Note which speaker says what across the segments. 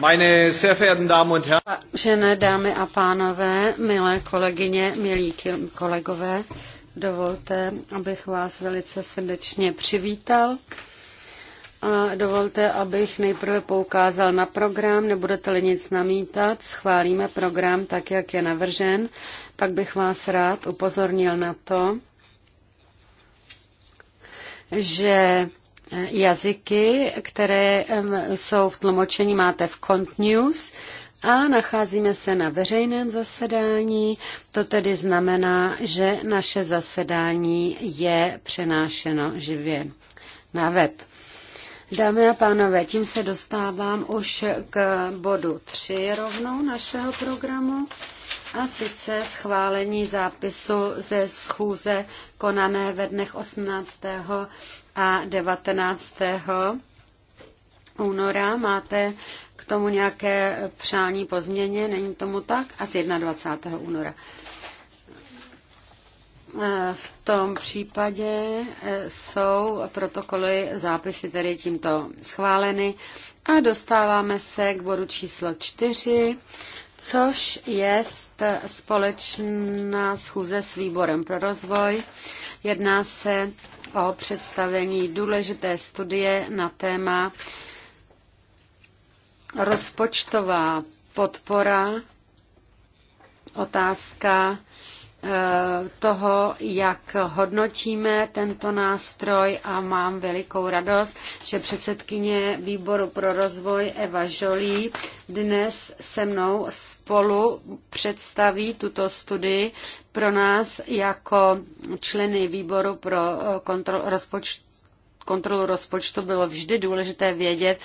Speaker 1: Meine sehr verehrten Damen und Herren.
Speaker 2: Žené dámy a pánové, milé kolegyně, milí kolegové, dovolte, abych vás velice srdečně přivítal. A dovolte, abych nejprve poukázal na program, nebudete-li nic namítat, schválíme program tak, jak je navržen, pak bych vás rád upozornil na to, že jazyky, které jsou v tlumočení, máte v Cont News a nacházíme se na veřejném zasedání. To tedy znamená, že naše zasedání je přenášeno živě na web. Dámy a pánové, tím se dostávám už k bodu 3 rovnou našeho programu a sice schválení zápisu ze schůze konané ve dnech 18 a 19. února. Máte k tomu nějaké přání po změně? Není tomu tak? A z 21. února. E, v tom případě e, jsou protokoly zápisy tedy tímto schváleny a dostáváme se k bodu číslo 4, což je společná schůze s výborem pro rozvoj. Jedná se o představení důležité studie na téma rozpočtová podpora, otázka toho, jak hodnotíme tento nástroj a mám velikou radost, že předsedkyně výboru pro rozvoj Eva Žolí dnes se mnou spolu představí tuto studii pro nás jako členy výboru pro eh, kontrol rozpočtu kontrolu rozpočtu bylo vždy důležité vědět,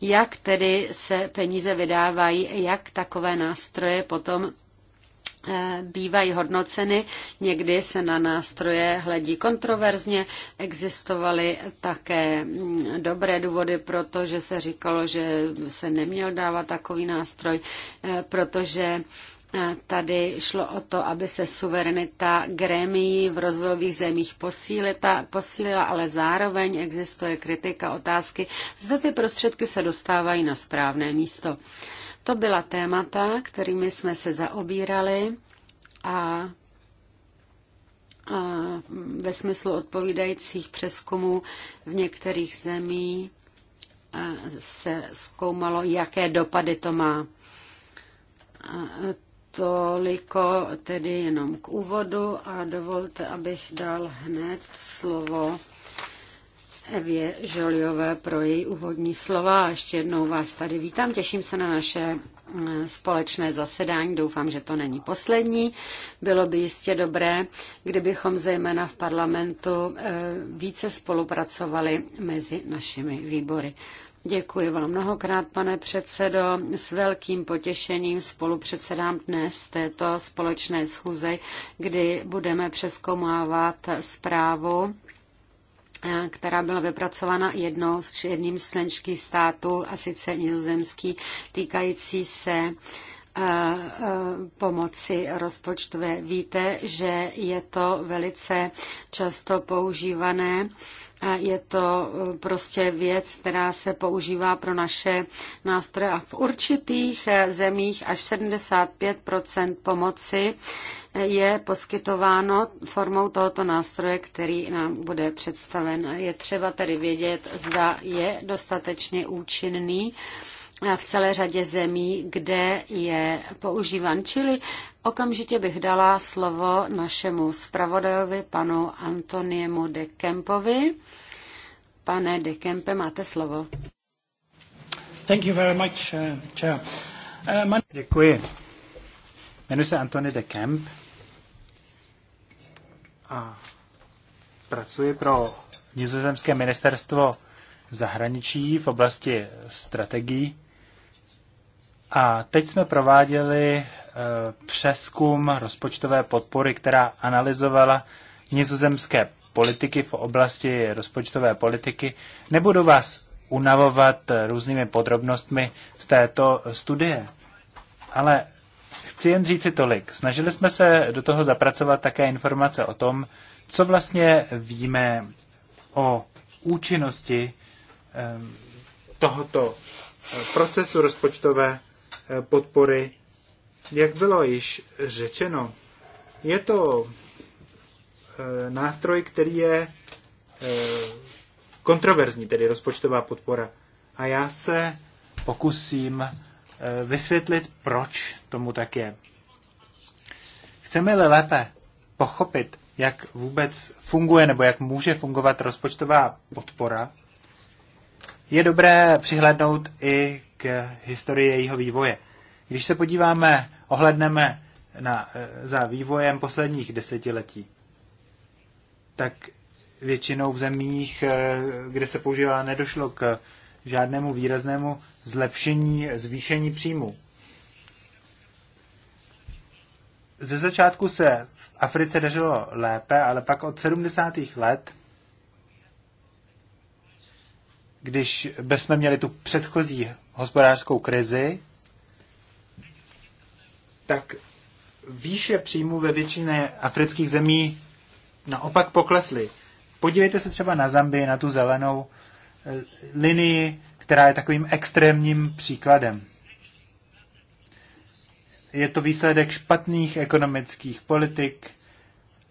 Speaker 2: jak tedy se peníze vydávají, jak takové nástroje potom Eh, bývají hodnoceny, někdy se na nástroje hledí kontroverzně, existovaly také mm, dobré důvody, protože se říkalo, že se neměl dávat takový nástroj, eh, protože eh, Tady šlo o to, aby se suverenita grémií v rozvojových zemích posílita, posílila, ale zároveň existuje kritika otázky, zda ty prostředky se dostávají na správné místo. To byla témata, kterými jsme se zaobírali a ve smyslu odpovídajících přeskumů v některých zemí se zkoumalo, jaké dopady to má. Toliko tedy jenom k úvodu a dovolte, abych dal hned slovo Evě Žoliové pro její úvodní slova. Ještě jednou vás tady vítám, těším se na naše eh, společné zasedání. Doufám, že to není poslední. Bylo by jistě dobré, kdybychom zejména v parlamentu eh, více spolupracovali mezi našimi výbory. Děkuji vám mnohokrát, pane předsedo. S velkým potěšením spolupředsedám dnes této společné schůze, kdy budeme přeskoumávat zprávu Eh, která byla vypracována jednou s jedním z členských států, a sice nizozemský, týkající se eh, eh, pomoci rozpočtové. Víte, že je to velice často používané je to eh, prostě věc, která se používá pro naše nástroje a v určitých eh, zemích až 75 pomoci eh, je poskytováno formou tohoto nástroje, který nám bude představen. Je třeba tedy vědět, zda je dostatečně účinný v celé řadě zemí, kde je používan. Čili okamžitě bych dala slovo našemu zpravodajovi, panu Antoniemu de Kempovi. Pane de Kempe, máte slovo.
Speaker 3: Thank you very much, uh, chair. Uh, man... Děkuji. Jmenuji se Antony de Kemp a pracuji pro nizozemské ministerstvo zahraničí v oblasti strategií a teď jsme prováděli eh, přeskum rozpočtové podpory, která analyzovala nizozemské politiky v oblasti rozpočtové politiky. Nebudu vás unavovat eh, různými podrobnostmi z této studie, ale chci jen říci tolik. Snažili jsme se do toho zapracovat také informace o tom, co vlastně víme o účinnosti ehm, tohoto eh, procesu rozpočtové podpory. Jak bylo již řečeno, je to eh, nástroj, který je eh, kontroverzní, tedy rozpočtová podpora. A já se pokusím eh, vysvětlit, proč tomu tak je. Chceme-li lépe pochopit, jak vůbec funguje nebo jak může fungovat rozpočtová podpora, je dobré přihlédnout i k historii jejího vývoje. Když se podíváme, ohledneme na, e, za vývojem posledních desetiletí, tak většinou v zemích, e, kde se používá, nedošlo k žádnému výraznému zlepšení, zvýšení příjmu. Ze začátku se v Africe dařilo lépe, ale pak od 70. let když bychom měli tu předchozí hospodářskou krizi, tak výše příjmu ve většině afrických zemí naopak poklesly. Podívejte se třeba na Zambii, na tu zelenou eh, linii, která je takovým extrémním příkladem. Je to výsledek špatných ekonomických politik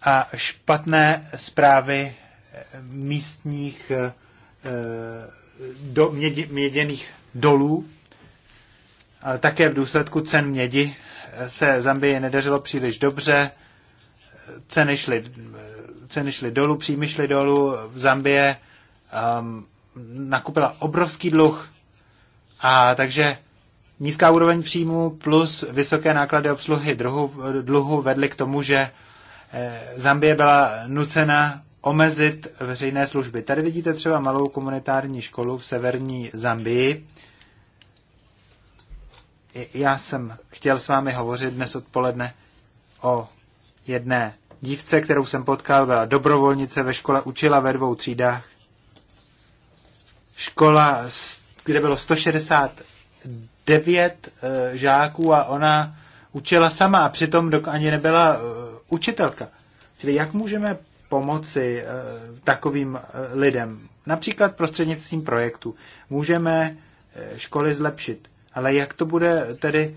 Speaker 3: a špatné zprávy místních eh, do mědi, měděných dolů, ale také v důsledku cen mědi se Zambii nedařilo příliš dobře, ceny šly, ceny šly dolů, příjmy šly dolů, Zambie um, nakupila obrovský dluh a takže nízká úroveň příjmů plus vysoké náklady obsluhy dluhu, dluhu vedly k tomu, že eh, Zambie byla nucena omezit veřejné služby. Tady vidíte třeba malou komunitární školu v severní Zambii. Já jsem chtěl s vámi hovořit dnes odpoledne o jedné dívce, kterou jsem potkal, byla dobrovolnice ve škole, učila ve dvou třídách. Škola, kde bylo 169 eh, žáků a ona učila sama a přitom ani nebyla eh, učitelka. Čili jak můžeme pomoci eh, takovým eh, lidem. Například prostřednictvím projektu. Můžeme eh, školy zlepšit, ale jak to bude tedy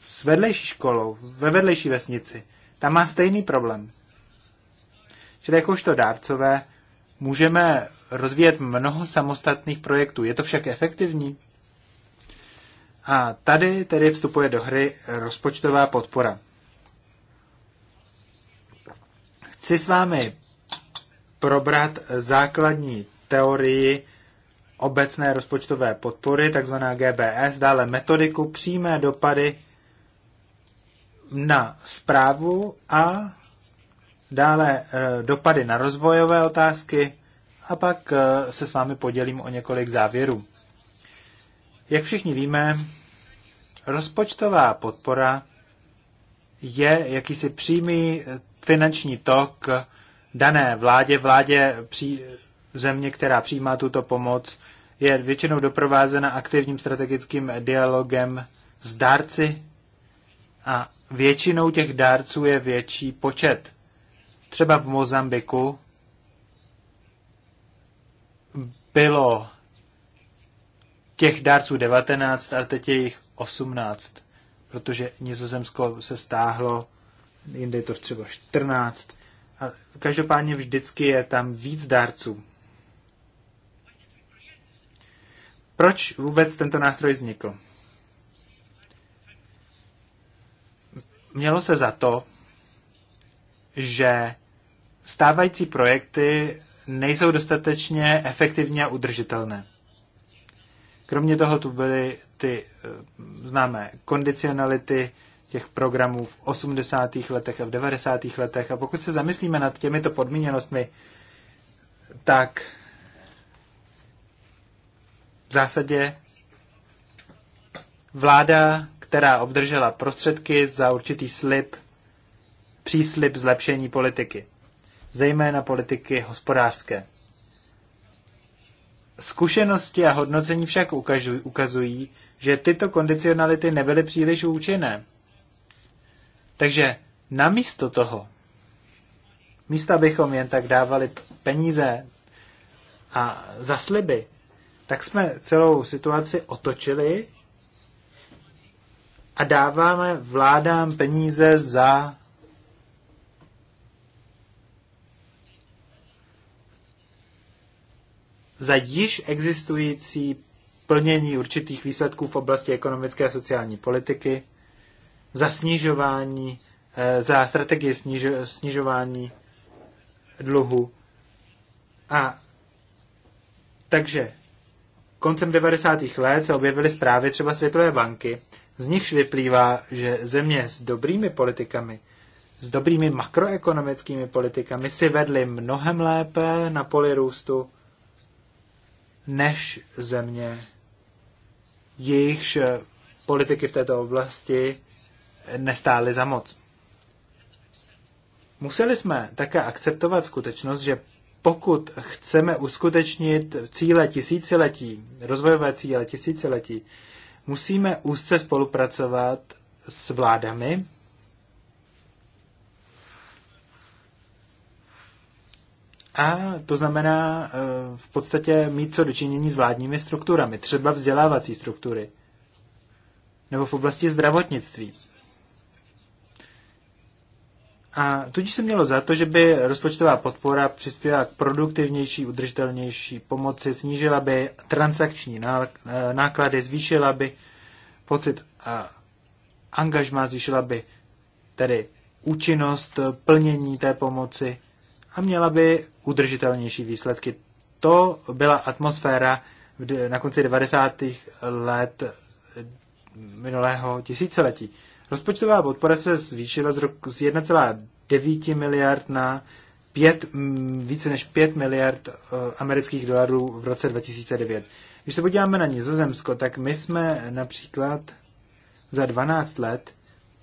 Speaker 3: s vedlejší školou, ve vedlejší vesnici? Tam má stejný problém. Čili jakožto dárcové můžeme rozvíjet mnoho samostatných projektů. Je to však efektivní? A tady tedy vstupuje do hry rozpočtová podpora. chci s vámi probrat základní teorii obecné rozpočtové podpory, takzvaná GBS, dále metodiku přímé dopady na zprávu a dále eh, dopady na rozvojové otázky a pak eh, se s vámi podělím o několik závěrů. Jak všichni víme, rozpočtová podpora je jakýsi přímý finanční tok dané vládě, vládě pří, země, která přijímá tuto pomoc, je většinou doprovázena aktivním strategickým dialogem s dárci a většinou těch dárců je větší počet. Třeba v Mozambiku bylo těch dárců 19 a teď je jich 18, protože Nizozemsko se stáhlo jinde je to třeba 14. A každopádně vždycky je tam víc dárců. Proč vůbec tento nástroj vznikl? Mělo se za to, že stávající projekty nejsou dostatečně efektivně a udržitelné. Kromě toho tu byly ty eh, známé kondicionality, těch programů v 80. letech a v 90. letech. A pokud se zamyslíme nad těmito podmíněnostmi, tak v zásadě vláda, která obdržela prostředky za určitý slib, příslib zlepšení politiky, zejména politiky hospodářské. Zkušenosti a hodnocení však ukazují, že tyto kondicionality nebyly příliš účinné. Takže namísto toho, místo abychom jen tak dávali peníze a za sliby, tak jsme celou situaci otočili a dáváme vládám peníze za za již existující plnění určitých výsledků v oblasti ekonomické a sociální politiky za snižování, eh, za strategie sniž, snižování dluhu. A takže koncem 90. let se objevily zprávy třeba Světové banky, z nichž vyplývá, že země s dobrými politikami, s dobrými makroekonomickými politikami si vedly mnohem lépe na poli růstu než země, jejichž politiky v této oblasti nestály za moc. Museli jsme také akceptovat skutečnost, že pokud chceme uskutečnit cíle tisíciletí, rozvojové cíle tisíciletí, musíme úzce spolupracovat s vládami, A to znamená e, v podstatě mít co dočinění s vládními strukturami, třeba vzdělávací struktury, nebo v oblasti zdravotnictví. A tudíž se mělo za to, že by rozpočtová podpora přispěla k produktivnější, udržitelnější pomoci, snížila by transakční eh, náklady, zvýšila by pocit a angažma, zvýšila by tedy účinnost plnění té pomoci a měla by udržitelnější výsledky. To byla atmosféra na konci 90. let minulého tisíciletí. Rozpočtová podpora se zvýšila z, roku, z 1,9 miliard na 5, více než 5 miliard eh, amerických dolarů v roce 2009. Když se podíváme na Nizozemsko, tak my jsme například za 12 let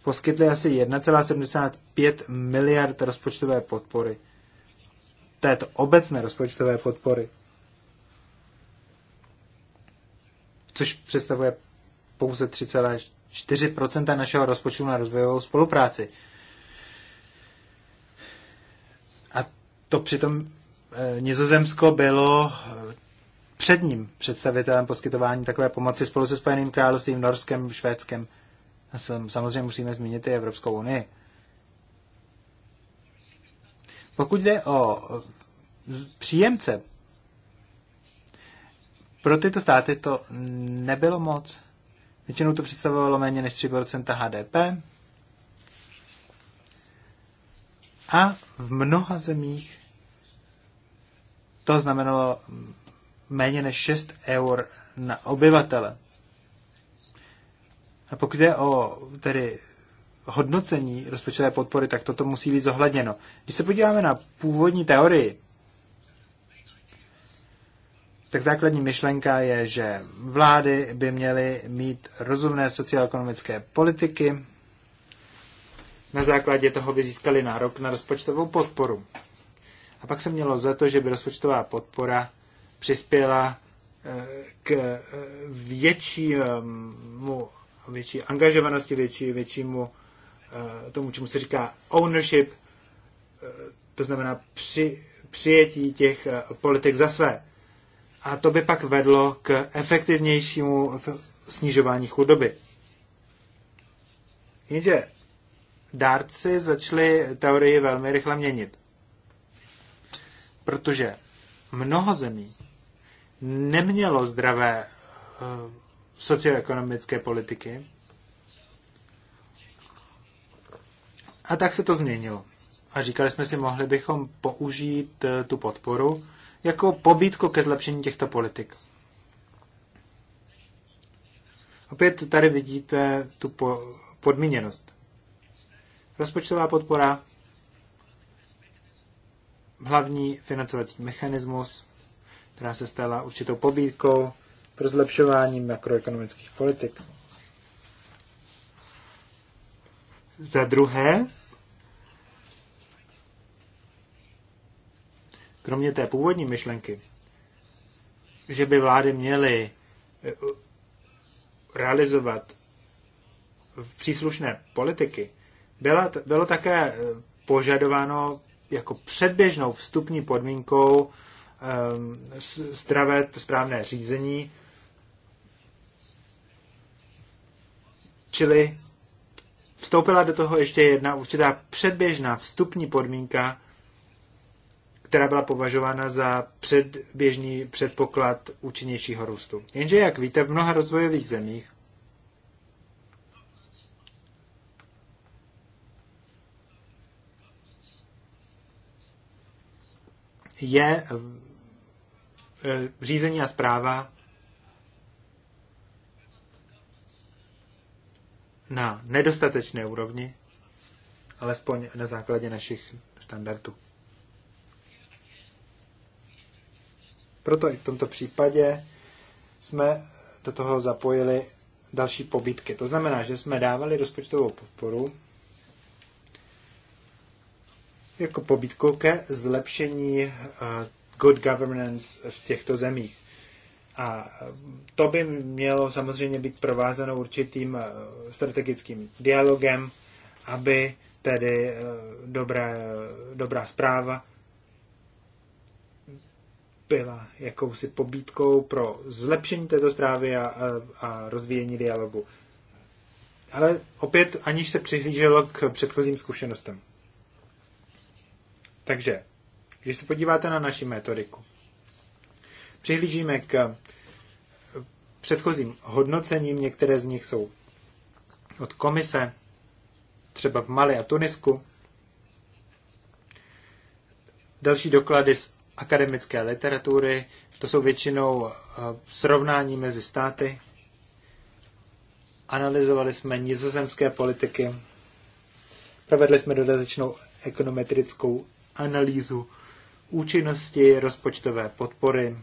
Speaker 3: poskytli asi 1,75 miliard rozpočtové podpory. Této obecné rozpočtové podpory. Což představuje pouze 4% našeho rozpočtu na rozvojovou spolupráci. A to přitom eh, Nizozemsko bylo eh, předním představitelem poskytování takové pomoci spolu se Spojeným královstvím, Norskem, Švédskem. Samozřejmě musíme zmínit i Evropskou unii. Pokud jde o eh, příjemce, pro tyto státy to nebylo moc. Většinou to představovalo méně než 3% HDP. A v mnoha zemích to znamenalo méně než 6 eur na obyvatele. A pokud je o tedy hodnocení rozpočtové podpory, tak toto musí být zohledněno. Když se podíváme na původní teorii tak základní myšlenka je, že vlády by měly mít rozumné socioekonomické politiky. Na základě toho by získali nárok na rozpočtovou podporu. A pak se mělo za to, že by rozpočtová podpora přispěla eh, k eh, většímu, větší angažovanosti, větší, většímu eh, tomu, čemu se říká ownership, to znamená při, přijetí těch politik za své a to by pak vedlo k efektivnějšímu snižování chudoby. Jenže dárci začali teorii velmi rychle měnit. Protože mnoho zemí nemělo zdravé eh, socioekonomické politiky. A tak se to změnilo. A říkali jsme si, mohli bychom použít eh, tu podporu jako pobídku ke zlepšení těchto politik. Opět tady vidíte tu po, podmíněnost. Rozpočtová podpora, hlavní financovací mechanismus, která se stala určitou pobídkou pro zlepšování makroekonomických politik. Za druhé, kromě té původní myšlenky, že by vlády měly eh, realizovat příslušné politiky, byla, bylo také eh, požadováno jako předběžnou vstupní podmínkou ehm, zdravé správné řízení, čili vstoupila do toho ještě jedna určitá předběžná vstupní podmínka, která byla považována za předběžný předpoklad účinnějšího růstu. Jenže, jak víte, v mnoha rozvojových zemích je eh, řízení a zpráva na nedostatečné úrovni, alespoň na základě našich standardů. Proto i v tomto případě jsme do toho zapojili další pobítky. To znamená, že jsme dávali rozpočtovou podporu jako pobítku ke zlepšení eh, good governance v těchto zemích. A eh, to by mělo samozřejmě být provázeno určitým eh, strategickým dialogem, aby tedy dobré, dobrá zpráva byla jakousi pobídkou pro zlepšení této zprávy a, a, a rozvíjení dialogu. Ale opět, aniž se přihlíželo k předchozím zkušenostem. Takže, když se podíváte na naši metodiku, přihlížíme k předchozím hodnocením, některé z nich jsou od komise, třeba v Mali a Tunisku. Další doklady z akademické literatury, to jsou většinou eh, srovnání mezi státy. Analyzovali jsme nizozemské politiky, provedli jsme dodatečnou ekonometrickou analýzu účinnosti rozpočtové podpory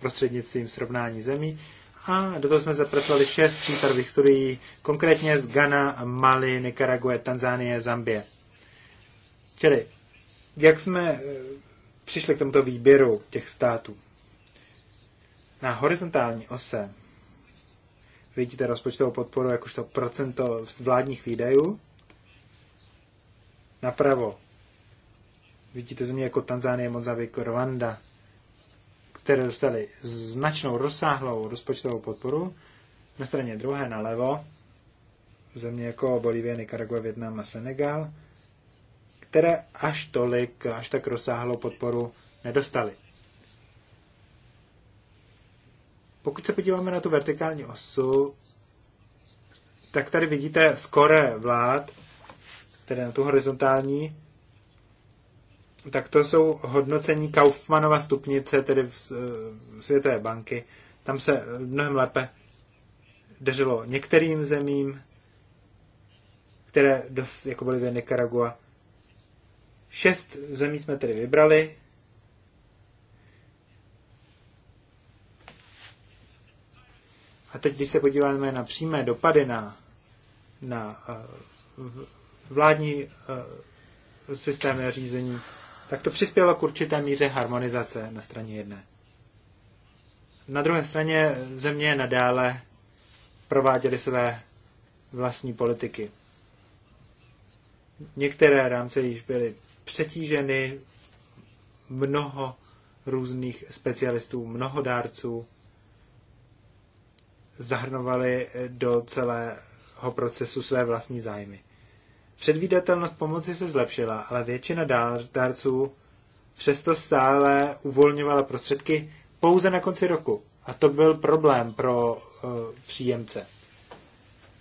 Speaker 3: prostřednictvím srovnání zemí a do toho jsme zapracovali šest případových studií, konkrétně z Ghana, Mali, Nikarague, Tanzánie, Zambie. Čili, jak jsme eh, přišli k tomuto výběru těch států. Na horizontální ose vidíte rozpočtovou podporu jakožto procento z vládních výdajů. Napravo vidíte země jako Tanzánie, Mozambik, Rwanda, které dostaly značnou rozsáhlou rozpočtovou podporu. Na straně druhé nalevo země jako Bolívie, Nicaragua, Větnam a Senegal – které až tolik, až tak rozsáhlou podporu nedostaly. Pokud se podíváme na tu vertikální osu, tak tady vidíte skore vlád, tedy na tu horizontální, tak to jsou hodnocení Kaufmanova stupnice, tedy v, eh, Světové banky. Tam se eh, mnohem lépe dařilo některým zemím, které dost, jako byly Nicaragua, Šest zemí jsme tedy vybrali. A teď, když se podíváme na přímé dopady na, na eh, vládní eh, systémy řízení, tak to přispělo k určité míře harmonizace na straně jedné. Na druhé straně země nadále prováděly své vlastní politiky. Některé rámce již byly přetíženy mnoho různých specialistů, mnoho dárců zahrnovali do celého procesu své vlastní zájmy. Předvídatelnost pomoci se zlepšila, ale většina dárců přesto stále uvolňovala prostředky pouze na konci roku. A to byl problém pro uh, příjemce.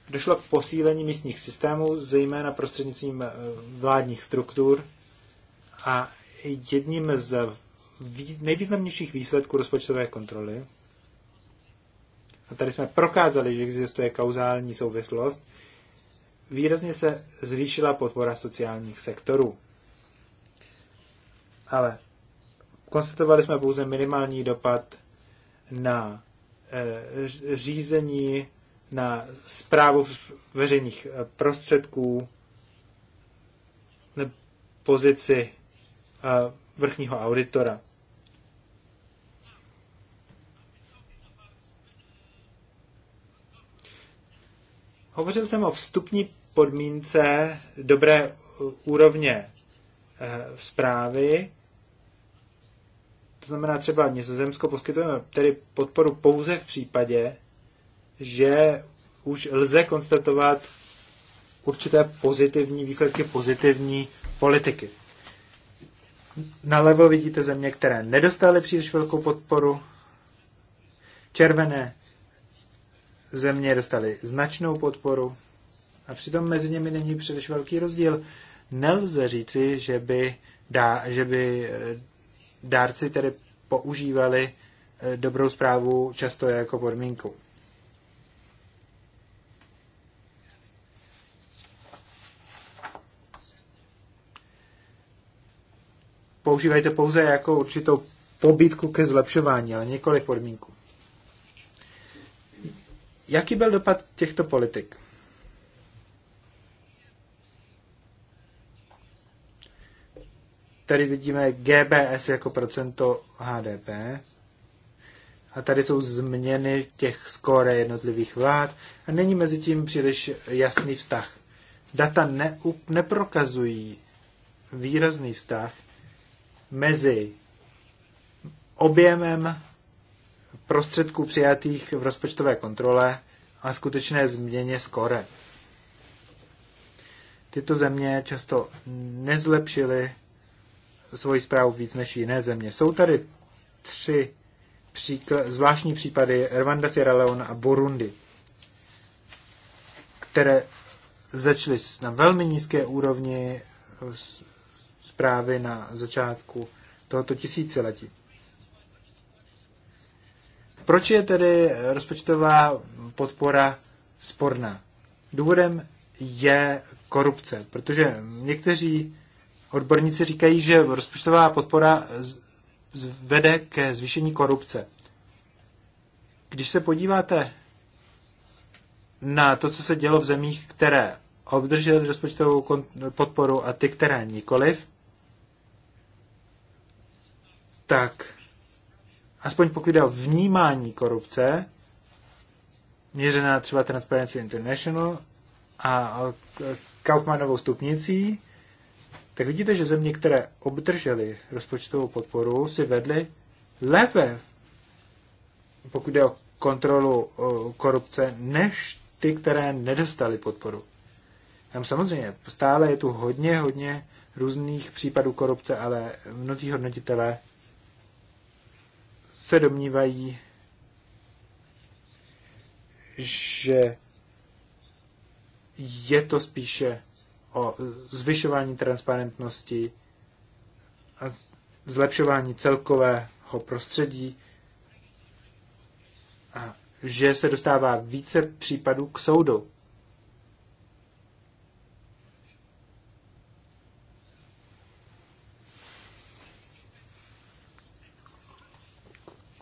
Speaker 3: Došlo k posílení místních systémů, zejména prostřednictvím uh, vládních struktur, a jedním z nejvýznamnějších výsledků rozpočtové kontroly, a tady jsme prokázali, že existuje kauzální souvislost, výrazně se zvýšila podpora sociálních sektorů. Ale konstatovali jsme pouze minimální dopad na e, řízení, na zprávu veřejných e, prostředků, na pozici vrchního auditora. Hovořil jsem o vstupní podmínce dobré úrovně eh, zprávy. To znamená třeba Nizozemsko poskytujeme tedy podporu pouze v případě, že už lze konstatovat určité pozitivní výsledky pozitivní politiky. Nalevo vidíte země, které nedostaly příliš velkou podporu. Červené země dostaly značnou podporu a přitom mezi nimi není příliš velký rozdíl. Nelze říci, že by, dá, že by eh, dárci tedy používali eh, dobrou zprávu často jako podmínku. používejte pouze jako určitou pobídku ke zlepšování, ale několik podmínku. Jaký byl dopad těchto politik? Tady vidíme GBS jako procento HDP. A tady jsou změny těch skóre jednotlivých vlád a není mezi tím příliš jasný vztah. Data ne, neprokazují výrazný vztah mezi objemem prostředků přijatých v rozpočtové kontrole a skutečné změně skore. Tyto země často nezlepšily svoji zprávu víc než jiné země. Jsou tady tři příkl- zvláštní případy Rwanda, Sierra Leone a Burundi, které začaly na velmi nízké úrovni zprávy na začátku tohoto tisíciletí. Proč je tedy rozpočtová podpora sporná? Důvodem je korupce, protože někteří odborníci říkají, že rozpočtová podpora vede ke zvýšení korupce. Když se podíváte na to, co se dělo v zemích, které obdržely rozpočtovou podporu a ty, které nikoliv, tak aspoň pokud jde o vnímání korupce, měřená třeba Transparency International a Kaufmanovou stupnicí, tak vidíte, že země, které obdržely rozpočtovou podporu, si vedly lépe, pokud jde o kontrolu korupce, než ty, které nedostaly podporu. Tam samozřejmě stále je tu hodně, hodně různých případů korupce, ale mnozí hodnotitelé se domnívají, že je to spíše o zvyšování transparentnosti a zlepšování celkového prostředí a že se dostává více případů k soudu.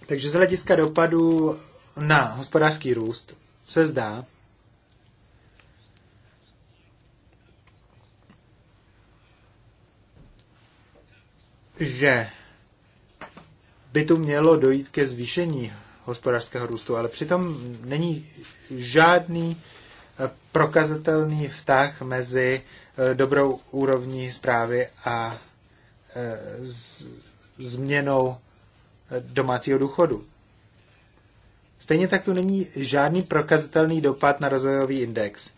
Speaker 3: Takže z hlediska dopadu na hospodářský růst se zdá, že by tu mělo dojít ke zvýšení hospodářského růstu, ale přitom není žádný eh, prokazatelný vztah mezi eh, dobrou úrovní zprávy a eh, změnou domácího důchodu. Stejně tak tu není žádný prokazatelný dopad na rozvojový index.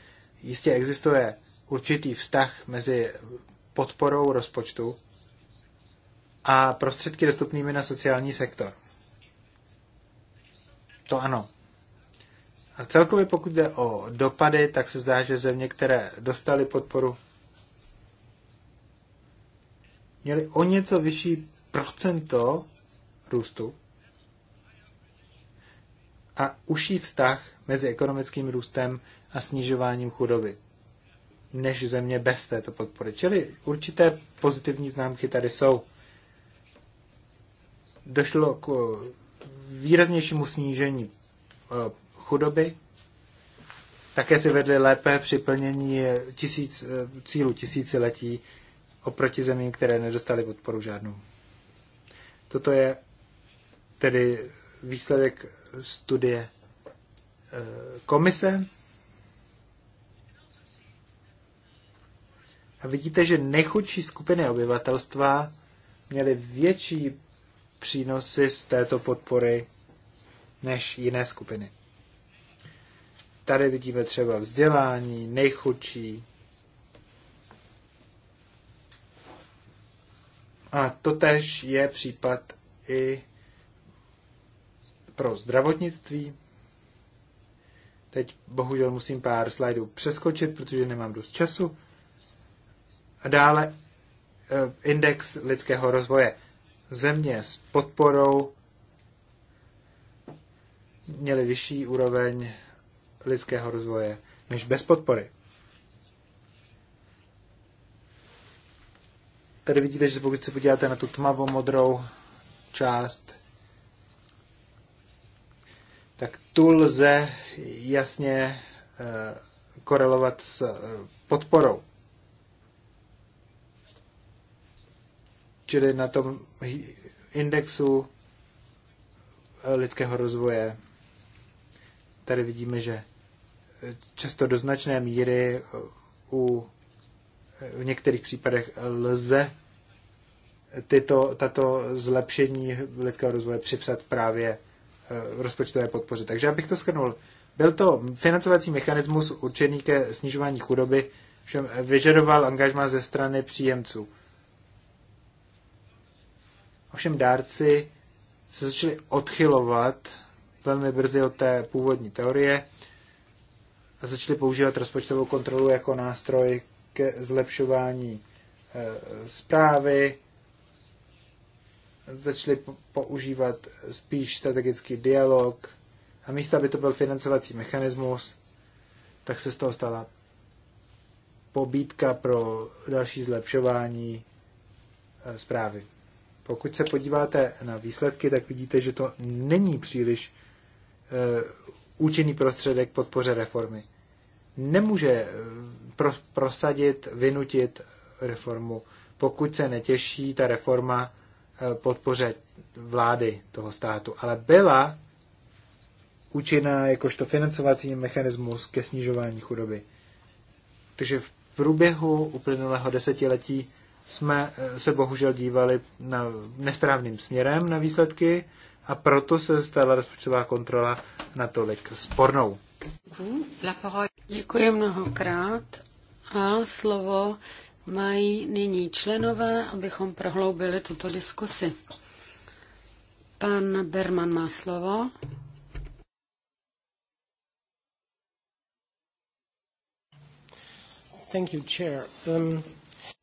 Speaker 3: Jistě existuje určitý vztah mezi podporou rozpočtu a prostředky dostupnými na sociální sektor. To ano. A celkově pokud jde o dopady, tak se zdá, že země, které dostaly podporu, měly o něco vyšší procento růstu a uší vztah mezi ekonomickým růstem a snižováním chudoby než země bez této podpory. Čili určité pozitivní známky tady jsou. Došlo k eh, výraznějšímu snížení eh, chudoby, také si vedli lépe při plnění eh, tisíc, cílu tisíciletí oproti zemím, které nedostaly podporu žádnou. Toto je tedy výsledek studie eh, komise. A vidíte, že nechudší skupiny obyvatelstva měly větší přínosy z této podpory než jiné skupiny. Tady vidíme třeba vzdělání, nejchudší. A totež je případ i pro zdravotnictví. Teď bohužel musím pár slajdů přeskočit, protože nemám dost času. A dále eh, index lidského rozvoje. Země s podporou měly vyšší úroveň lidského rozvoje než bez podpory. Tady vidíte, že pokud se podíváte na tu tmavou modrou část, tak tu lze jasně eh, korelovat s eh, podporou. Čili na tom indexu eh, lidského rozvoje tady vidíme, že často do značné míry u, v některých případech lze tyto, tato zlepšení lidského rozvoje připsat právě Eh, rozpočtové podpoře. Takže abych to schrnul, byl to financovací mechanismus určený ke snižování chudoby, všem eh, vyžadoval angažma ze strany příjemců. Ovšem dárci se začali odchylovat velmi brzy od té původní teorie a začali používat rozpočtovou kontrolu jako nástroj ke zlepšování eh, zprávy, začali používat spíš strategický dialog a místo, aby to byl financovací mechanismus, tak se z toho stala pobídka pro další zlepšování e, zprávy. Pokud se podíváte na výsledky, tak vidíte, že to není příliš e, účinný prostředek podpoře reformy. Nemůže e, prosadit, vynutit reformu, pokud se netěší ta reforma Eh, podpoře vlády toho státu, ale byla účinná jakožto financovací mechanismus ke snižování chudoby. Takže v průběhu uplynulého desetiletí jsme eh, se bohužel dívali na nesprávným směrem na výsledky a proto se stala rozpočtová kontrola natolik spornou.
Speaker 2: Děkuji mnohokrát a slovo mají nyní členové, abychom prohloubili tuto diskusi. Pan Berman má slovo.
Speaker 1: Thank you, chair. Um...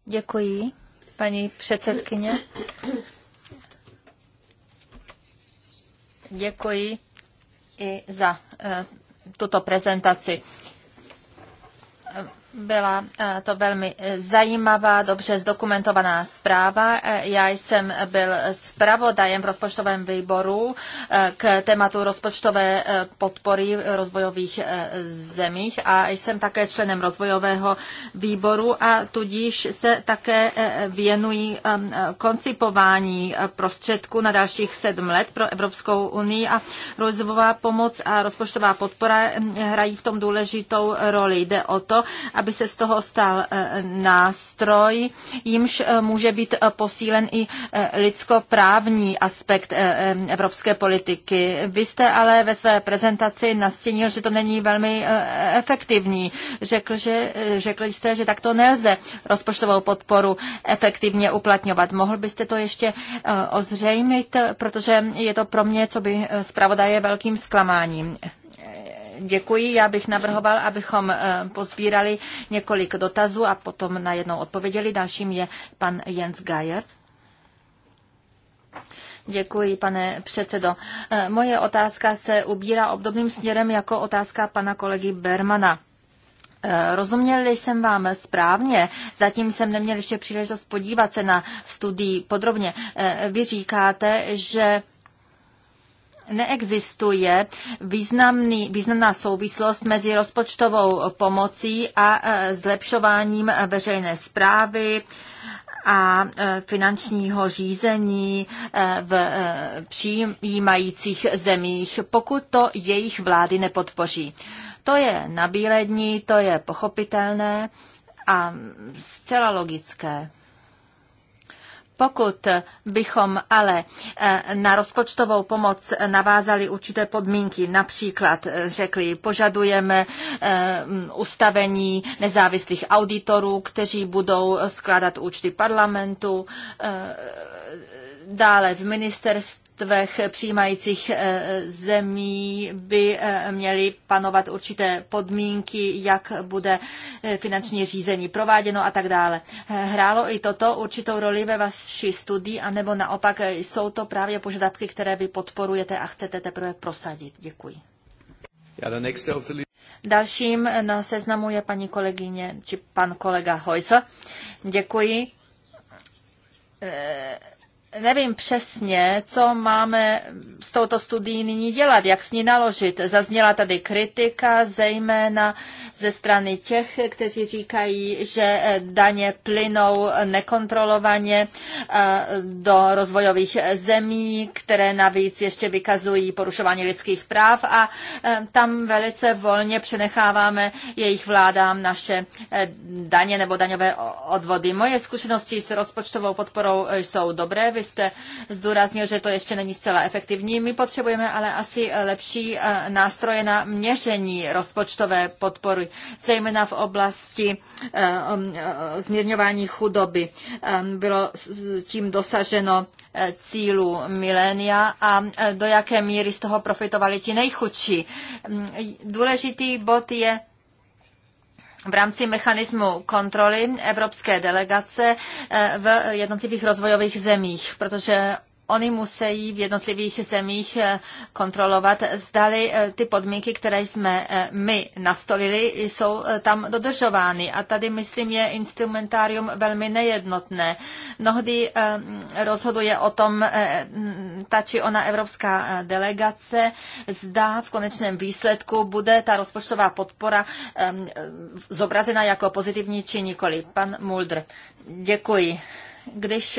Speaker 1: Děkuji, paní předsedkyně. Děkuji i za uh, tuto prezentaci. Byla eh, to velmi eh, zajímavá, dobře zdokumentovaná zpráva. Eh, já jsem byl zpravodajem v rozpočtovém výboru k tématu rozpočtové podpory v rozvojových zemích a jsem také členem rozvojového výboru a tudíž se také věnují koncipování prostředků na dalších sedm let pro Evropskou unii a rozvojová pomoc a rozpočtová podpora hrají v tom důležitou roli. Jde o to, aby aby se z toho stal eh, nástroj, jimž eh, může být eh, posílen i lidskoprávní aspekt evropské politiky. Vy jste ale ve své prezentaci nastínil, že to není velmi efektivní. Řekl, že, řekl jste, že takto nelze rozpočtovou podporu efektivně uplatňovat. Mohl byste to ještě ozřejmit, protože je to pro mě, co by zpravodaje, velkým zklamáním. Děkuji. Já bych navrhoval, abychom eh, pozbírali několik dotazů a potom na jednou odpověděli. Dalším je pan Jens Geier. Děkuji, pane předsedo. Eh, moje otázka se ubírá obdobným směrem jako otázka pana kolegy Bermana. Eh, Rozuměl jsem vám správně, zatím jsem neměl ještě příležitost podívat se na studii podrobně. Vy říkáte, že neexistuje významný, významná souvislost mezi rozpočtovou pomocí a e, zlepšováním veřejné zprávy a e, finančního řízení e, v přijímajících zemích, pokud to jejich vlády nepodpoří. To je nabílední, to je pochopitelné a zcela logické. Pokud bychom ale eh, na rozpočtovou pomoc navázali určité podmínky, například eh, řekli, požadujeme eh, ustavení nezávislých auditorů, kteří budou skládat účty parlamentu, dále v ministerstvu, vrstvech přijímajících eh, zemí by eh, měly panovat určité podmínky, jak bude eh, finanční řízení prováděno a tak dále. Hrálo i toto určitou roli ve vaší studii, anebo naopak jsou to právě požadavky, které vy podporujete a chcete teprve prosadit? Děkuji. Dalším na seznamu je paní kolegyně či pan kolega Hojs. Děkuji nevím přesně, co máme s touto studií nyní dělat, jak s ní naložit. Zazněla tady kritika, zejména ze strany těch, kteří říkají, že eh, daně plynou nekontrolovaně eh, do rozvojových zemí, které navíc ještě vykazují porušování lidských práv a eh, tam velice volně přenecháváme jejich vládám naše daně nebo daňové odvody. Moje zkušenosti s rozpočtovou podporou jsou dobré. Vy jste zdůraznil, že to ještě není zcela efektivní. My potřebujeme ale asi lepší nástroje na měření rozpočtové podpory rozvoj, zejména v oblasti eh, um, eh, zmírňování chudoby. Ehm, bylo tím dosaženo eh, cílu milénia a do jaké míry z toho profitovali ti nejchudší. Ehm, důležitý bod je v rámci mechanismu kontroly evropské delegace v jednotlivých rozvojových zemích, protože Oni musí v jednotlivých zemích eh, kontrolovat, zdali eh, ty podmínky, které jsme eh, my nastolili, jsou tam dodržovány. A tady, myslím, je instrumentárium velmi nejednotné. Mnohdy rozhoduje o tom ta či ona evropská delegace, zda v konečném výsledku bude ta rozpočtová podpora zobrazena jako pozitivní či nikoli. Pan Mulder, děkuji. Když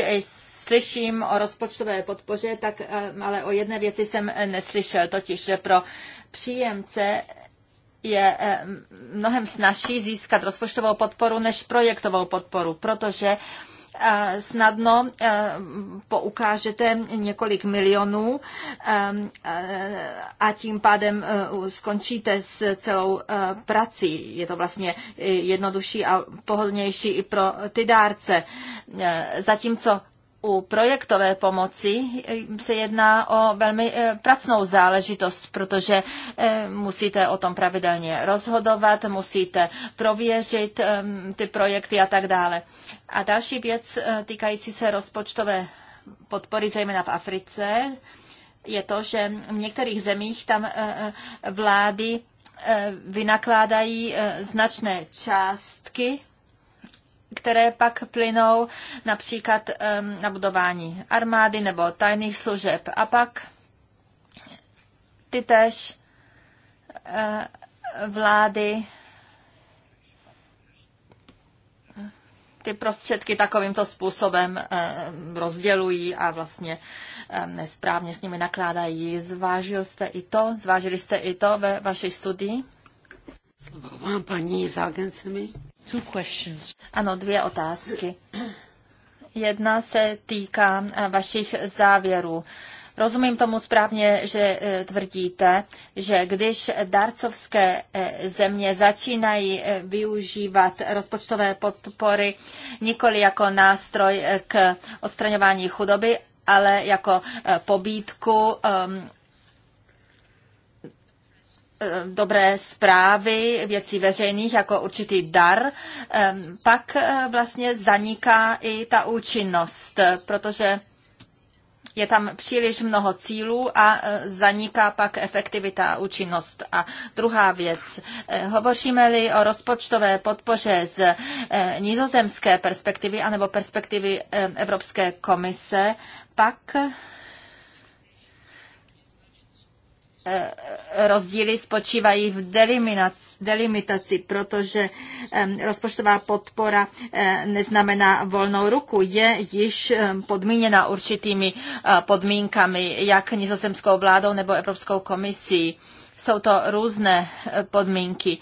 Speaker 1: slyším o rozpočtové podpoře, tak eh, ale o jedné věci jsem eh, neslyšel, totiž že pro příjemce je eh, mnohem snažší získat rozpočtovou podporu než projektovou podporu, protože snadno poukážete několik milionů a tím pádem skončíte s celou prací. Je to vlastně jednodušší a pohodlnější i pro ty dárce. Zatímco u projektové pomoci se jedná o velmi eh, pracnou záležitost, protože eh, musíte o tom pravidelně rozhodovat, musíte prověřit ehm, ty projekty a tak dále. A další věc eh, týkající se rozpočtové podpory, zejména v Africe, je to, že v některých zemích tam vlády vynakládají značné částky které pak plynou například na budování armády nebo tajných služeb. A pak ty tež eh, vlády ty prostředky takovýmto způsobem eh, rozdělují a vlastně nesprávně s nimi nakládají. Zvážil jste i to? Zvážili jste i to ve vaší studii?
Speaker 2: Slovo vám paní Zagensemi.
Speaker 1: Ano, dvě otázky. Jedna se týká eh, vašich závěrů. Rozumím tomu správně, že eh, tvrdíte, že když darcovské eh, země začínají využívat rozpočtové podpory nikoli jako nástroj k odstraňování chudoby, ale jako pobídku ehm, Eh, dobré zprávy věcí veřejných jako určitý dar, eh, pak eh, vlastně zaniká i ta účinnost, protože je tam příliš mnoho cílů a zaniká pak efektivita a účinnost. A druhá věc, hovoříme-li o rozpočtové podpoře z nizozemské perspektivy anebo perspektivy Evropské komise, pak Eh, rozdíly spočívají v delimitaci, protože rozpočtová podpora eh, neznamená volnou ruku. Je již podmíněna určitými eh, podmínkami, jak nizozemskou vládou nebo Evropskou komisí. Jsou to různé podmínky.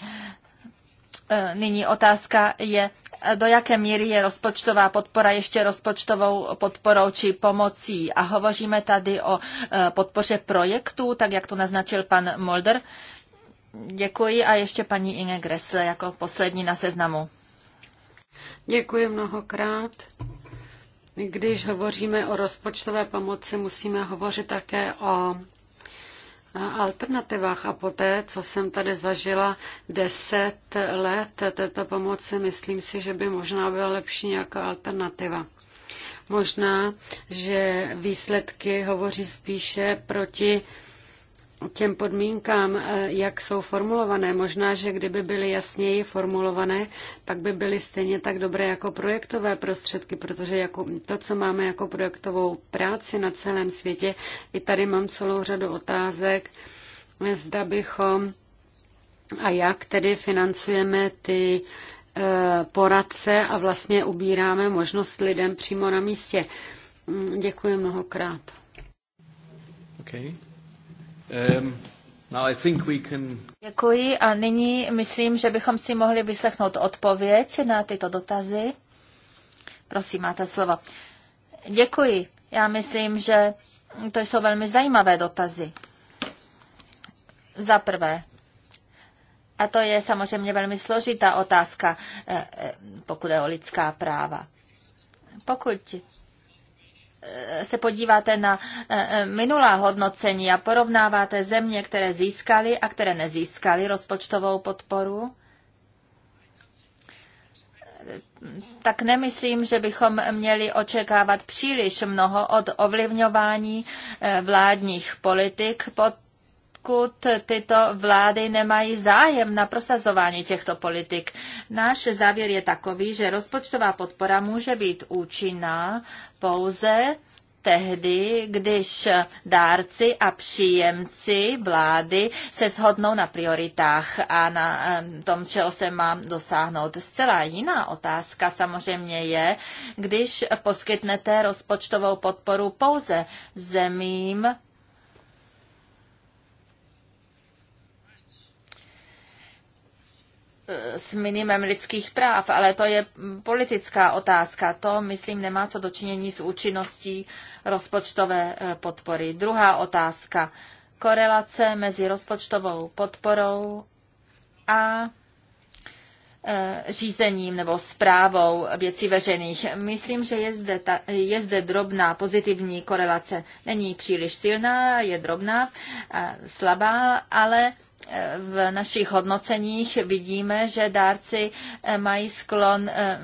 Speaker 1: Nyní otázka je, do jaké míry je rozpočtová podpora ještě rozpočtovou podporou či pomocí. A hovoříme tady o e, podpoře projektů, tak jak to naznačil pan Molder. Děkuji a ještě paní Inge Gressle jako poslední na seznamu. Děkuji mnohokrát. Když hovoříme o
Speaker 2: rozpočtové pomoci, musíme hovořit také o alternativách a poté, co jsem tady zažila deset let této pomoci, myslím si, že by možná byla lepší nějaká alternativa. Možná, že výsledky hovoří spíše proti těm podmínkám, eh, jak jsou formulované. Možná, že kdyby byly jasněji formulované, pak by byly stejně tak dobré jako projektové prostředky, protože jako to, co máme jako projektovou práci na celém světě, i tady mám celou řadu otázek, zda bychom a jak tedy financujeme ty eh, poradce a vlastně ubíráme možnost lidem přímo na místě. Mm, děkuji
Speaker 1: mnohokrát. Okay. Um, now I think we can... Děkuji a nyní myslím, že bychom si mohli vyslechnout odpověď na tyto dotazy. Prosím, máte slovo. Děkuji. Já myslím, že to jsou velmi zajímavé dotazy. Za prvé, a to je samozřejmě velmi složitá otázka, eh, eh, pokud je o lidská práva. Pokud se podíváte na eh, eh, minulá hodnocení a porovnáváte země, které získaly a které nezískaly rozpočtovou podporu, tak nemyslím, že bychom měli očekávat příliš mnoho od ovlivňování eh, vládních politik pod pokud tyto vlády nemají zájem na prosazování těchto politik. Náš závěr je takový, že rozpočtová podpora může být účinná pouze tehdy, když dárci a příjemci vlády se shodnou na prioritách a na tom, čeho se má dosáhnout. Zcela jiná otázka samozřejmě je, když poskytnete rozpočtovou podporu pouze zemím, Eh, s minimem lidských práv, ale to je politická otázka. To, myslím, nemá co dočinění s účinností rozpočtové eh, podpory. Druhá otázka. Korelace mezi rozpočtovou podporou a eh, řízením nebo zprávou věcí veřejných. Myslím, že je zde, ta, je zde drobná pozitivní korelace. Není příliš silná, je drobná, slabá, ale v našich hodnoceních vidíme, že dárci eh, mají sklon eh,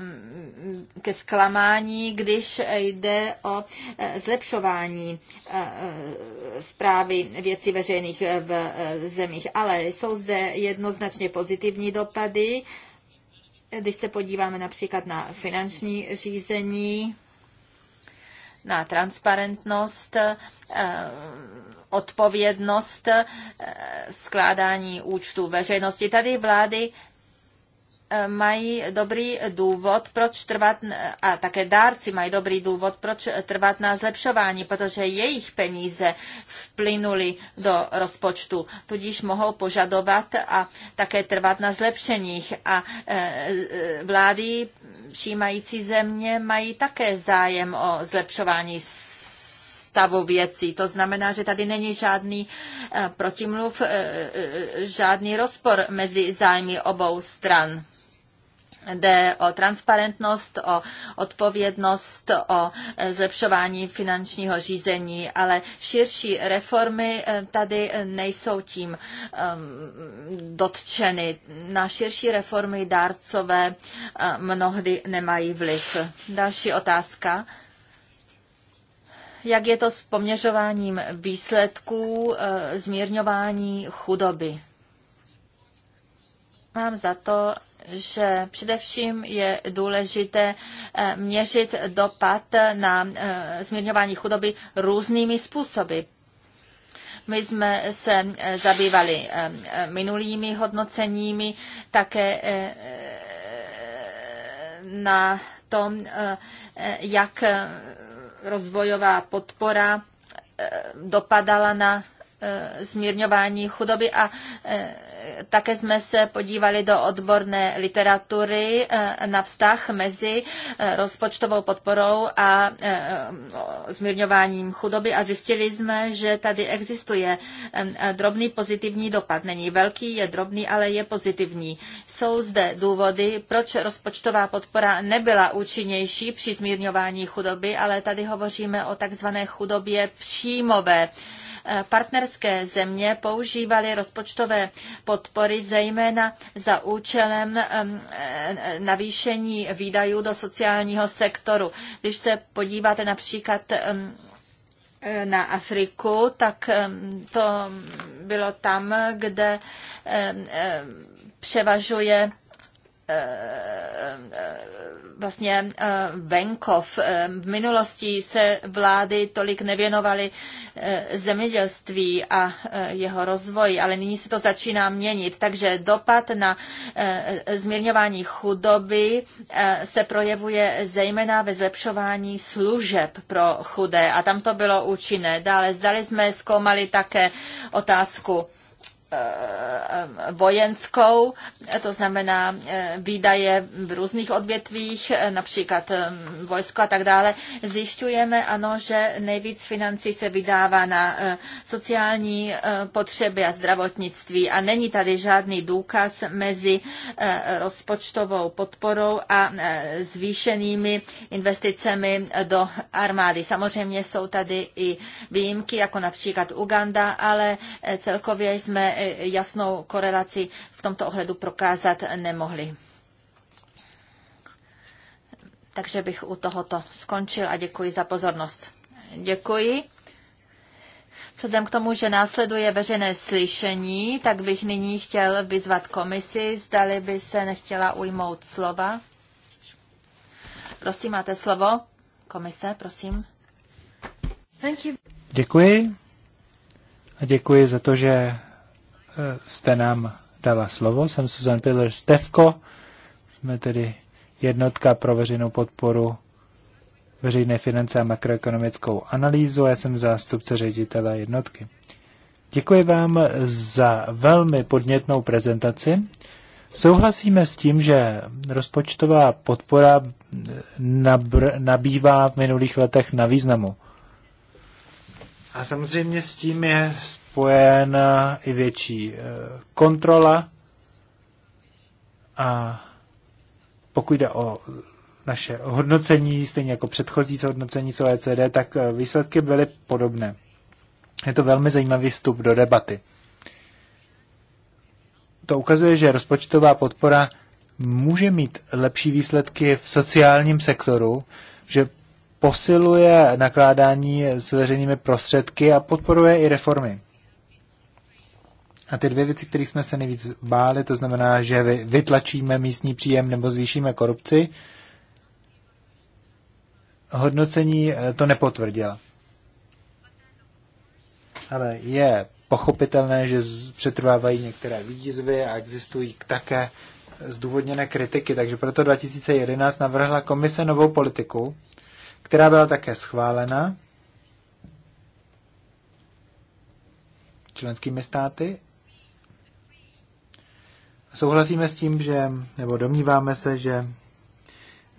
Speaker 1: ke zklamání, když jde o eh, zlepšování zprávy věcí veřejných v zemích. Ale jsou zde jednoznačně pozitivní dopady, když se podíváme například na finanční řízení na transparentnost, eh, odpovědnost, eh, skládání účtů veřejnosti. Tady vlády eh, mají dobrý důvod, proč trvat, a také dárci mají dobrý důvod, proč trvat na zlepšování, protože jejich peníze vplynuly do rozpočtu, tudíž mohou požadovat a také trvat na zlepšeních. A vlády přijímající země mají také zájem o zlepšování stavu věcí. To znamená, že tady není žádný eh, protimluv, eh, eh, žádný rozpor mezi zájmy obou stran jde o transparentnost, o odpovědnost, o e, zlepšování finančního řízení, ale širší reformy e, tady e, nejsou tím dotčeny. Na širší reformy dárcové mnohdy nemají vliv. Další otázka jak je to s poměřováním výsledků zmírňování chudoby. Mám za to, že především je důležité eh, měřit dopad na eh, zmírňování chudoby různými způsoby. My jsme se eh, zabývali minulými hodnoceními, také na tom, jak rozvojová podpora dopadala na Eh, zmírňování chudoby a eh, také jsme se podívali do odborné literatury eh, na vztah mezi rozpočtovou podporou a zmírňováním chudoby a zjistili jsme, že tady existuje drobný pozitivní dopad. Není velký, je drobný, ale je pozitivní. Jsou zde důvody, proč rozpočtová podpora nebyla účinnější při zmírňování chudoby, ale tady hovoříme o takzvané chudobě příjmové. Eh, partnerské země používaly rozpočtové podpory zejména za účelem eh, navýšení výdajů do sociálního sektoru. Když se podíváte například eh, na Afriku, tak to bylo tam, kde převažuje vlastně eh, venkov. Eh, v minulosti se vlády tolik nevěnovaly eh, zemědělství a jeho rozvoji, ale nyní se to začíná měnit. Takže dopad na zmírňování chudoby se projevuje zejména ve zlepšování služeb pro chudé a tam to bylo účinné. Dále zdali jsme zkoumali také otázku Eh, vojenskou, to znamená eh, výdaje v různých odvětvích, eh, například vojsko a tak dále, zjišťujeme, ano, že nejvíc financí se vydává na sociální potřeby a zdravotnictví a není tady žádný důkaz mezi rozpočtovou podporou a zvýšenými investicemi do armády. Samozřejmě jsou tady i výjimky, jako například Uganda, ale celkově jsme E, jasnou korelaci v tomto ohledu prokázat nemohli. Takže bych u tohoto skončil a děkuji za pozornost. Děkuji. Vzhledem k tomu, že následuje veřejné slyšení, tak bych nyní chtěl vyzvat komisi, zdali by se nechtěla ujmout slova. Prosím, máte slovo. Komise, prosím. Thank you.
Speaker 3: Děkuji. A děkuji za to, že jste nám dala slovo. Jsem Susan Piller Stevko, jsme tedy jednotka pro veřejnou podporu veřejné finance a makroekonomickou analýzu. Já jsem zástupce ředitele jednotky. Děkuji vám za velmi podnětnou prezentaci. Souhlasíme s tím, že rozpočtová podpora nabr- nabývá v minulých letech na významu. A samozřejmě s tím je spojena i větší eh, kontrola. A pokud jde o naše hodnocení, stejně jako předchozí hodnocení co ECD, tak eh, výsledky byly podobné. Je to velmi zajímavý vstup do debaty. To ukazuje, že rozpočtová podpora může mít lepší výsledky v sociálním sektoru, že posiluje nakládání s veřejnými prostředky a podporuje i reformy. A ty dvě věci, které jsme se nejvíc báli, to znamená, že vytlačíme místní příjem nebo zvýšíme korupci, hodnocení eh, to nepotvrdila. Ale je pochopitelné, že přetrvávají některé výzvy a existují také zdůvodněné kritiky, takže proto 2011 navrhla komise novou politiku, která byla také schválena členskými státy. Souhlasíme s tím, že, nebo domníváme se, že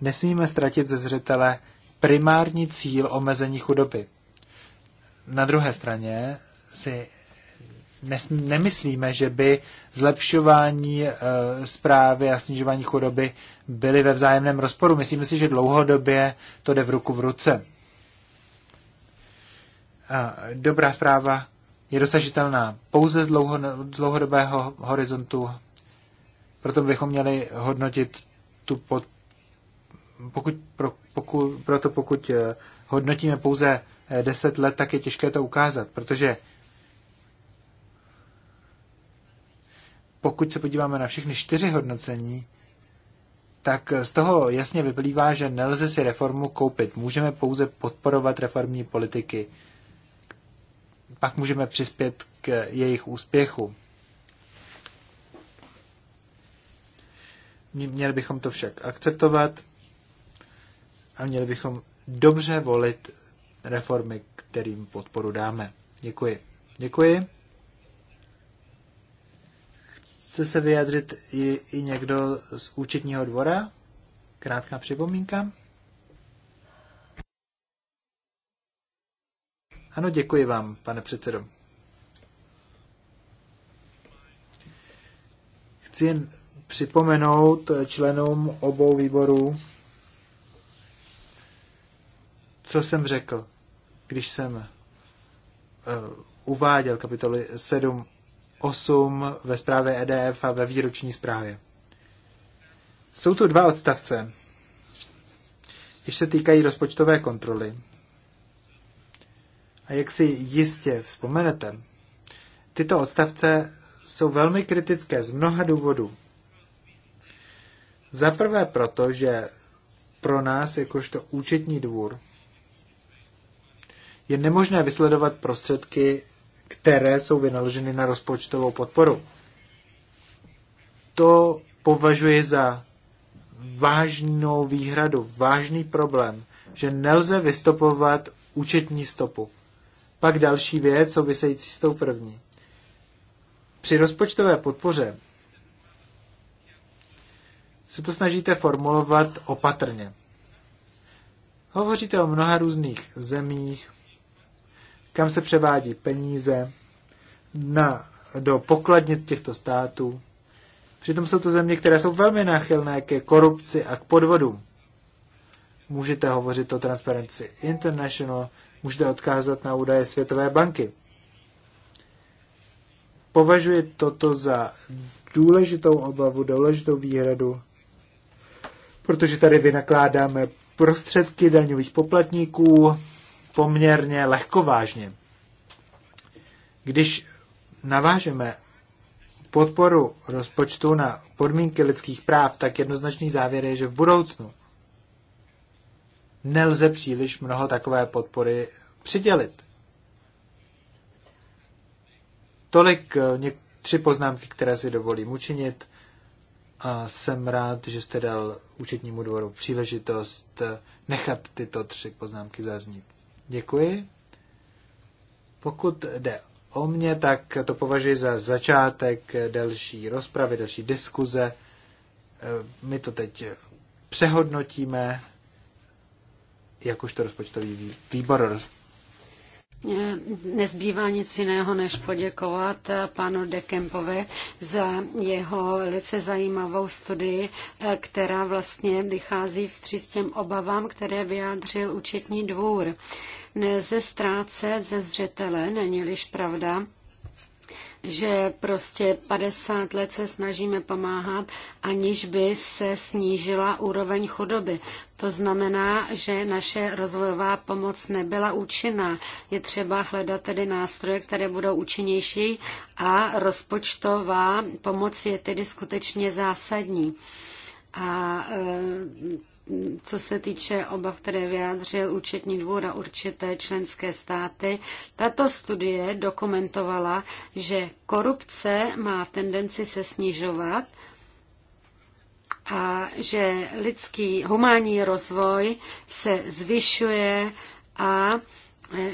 Speaker 3: nesmíme ztratit ze zřetele primární cíl omezení chudoby. Na druhé straně si nemyslíme, že by zlepšování eh, zprávy a snižování chudoby byly ve vzájemném rozporu. Myslíme si, že dlouhodobě to jde v ruku v ruce. A dobrá zpráva je dosažitelná pouze z dlouhodobého horizontu, proto bychom měli hodnotit tu pod, pokud, pro, poku, proto pokud eh, hodnotíme pouze 10 eh, let, tak je těžké to ukázat, protože pokud se podíváme na všechny čtyři hodnocení, tak z toho jasně vyplývá, že nelze si reformu koupit. Můžeme pouze podporovat reformní politiky. Pak můžeme přispět k jejich úspěchu. Měli bychom to však akceptovat a měli bychom dobře volit reformy, kterým podporu dáme. Děkuji. Děkuji. Chce se vyjádřit i, i někdo z účetního dvora? Krátká připomínka. Ano, děkuji vám, pane předsedo. Chci jen připomenout členům obou výborů, co jsem řekl, když jsem eh, uváděl kapitoly 7 8 ve zprávě EDF a ve výroční zprávě. Jsou tu dva odstavce, když se týkají rozpočtové kontroly. A jak si jistě vzpomenete, tyto odstavce jsou velmi kritické z mnoha důvodů. Za prvé proto, že pro nás, jakožto účetní dvůr, je nemožné vysledovat prostředky které jsou vynaloženy na rozpočtovou podporu. To považuji za vážnou výhradu, vážný problém, že nelze vystopovat účetní stopu. Pak další věc související s tou první. Při rozpočtové podpoře se to snažíte formulovat opatrně. Hovoříte o mnoha různých zemích, kam se převádí peníze na, do pokladnic těchto států. Přitom jsou to země, které jsou velmi náchylné ke korupci a k podvodům. Můžete hovořit o Transparency International, můžete odkázat na údaje Světové banky. Považuji toto za důležitou obavu, důležitou výhradu, protože tady vynakládáme prostředky daňových poplatníků, poměrně lehkovážně. Když navážeme podporu rozpočtu na podmínky lidských práv, tak jednoznačný závěr je, že v budoucnu nelze příliš mnoho takové podpory přidělit. Tolik eh, tři poznámky, které si dovolím učinit. A jsem rád, že jste dal účetnímu dvoru příležitost eh, nechat tyto tři poznámky zaznít. Děkuji. Pokud jde o mě, tak to považuji za začátek delší rozpravy, delší diskuze. E, my to teď přehodnotíme jakožto rozpočtový výbor
Speaker 2: Eh, nezbývá nic jiného, než poděkovat eh, panu Dekempové za jeho velice zajímavou studii, eh, která vlastně vychází vstříc těm obavám, které vyjádřil účetní dvůr. Nelze ztrácet ze zřetele, není-liž pravda, že prostě 50 let se snažíme pomáhat, aniž by se snížila úroveň chudoby. To znamená, že naše rozvojová pomoc nebyla účinná. Je třeba hledat tedy nástroje, které budou účinnější a rozpočtová pomoc je tedy skutečně zásadní. A e, co se týče obav, které vyjádřil účetní dvůr a určité členské státy, tato studie dokumentovala, že korupce má tendenci se snižovat a že lidský humánní rozvoj se zvyšuje a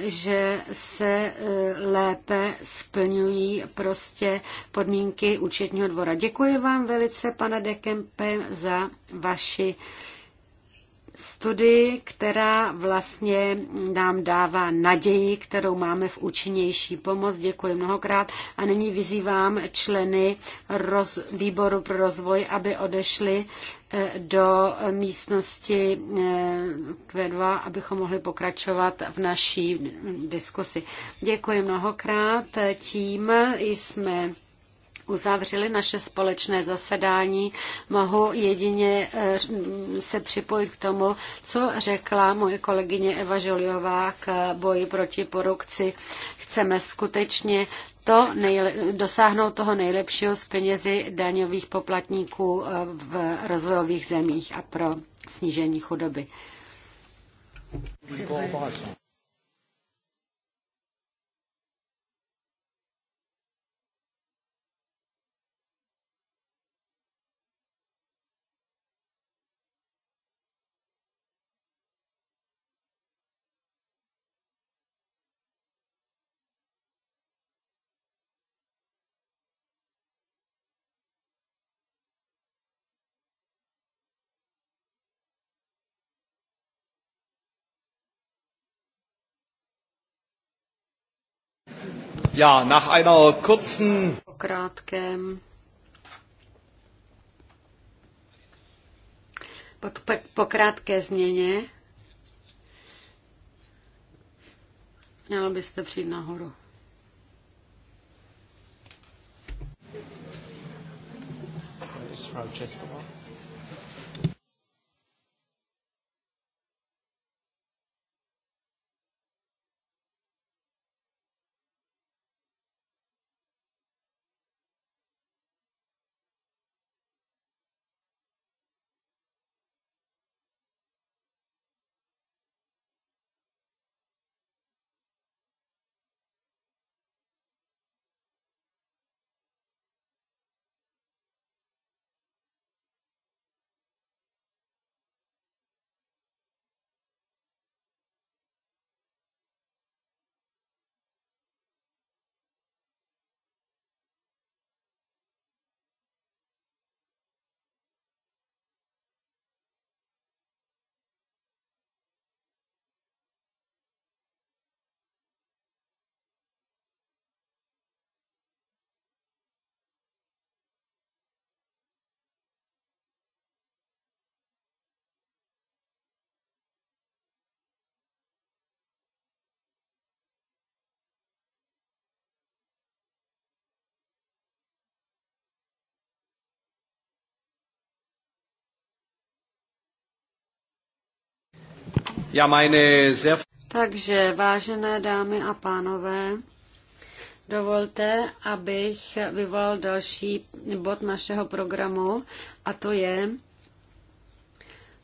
Speaker 2: že se e, lépe splňují prostě podmínky účetního dvora. Děkuji vám velice, pana Dekempe, za vaši studii, která vlastně nám dává naději, kterou máme v účinnější pomoc. Děkuji mnohokrát a nyní vyzývám členy roz, výboru pro rozvoj, aby odešli eh, do místnosti eh, Q2, abychom mohli pokračovat v naší diskusi. Děkuji mnohokrát. Tím jsme uzavřeli naše společné zasedání, mohu jedině eh, se připojit k tomu, co řekla moje kolegyně Eva Žoliová k boji proti korupci. Chceme skutečně to nejle- dosáhnout toho nejlepšího z penězi daňových poplatníků eh, v rozvojových zemích a pro snížení chudoby.
Speaker 3: Ja, nach einer kurzen...
Speaker 2: krátkém... Po, po, po krátké změně mělo byste přijít nahoru.
Speaker 3: Francesco. Ja, meine sehr...
Speaker 2: Takže, vážené dámy a pánové, dovolte, abych vyvolal další bod našeho programu, a to je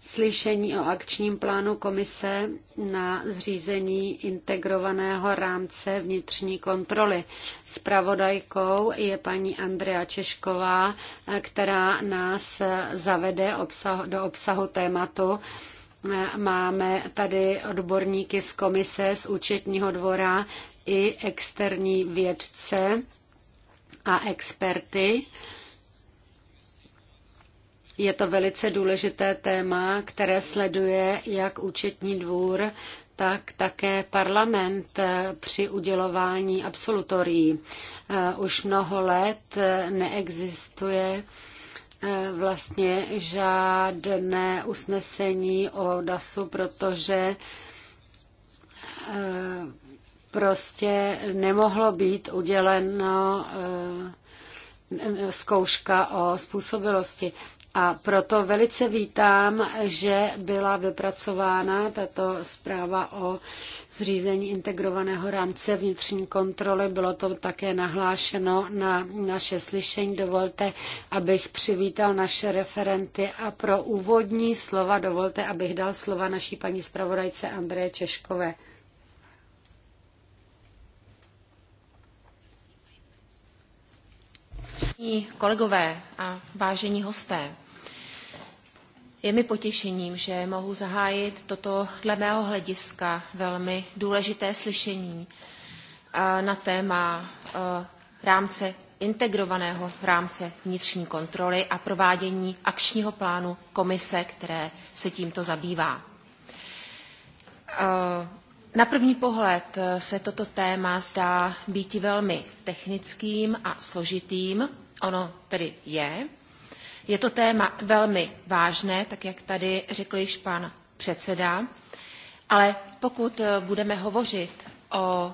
Speaker 2: slyšení o akčním plánu komise na zřízení integrovaného rámce vnitřní kontroly. Spravodajkou je paní Andrea Češková, která nás zavede obsah, do obsahu tématu Máme tady odborníky z komise, z účetního dvora i externí vědce a experty. Je to velice důležité téma, které sleduje jak účetní dvůr, tak také parlament při udělování absolutorií. Už mnoho let neexistuje E, vlastně žádné usnesení o DASu, protože e, prostě nemohlo být uděleno e, zkouška o způsobilosti. A proto velice vítám, že byla vypracována tato zpráva o zřízení integrovaného rámce vnitřní kontroly. Bylo to také nahlášeno na naše slyšení. Dovolte, abych přivítal naše referenty a pro úvodní slova dovolte, abych dal slova naší paní zpravodajce Andreje Češkové.
Speaker 4: Kolegové a vážení hosté, je mi potěšením, že mohu zahájit toto dle mého hlediska velmi důležité slyšení eh, na téma eh, rámce integrovaného rámce vnitřní kontroly a provádění akčního plánu komise, které se tímto zabývá. Eh, na první pohled se toto téma zdá být velmi technickým a složitým. Ono tedy je. Je to téma velmi vážné, tak jak tady řekl již pan předseda, ale pokud eh, budeme hovořit o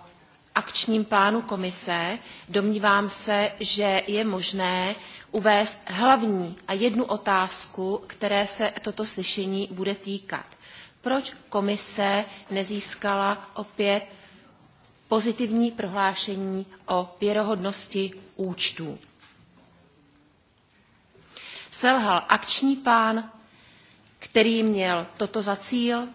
Speaker 4: akčním plánu komise, domnívám se, že je možné uvést hlavní a jednu otázku, které se toto slyšení bude týkat. Proč komise nezískala opět pozitivní prohlášení o věrohodnosti účtů? Selhal akční plán, který měl toto za cíl,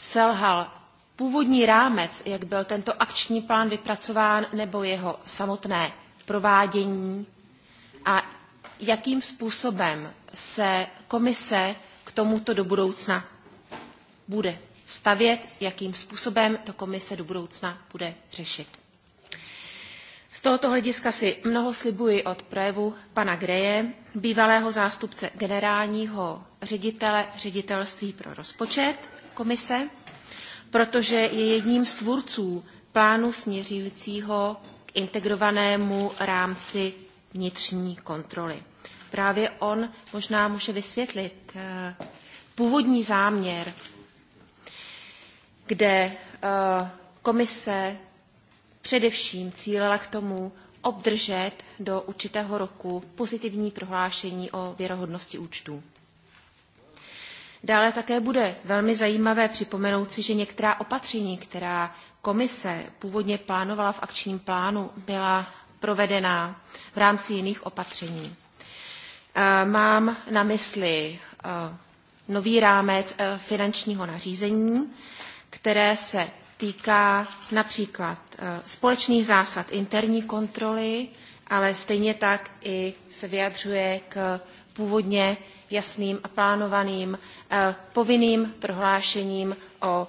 Speaker 4: selhal původní rámec, jak byl tento akční plán vypracován, nebo jeho samotné provádění a jakým způsobem se komise k tomuto do budoucna bude stavět, jakým způsobem to komise do budoucna bude řešit. Z tohoto hlediska si mnoho slibuji od projevu pana Greje, bývalého zástupce generálního ředitele ředitelství pro rozpočet komise, protože je jedním z tvůrců plánu směřujícího k integrovanému rámci vnitřní kontroly. Právě on možná může vysvětlit eh, původní záměr, kde eh, komise Především cílila k tomu obdržet do určitého roku pozitivní prohlášení o věrohodnosti účtů. Dále také bude velmi zajímavé připomenout si, že některá opatření, která komise původně plánovala v akčním plánu, byla provedena v rámci jiných opatření. Eh, mám na mysli eh, nový rámec eh, finančního nařízení, které se týká například eh, společných zásad interní kontroly, ale stejně tak i se vyjadřuje k původně jasným a plánovaným eh, povinným prohlášením o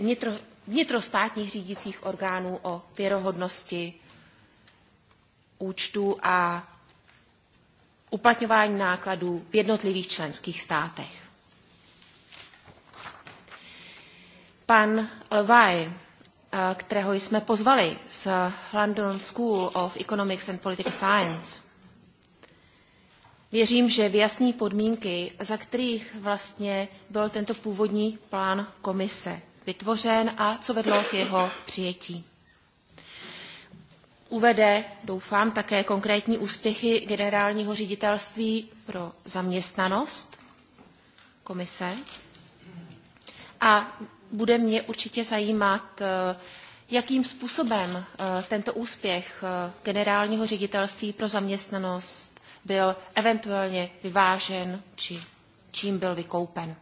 Speaker 4: vnitro, vnitrostátních řídících orgánů o věrohodnosti účtu a uplatňování nákladů v jednotlivých členských státech. pan Lvaj, eh, kterého jsme pozvali z London School of Economics and Political Science. Věřím, že vyjasní podmínky, za kterých vlastně byl tento původní plán komise vytvořen a co vedlo k jeho přijetí. Uvede, doufám, také konkrétní úspěchy generálního ředitelství pro zaměstnanost komise a bude mě určitě zajímat, eh, jakým způsobem eh, tento úspěch eh, generálního ředitelství pro zaměstnanost byl eventuálně vyvážen či čím byl vykoupen.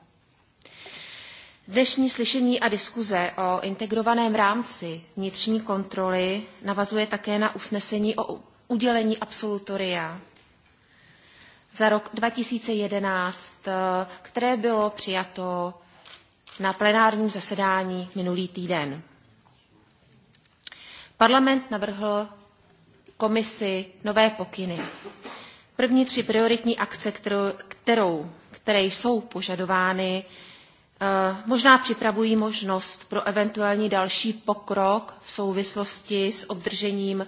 Speaker 4: Dnešní slyšení a diskuze o integrovaném rámci vnitřní kontroly navazuje také na usnesení o udělení absolutoria za rok 2011, které bylo přijato na plenárním zasedání minulý týden. Parlament navrhl komisi nové pokyny. První tři prioritní akce, kterou, kterou které jsou požadovány, eh, možná připravují možnost pro eventuální další pokrok v souvislosti s obdržením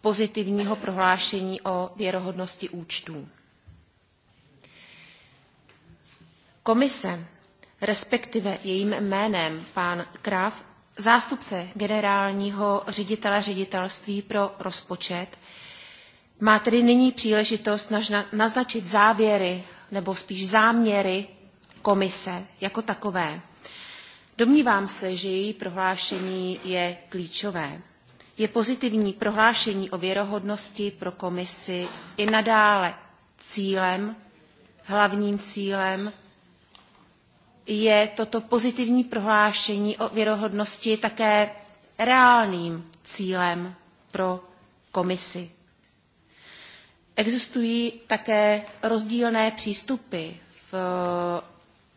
Speaker 4: pozitivního prohlášení o věrohodnosti účtů. Komise respektive jejím jménem pán Krav, zástupce generálního ředitele ředitelství pro rozpočet, má tedy nyní příležitost naznačit závěry nebo spíš záměry komise jako takové. Domnívám se, že její prohlášení je klíčové. Je pozitivní prohlášení o věrohodnosti pro komisi i nadále cílem, hlavním cílem je toto pozitivní prohlášení o věrohodnosti také reálným cílem pro komisi. Existují také rozdílné přístupy v,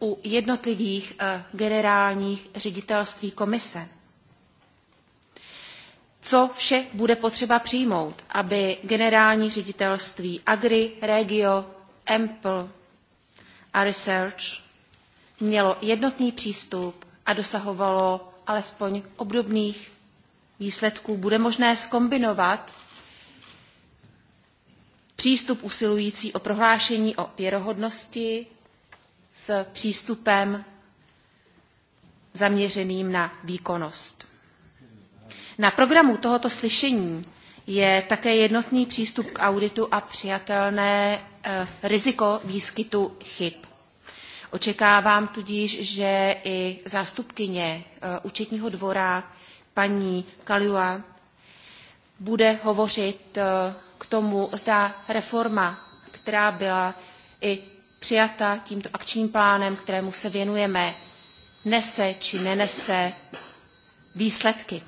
Speaker 4: u jednotlivých eh, generálních ředitelství komise. Co vše bude potřeba přijmout, aby generální ředitelství Agri, Regio, Ample a Research mělo jednotný přístup a dosahovalo alespoň obdobných výsledků, bude možné skombinovat přístup usilující o prohlášení o věrohodnosti s přístupem zaměřeným na výkonnost. Na programu tohoto slyšení je také jednotný přístup k auditu a přijatelné eh, riziko výskytu chyb. Očekávám tudíž, že i zástupkyně eh, účetního dvora paní Kaliua bude hovořit eh, k tomu, zda reforma, která byla i přijata tímto akčním plánem, kterému se věnujeme, nese či nenese výsledky.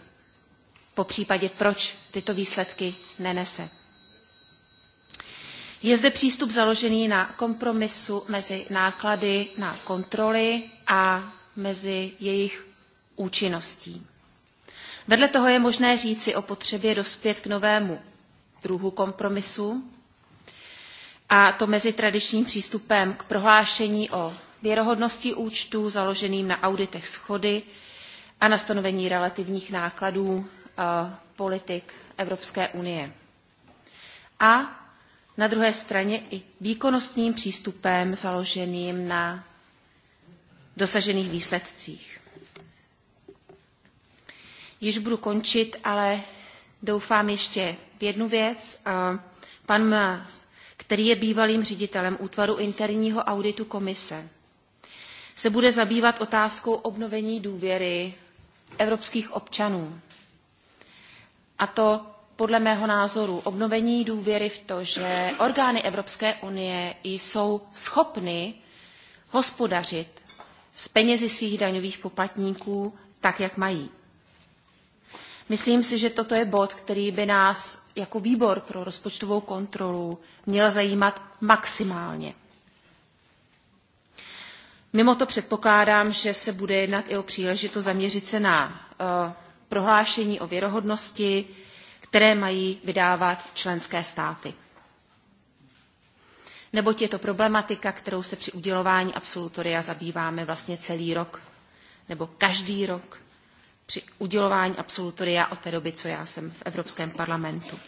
Speaker 4: Po případě, proč tyto výsledky nenese. Je zde přístup založený na kompromisu mezi náklady na kontroly a mezi jejich účinností. Vedle toho je možné říci o potřebě dospět k novému druhu kompromisu, a to mezi tradičním přístupem k prohlášení o věrohodnosti účtů založeným na auditech schody a na stanovení relativních nákladů eh, politik Evropské unie. A na druhé straně i výkonnostním přístupem založeným na dosažených výsledcích. Již budu končit, ale doufám ještě v jednu věc. Pan, který je bývalým ředitelem útvaru interního auditu komise, se bude zabývat otázkou obnovení důvěry evropských občanů. A to podle mého názoru obnovení důvěry v to, že orgány Evropské unie jsou schopny hospodařit s penězi svých daňových poplatníků tak, jak mají. Myslím si, že toto je bod, který by nás jako výbor pro rozpočtovou kontrolu měl zajímat maximálně. Mimo to předpokládám, že se bude jednat i o příležitost zaměřit se na uh, prohlášení o věrohodnosti, které mají vydávat členské státy. Neboť je to problematika, kterou se při udělování absolutoria zabýváme vlastně celý rok, nebo každý rok při udělování absolutoria od té doby, co já jsem v Evropském parlamentu.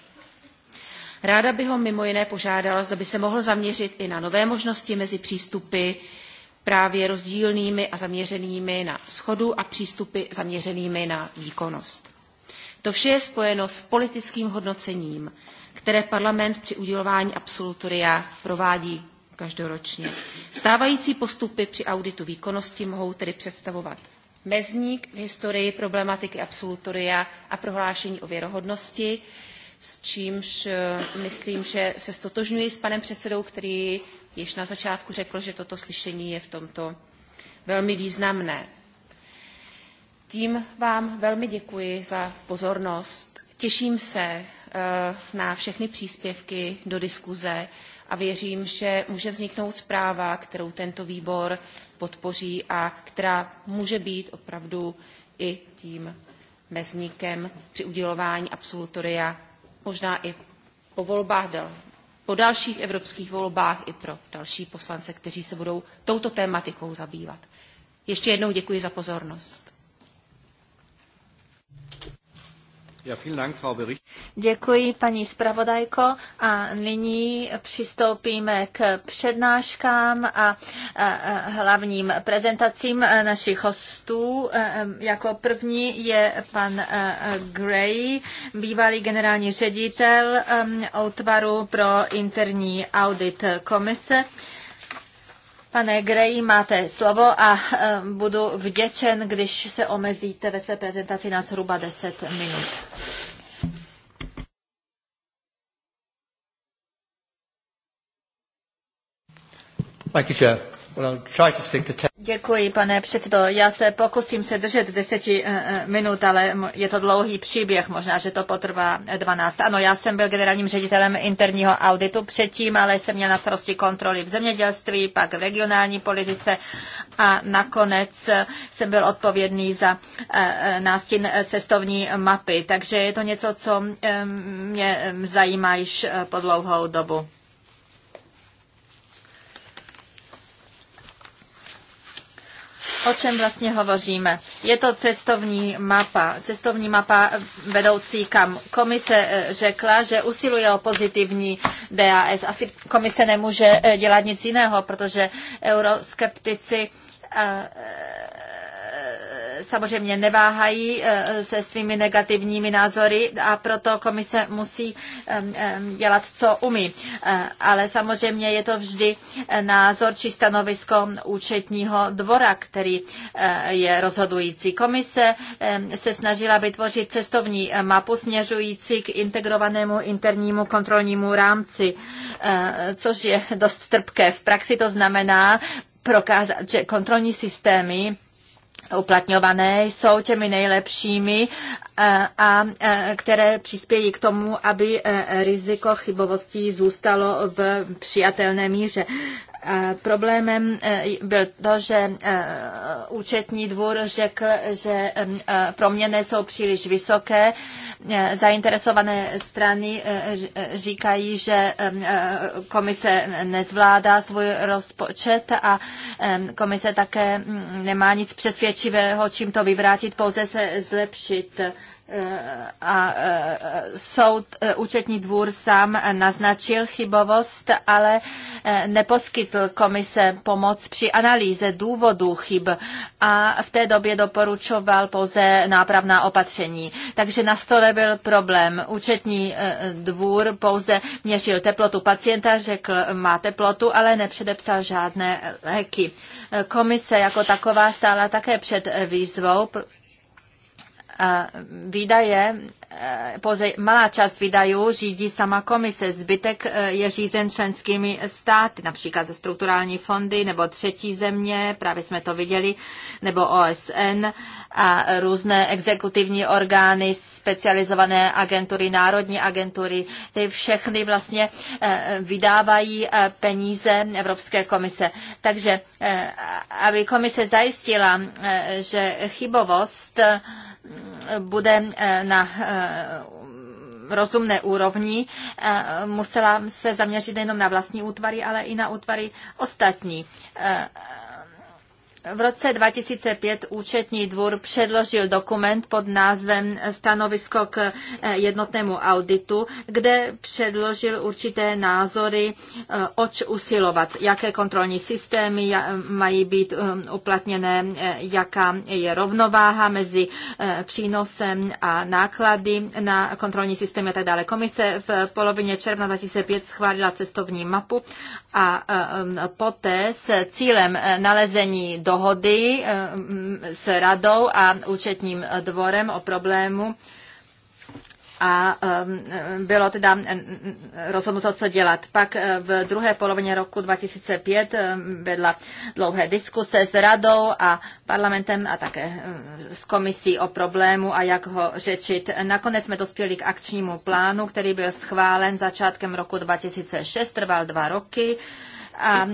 Speaker 4: Ráda bych ho mimo jiné požádala, zda by se mohl zaměřit i na nové možnosti mezi přístupy právě rozdílnými a zaměřenými na schodu a přístupy zaměřenými na výkonnost. To vše je spojeno s politickým hodnocením, které parlament při udělování absolutoria provádí každoročně. Stávající postupy při auditu výkonnosti mohou tedy představovat mezník v historii problematiky absolutoria a prohlášení o věrohodnosti, s čímž eh, myslím, že se stotožňuji s panem předsedou, který již na začátku řekl, že toto slyšení je v tomto velmi významné. Tím vám velmi děkuji za pozornost. Těším se eh, na všechny příspěvky do diskuze a věřím, že může vzniknout zpráva, kterou tento výbor podpoří a která může být opravdu i tím mezníkem při udělování absolutoria, možná i po volbách, po dalších evropských volbách i pro další poslance, kteří se budou touto tématikou zabývat. Ještě jednou děkuji za pozornost.
Speaker 1: Děkuji, paní zpravodajko. A nyní přistoupíme k přednáškám a hlavním prezentacím e, našich hostů. E, e, jako první je pan Gray, bývalý generální ředitel útvaru pro interní audit komise. Pane Grey, máte slovo a e, budu vděčen, když se omezíte ve své prezentaci na zhruba 10 minut.
Speaker 3: Thank you, Chair. Děkuji,
Speaker 1: pane předsedo. Já se pokusím se držet deseti eh, minut, ale je to dlouhý příběh, možná, že to potrvá 12. Ano, já jsem byl generálním ředitelem interního auditu předtím, ale jsem měl na starosti kontroly v zemědělství, pak v regionální politice a nakonec eh, jsem byl odpovědný za eh, nástin cestovní mapy. Takže je to něco, co mě zajímá již po dlouhou dobu. o čem vlastně hovoříme. Je to cestovní mapa. Cestovní mapa vedoucí kam. Komise eh, řekla, že usiluje o pozitivní DAS. Asi komise nemůže eh, dělat nic jiného, protože euroskeptici eh, samozřejmě neváhají eh, se svými negativními názory a proto komise musí eh, eh, dělat, co umí. Ale samozřejmě je to vždy názor či stanovisko účetního dvora, který je rozhodující. Komise se snažila vytvořit cestovní mapu směřující k integrovanému internímu kontrolnímu rámci, což je dost trpké. V praxi to znamená prokázat, že kontrolní systémy uplatňované jsou těmi nejlepšími eh, a, a eh, které přispějí k tomu, aby eh, riziko chybovostí zůstalo v přijatelné míře. Eh, problémem eh, byl to, že eh, účetní dvůr řekl, že proměny jsou příliš vysoké. Zainteresované strany říkají, že komise nezvládá svůj rozpočet a komise také mm, nemá nic přesvědčivého, čím to vyvrátit, pouze se zlepšit a e, soud, e, účetní dvůr sám naznačil chybovost, ale e, neposkytl komise pomoc při analýze důvodů chyb a v té době doporučoval pouze nápravná opatření. Takže na stole byl problém. Účetní dvůr pouze měřil teplotu pacienta, řekl, má teplotu, ale nepředepsal žádné léky. Komise jako taková stála také před výzvou, Eh, výdaje, eh, pouze malá část výdajů řídí sama komise, zbytek eh, je řízen členskými státy, například strukturální fondy nebo třetí země, právě jsme to viděli, nebo OSN a různé exekutivní orgány, specializované agentury, národní agentury, ty všechny vlastně vydávají peníze Evropské komise. Takže aby komise zajistila, že chybovost bude eh, na eh, rozumné úrovni, eh, musela se zaměřit nejenom na vlastní útvary, ale i na útvary ostatní. V roce 2005 účetní dvůr předložil dokument pod názvem Stanovisko k eh, jednotnému auditu, kde předložil určité názory, eh, oč usilovat, jaké kontrolní systémy mají být eh, uplatněné, jaká je rovnováha mezi přínosem a náklady na kontrolní systémy a tak dále. Komise v polovině června 2005 schválila cestovní mapu a poté s cílem nalezení do dohody eh, mm, s radou a účetním dvorem o problému a eh, bylo teda eh, rozhodnuto, co dělat. Pak v druhé polovině roku 2005 vedla dlouhé diskuse s radou a parlamentem a také s komisí o problému a jak ho řečit. Nakonec jsme dospěli k akčnímu plánu, který byl schválen začátkem roku 2006, trval dva roky a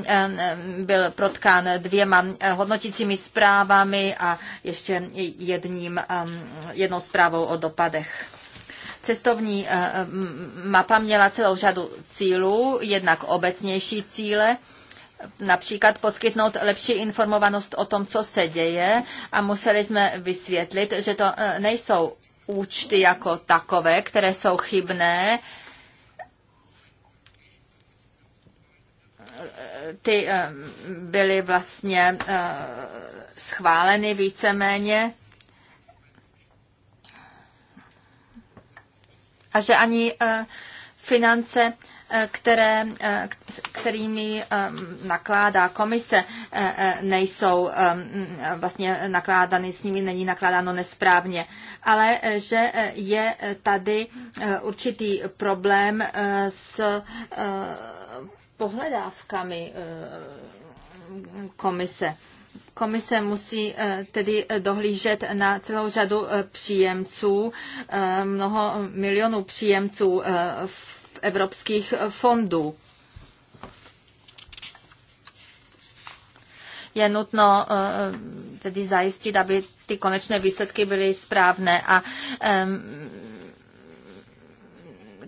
Speaker 1: byl protkán dvěma hodnotícími zprávami a ještě jedním, jednou zprávou o dopadech. Cestovní mapa měla celou řadu cílů, jednak obecnější cíle, například poskytnout lepší informovanost o tom, co se děje a museli jsme vysvětlit, že to e, nejsou účty jako takové, které jsou chybné, ty eh, byly vlastně eh, schváleny víceméně a že ani eh, finance, které, kterými nakládá komise, nejsou vlastně nakládány, s nimi není nakládáno nesprávně, ale že je tady určitý problém s pohledávkami eh, komise. Komise musí eh, tedy dohlížet na celou řadu eh, příjemců, mnoho milionů příjemců v evropských fondů. Je nutno tedy zajistit, aby ty konečné výsledky byly správné a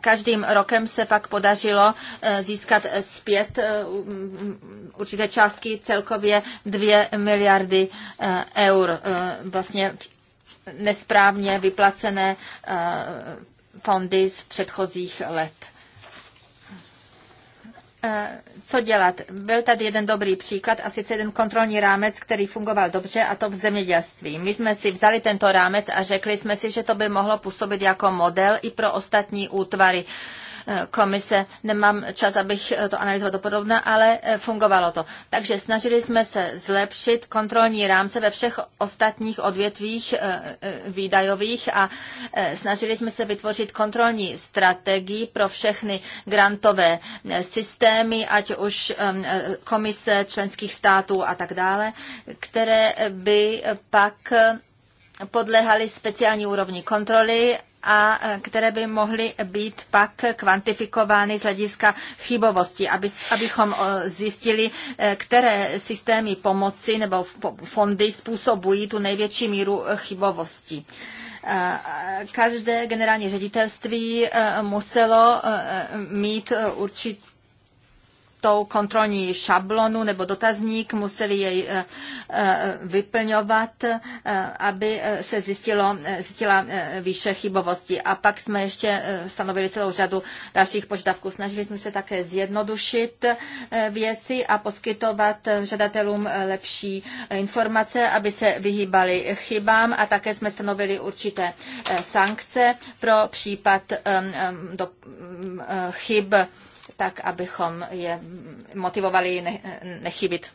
Speaker 1: Každým rokem se pak podařilo eh, získat eh, zpět eh, určité částky celkově 2 miliardy eur. Vlastně nesprávně vyplacené fondy z předchozích let. Eh, co dělat. Byl tady jeden dobrý příklad, a sice jeden kontrolní rámec, který fungoval dobře, a to v zemědělství. My jsme si vzali tento rámec a řekli jsme si, že to by mohlo působit jako model i pro ostatní útvary komise. Nemám čas, abych to analyzoval do ale eh, fungovalo to. Takže snažili jsme se zlepšit kontrolní rámce ve všech ostatních odvětvích eh, eh, výdajových a snažili jsme se vytvořit kontrolní strategii pro všechny grantové systémy, ať už komise členských států a tak dále, které by pak podléhaly speciální úrovni kontroly a které by mohly být pak kvantifikovány z hlediska chybovosti, aby, abychom zjistili, e, které systémy pomoci nebo fondy způsobují tu největší míru e, chybovosti e, každé generální ředitelství muselo mít určitě tou kontrolní šablonu nebo dotazník, museli jej eh, eh, vyplňovat, eh, aby se zjistilo, zjistila výše chybovosti. A pak jsme ještě stanovili celou řadu dalších požadavků. Snažili jsme se také zjednodušit věci a poskytovat žadatelům lepší informace, aby se vyhýbali chybám a také jsme stanovili určité sankce pro případ mm, chyb tak abychom je motivovali nechybit.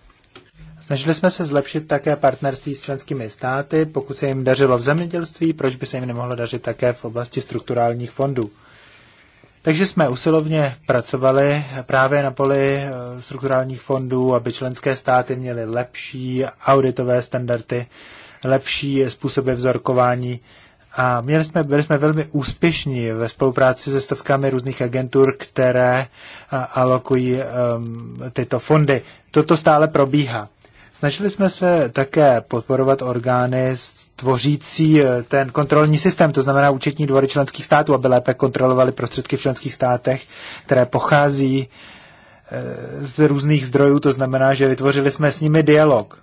Speaker 3: Snažili jsme se zlepšit také partnerství s členskými státy. Pokud se jim dařilo v zemědělství, proč by se jim nemohlo dařit také v oblasti strukturálních fondů? Takže jsme usilovně pracovali právě na poli eh, strukturálních fondů, aby členské státy měly lepší auditové standardy, lepší způsoby vzorkování a měli jsme, byli jsme velmi úspěšní ve spolupráci se stovkami různých agentur, které alokují um, tyto fondy. Toto stále probíhá. Snažili jsme se také podporovat orgány tvořící eh, ten kontrolní systém, to znamená účetní dvory členských států, aby lépe kontrolovali prostředky v členských státech, které pochází eh, z různých zdrojů, to znamená, že vytvořili jsme s nimi dialog.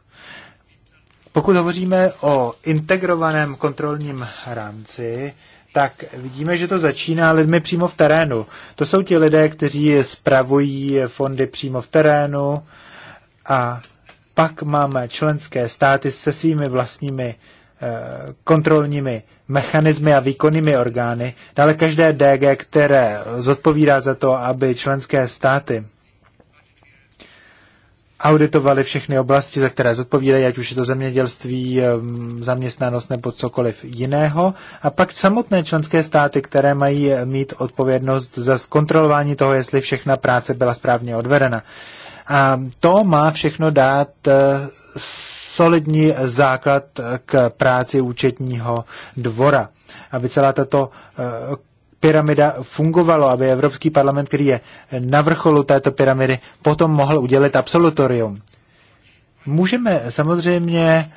Speaker 3: Pokud hovoříme o integrovaném kontrolním rámci, tak vidíme, že to začíná lidmi přímo v terénu. To jsou ti lidé, kteří spravují fondy přímo v terénu a pak máme členské státy se svými vlastními eh, kontrolními mechanismy a výkonnými orgány, dále každé DG, které zodpovídá za to, aby členské státy auditovali všechny oblasti, za které zodpovídají, ať už je to zemědělství, zaměstnanost nebo cokoliv jiného. A pak samotné členské státy, které mají mít odpovědnost za zkontrolování toho, jestli všechna práce byla správně odvedena. A to má všechno dát eh, solidní základ k práci účetního dvora, aby celá tato eh, pyramida fungovalo, aby Evropský parlament, který je na vrcholu této pyramidy, potom mohl udělit absolutorium. Můžeme samozřejmě eh,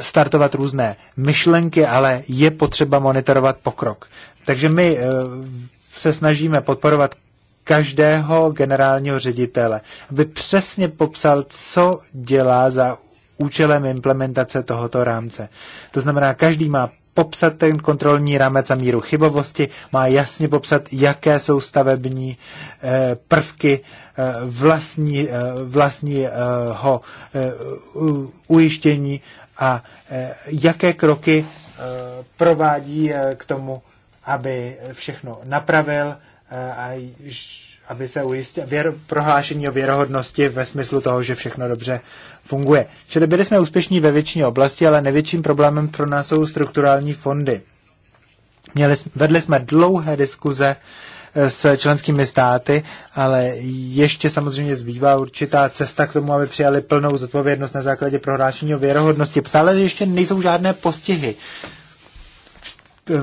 Speaker 3: startovat různé myšlenky, ale je potřeba monitorovat pokrok. Takže my eh, se snažíme podporovat každého generálního ředitele, aby přesně popsal, co dělá za účelem implementace tohoto rámce. To znamená, každý má popsat ten kontrolní rámec a míru chybovosti, má jasně popsat, jaké jsou stavební eh, prvky eh, vlastní, eh, vlastního ujištění a jaké kroky provádí k tomu, aby všechno napravil a aby se ujistil prohlášení o věrohodnosti ve smyslu toho, že všechno dobře funguje. Čili byli jsme úspěšní ve většině oblasti, ale největším problémem pro nás jsou strukturální fondy. Měli, vedli jsme dlouhé diskuze eh, s členskými státy, ale ještě samozřejmě zbývá určitá cesta k tomu, aby přijali plnou zodpovědnost na základě prohlášení o věrohodnosti. Stále ještě nejsou žádné postihy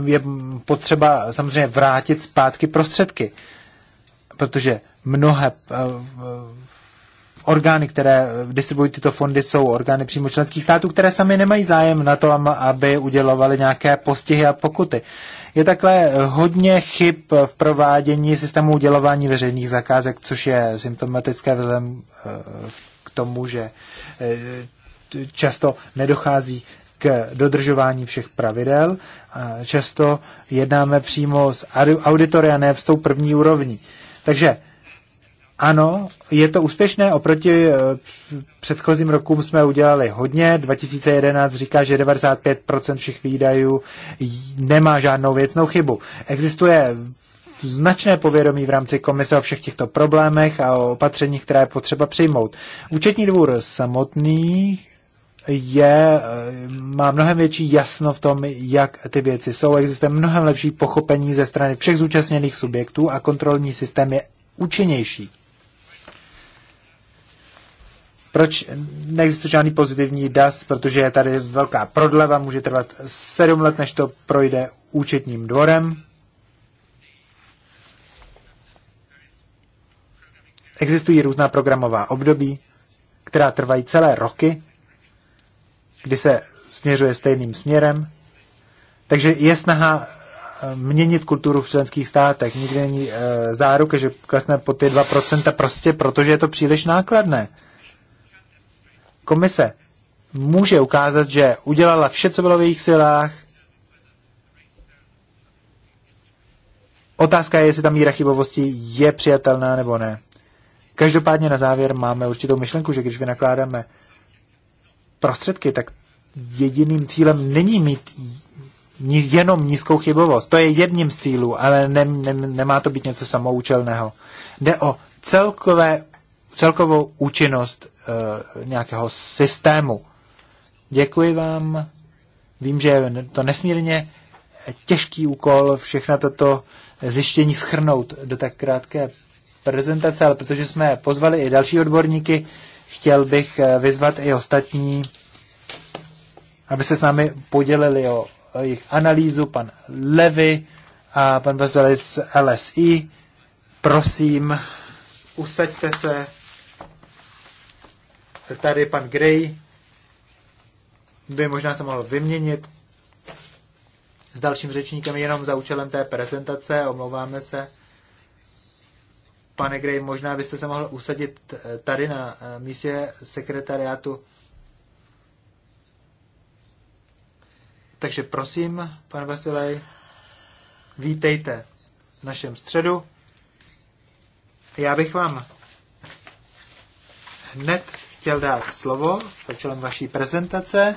Speaker 3: je potřeba samozřejmě vrátit zpátky prostředky, protože mnohé eh, orgány, které eh, distribuují tyto fondy, jsou orgány přímo členských států, které sami nemají zájem na tom, aby udělovaly nějaké postihy a pokuty. Je takhle eh, hodně chyb v provádění systému udělování veřejných zakázek, což je symptomatické vzhledem eh, k tomu, že často nedochází k dodržování všech pravidel. Často jednáme přímo s auditory a ne v tou první úrovní. Takže ano, je to úspěšné. Oproti eh, předchozím rokům jsme udělali hodně. 2011 říká, že 95% všech výdajů nemá žádnou věcnou chybu. Existuje značné povědomí v rámci komise o všech těchto problémech a o opatřeních, které je potřeba přijmout. Účetní dvůr samotný je, eh, má mnohem větší jasno v tom, jak ty věci jsou. Existuje mnohem lepší pochopení ze strany všech zúčastněných subjektů a kontrolní systém je účinnější. Proč neexistuje žádný pozitivní DAS? Protože je tady velká prodleva, může trvat 7 let, než to projde účetním dvorem. Existují různá programová období, která trvají celé roky, kdy se směřuje stejným směrem. Takže je snaha eh, měnit kulturu v členských státech. Nikdy není e, záruka, že klesne po ty 2% prostě protože je to příliš nákladné komise může ukázat, že udělala vše, co bylo v jejich silách. Otázka je, jestli ta míra chybovosti je přijatelná nebo ne. Každopádně na závěr máme určitou myšlenku, že když vynakládáme prostředky, tak jediným cílem není mít jenom nízkou chybovost. To je jedním z cílů, ale ne, ne, nemá to být něco samoučelného. Jde o celkové, celkovou účinnost Eh, nějakého systému. Děkuji vám. Vím, že je to nesmírně těžký úkol všechna tato zjištění schrnout do tak krátké prezentace, ale protože jsme pozvali i další odborníky, chtěl bych eh, vyzvat i ostatní, aby se s námi podělili o jejich analýzu, pan Levy a pan Vazelis LSI. Prosím, usaďte se tady pan Gray by možná se mohl vyměnit s dalším řečníkem jenom za účelem té prezentace, omlouváme se. Pane Gray, možná byste se mohl usadit tady na eh, místě sekretariátu. Takže prosím, pan Vasilej, vítejte v našem středu. Já bych vám hned chtěl dát slovo začalem vaší prezentace.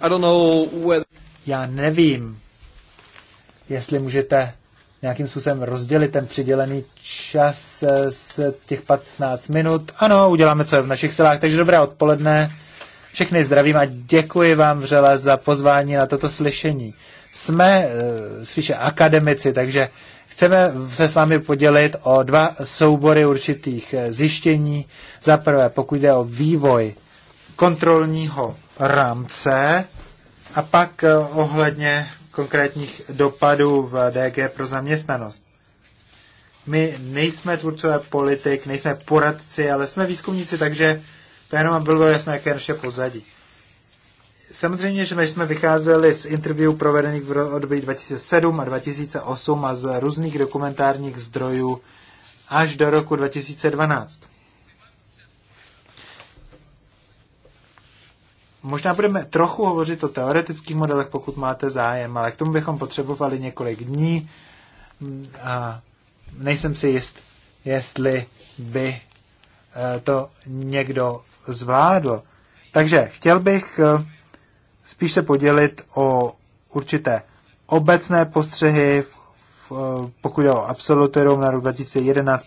Speaker 3: I don't know whether... Já nevím, jestli můžete nějakým způsobem rozdělit ten přidělený čas z těch 15 minut. Ano, uděláme, co je v našich silách. Takže dobré odpoledne. Všechny zdravím a děkuji vám vřele za pozvání na toto slyšení. Jsme eh, spíše akademici, takže chceme se s vámi podělit o dva soubory určitých eh, zjištění. Za prvé, pokud jde o vývoj kontrolního rámce a pak eh, ohledně konkrétních dopadů v DG pro zaměstnanost. My nejsme tvůrcové politik, nejsme poradci, ale jsme výzkumníci, takže to jenom bylo jasné, jaké je naše pozadí. Samozřejmě, že my jsme vycházeli z interview provedených v období 2007 a 2008 a z různých dokumentárních zdrojů až do roku 2012. Možná budeme trochu hovořit o teoretických modelech, pokud máte zájem, ale k tomu bychom potřebovali několik dní a nejsem si jist, jestli by eh, to někdo zvládl. Takže chtěl bych eh, spíš se podělit o určité obecné postřehy, eh, pokud jde o absolutorium na rok 2011,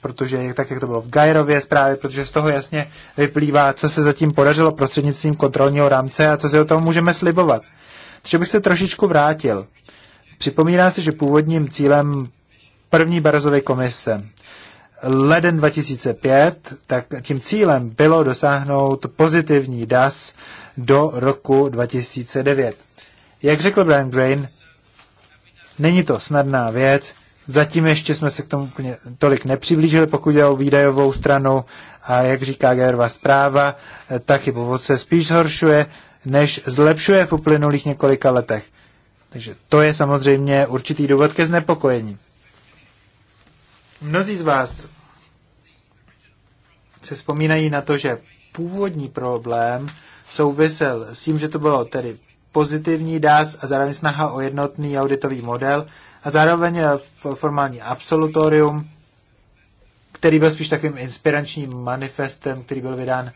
Speaker 3: protože je tak, jak to bylo v Gajerově zprávě, protože z toho jasně vyplývá, co se zatím podařilo prostřednictvím kontrolního rámce a co si o tom můžeme slibovat. Takže bych se trošičku vrátil. Připomíná se, že původním cílem první Barazovy komise leden 2005, tak tím cílem bylo dosáhnout pozitivní DAS do roku 2009. Jak řekl Brian Grain, není to snadná věc, zatím ještě jsme se k tomu tolik nepřiblížili, pokud jde o výdajovou stranu a jak říká Gerva zpráva, tak i povod se spíš zhoršuje, než zlepšuje v uplynulých několika letech. Takže to je samozřejmě určitý důvod ke znepokojení. Mnozí z vás se vzpomínají na to, že původní problém souvisel s tím, že to bylo tedy pozitivní DAS a zároveň snaha o jednotný auditový model a zároveň eh, formální absolutorium, který byl spíš takovým inspiračním manifestem, který byl vydán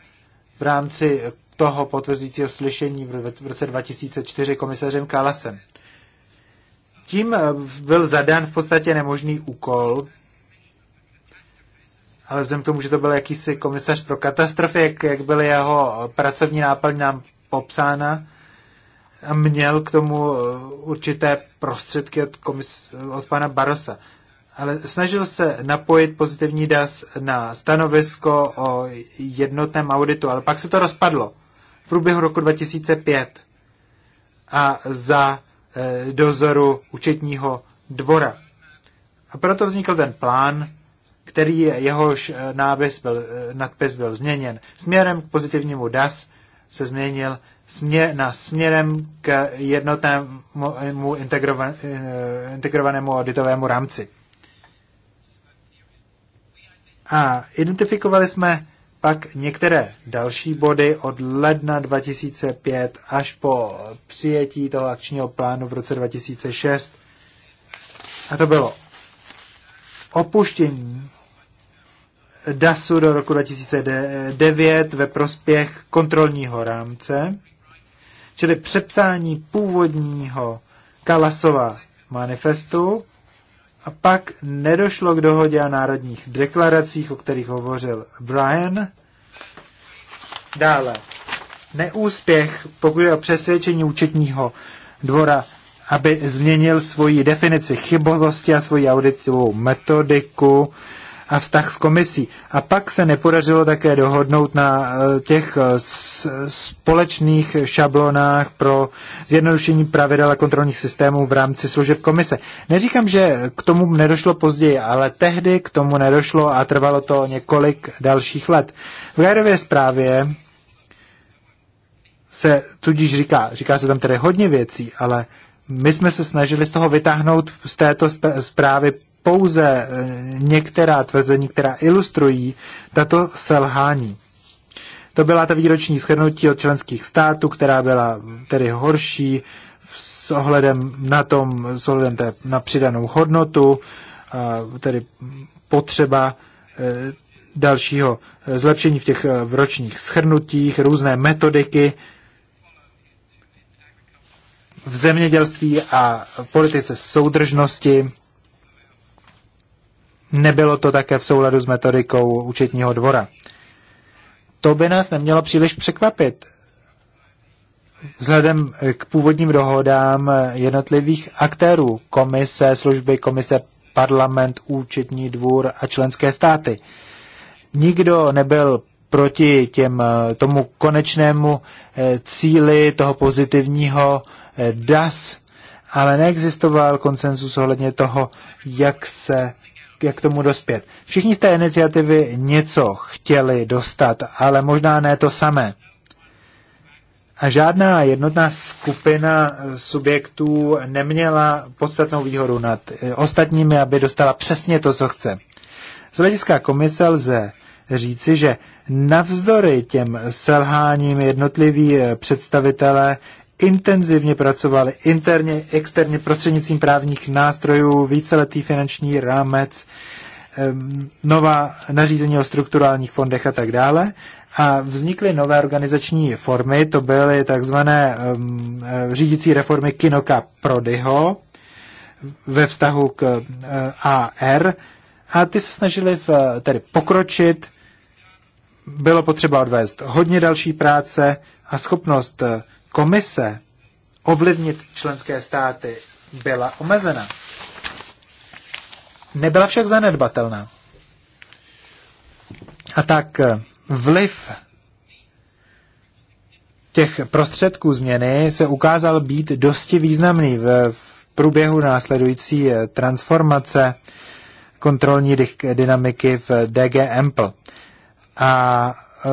Speaker 3: v rámci toho potvrzujícího slyšení v roce 2004 komisařem Kalasem. Tím eh, byl zadán v podstatě nemožný úkol ale vzhledem tomu, že to byl jakýsi komisař pro katastrofy, jak, jak byly jeho pracovní náplň nám popsána, a měl k tomu eh, určité prostředky od, komis, od pana Barosa. Ale snažil se napojit pozitivní DAS na stanovisko o jednotném auditu, ale pak se to rozpadlo v průběhu roku 2005 a za eh, dozoru účetního dvora. A proto vznikl ten plán který jehož eh, nápis byl, eh, nadpis byl změněn. Směrem k pozitivnímu DAS se změnil smě, na směrem k jednotnému eh, integrovanému, integrovanému auditovému rámci. A identifikovali jsme pak některé další body od ledna 2005 až po přijetí toho akčního plánu v roce 2006. A to bylo opuštění DASu do roku 2009 ve prospěch kontrolního rámce, čili přepsání původního Kalasova manifestu a pak nedošlo k dohodě o národních deklaracích, o kterých hovořil Brian. Dále, neúspěch, pokud je o přesvědčení účetního dvora, aby změnil svoji definici chybovosti a svoji auditovou metodiku, a vztah s komisí. A pak se nepodařilo také dohodnout na eh, těch eh, společných šablonách pro zjednodušení pravidel a kontrolních systémů v rámci služeb komise. Neříkám, že k tomu nedošlo později, ale tehdy k tomu nedošlo a trvalo to několik dalších let. V Gajerově zprávě se tudíž říká, říká se tam tedy hodně věcí, ale my jsme se snažili z toho vytáhnout z této zprávy pouze eh, některá tvrzení, která ilustrují tato selhání. To byla ta výroční shrnutí od členských států, která byla tedy horší s ohledem na tom, s ohledem té, na přidanou hodnotu, tedy potřeba eh, dalšího eh, zlepšení v těch v ročních schrnutích, různé metodiky v zemědělství a politice soudržnosti Nebylo to také v souladu s metodikou účetního dvora. To by nás nemělo příliš překvapit. Vzhledem k původním dohodám jednotlivých aktérů, komise, služby, komise, parlament, účetní dvůr a členské státy. Nikdo nebyl proti těm, tomu konečnému eh, cíli toho pozitivního eh, DAS, ale neexistoval konsenzus ohledně toho, jak se jak tomu dospět. Všichni z té iniciativy něco chtěli dostat, ale možná ne to samé. A žádná jednotná skupina subjektů neměla podstatnou výhodu nad eh, ostatními, aby dostala přesně to, co chce. Z hlediska komise lze říci, že navzdory těm selháním jednotliví eh, představitelé intenzivně pracovali interně, externě prostřednictvím právních nástrojů, víceletý finanční rámec, nová nařízení o strukturálních fondech a tak dále. A vznikly nové organizační formy, to byly takzvané e, řídící reformy Kinoka Prodyho ve vztahu k e, AR a ty se snažili v, tedy pokročit, bylo potřeba odvést hodně další práce a schopnost uh, komise ovlivnit členské státy byla omezena. Nebyla však zanedbatelná. A tak eh, vliv těch prostředků změny se ukázal být dosti významný v, průběhu následující eh, transformace kontrolní dynamiky v DG Ample. A Eh,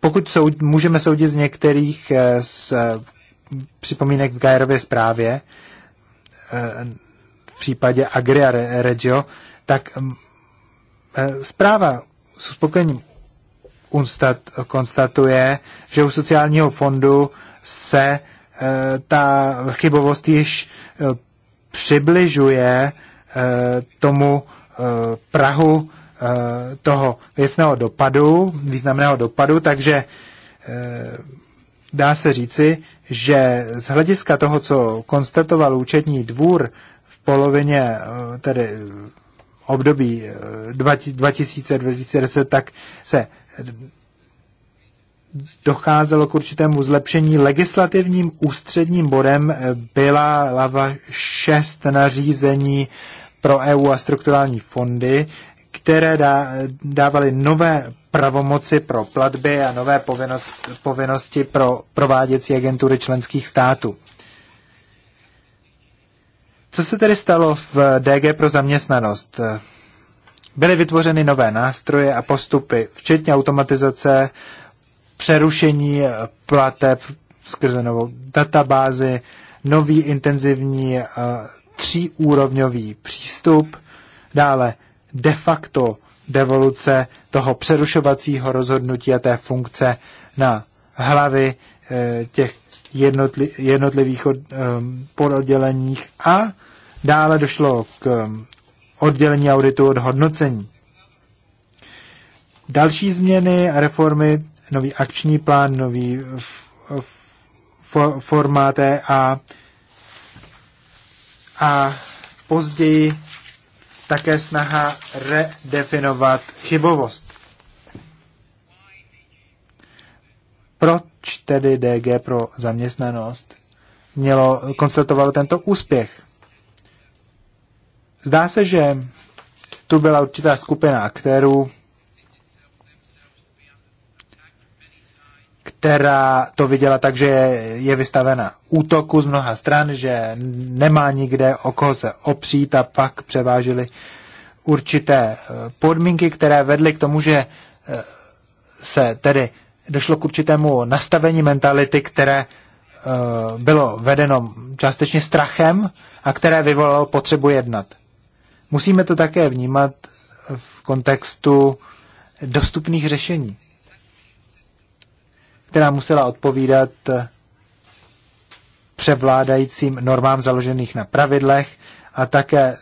Speaker 3: pokud soud, můžeme soudit z některých eh, z eh, připomínek v Gajerově zprávě, v případě Agria Regio, tak mm, zpráva s uspokojením Unstat konstatuje, že u sociálního fondu se ta chybovost již přibližuje tomu Prahu Eh, toho věcného dopadu, významného dopadu, takže eh, dá se říci, že z hlediska toho, co konstatoval účetní dvůr v polovině eh, tedy období 2020, 2010 tak se docházelo k určitému zlepšení. Legislativním ústředním bodem byla lava 6 nařízení pro EU a strukturální fondy, které dá, dávaly nové pravomoci pro platby a nové povinnost, povinnosti pro prováděcí agentury členských států. Co se tedy stalo v DG pro zaměstnanost? Byly vytvořeny nové nástroje a postupy, včetně automatizace, přerušení plateb skrze novou databázi, nový intenzivní eh, tříúrovňový přístup, dále de facto devoluce toho přerušovacího rozhodnutí a té funkce na hlavy eh, těch jednotli, jednotlivých od, ehm, pododděleních a dále došlo k ehm, oddělení auditu od hodnocení. Další změny a reformy, nový akční plán, nový formát a, a později také snaha redefinovat chybovost. Proč tedy DG pro zaměstnanost mělo konstatovalo tento úspěch? Zdá se, že tu byla určitá skupina aktérů, která to viděla tak, že je vystavena útoku z mnoha stran, že nemá nikde o koho se opřít a pak převážily určité eh, podmínky, které vedly k tomu, že eh, se tedy došlo k určitému nastavení mentality, které eh, bylo vedeno částečně strachem a které vyvolalo potřebu jednat. Musíme to také vnímat v kontextu dostupných řešení která musela odpovídat eh, převládajícím normám založených na pravidlech a také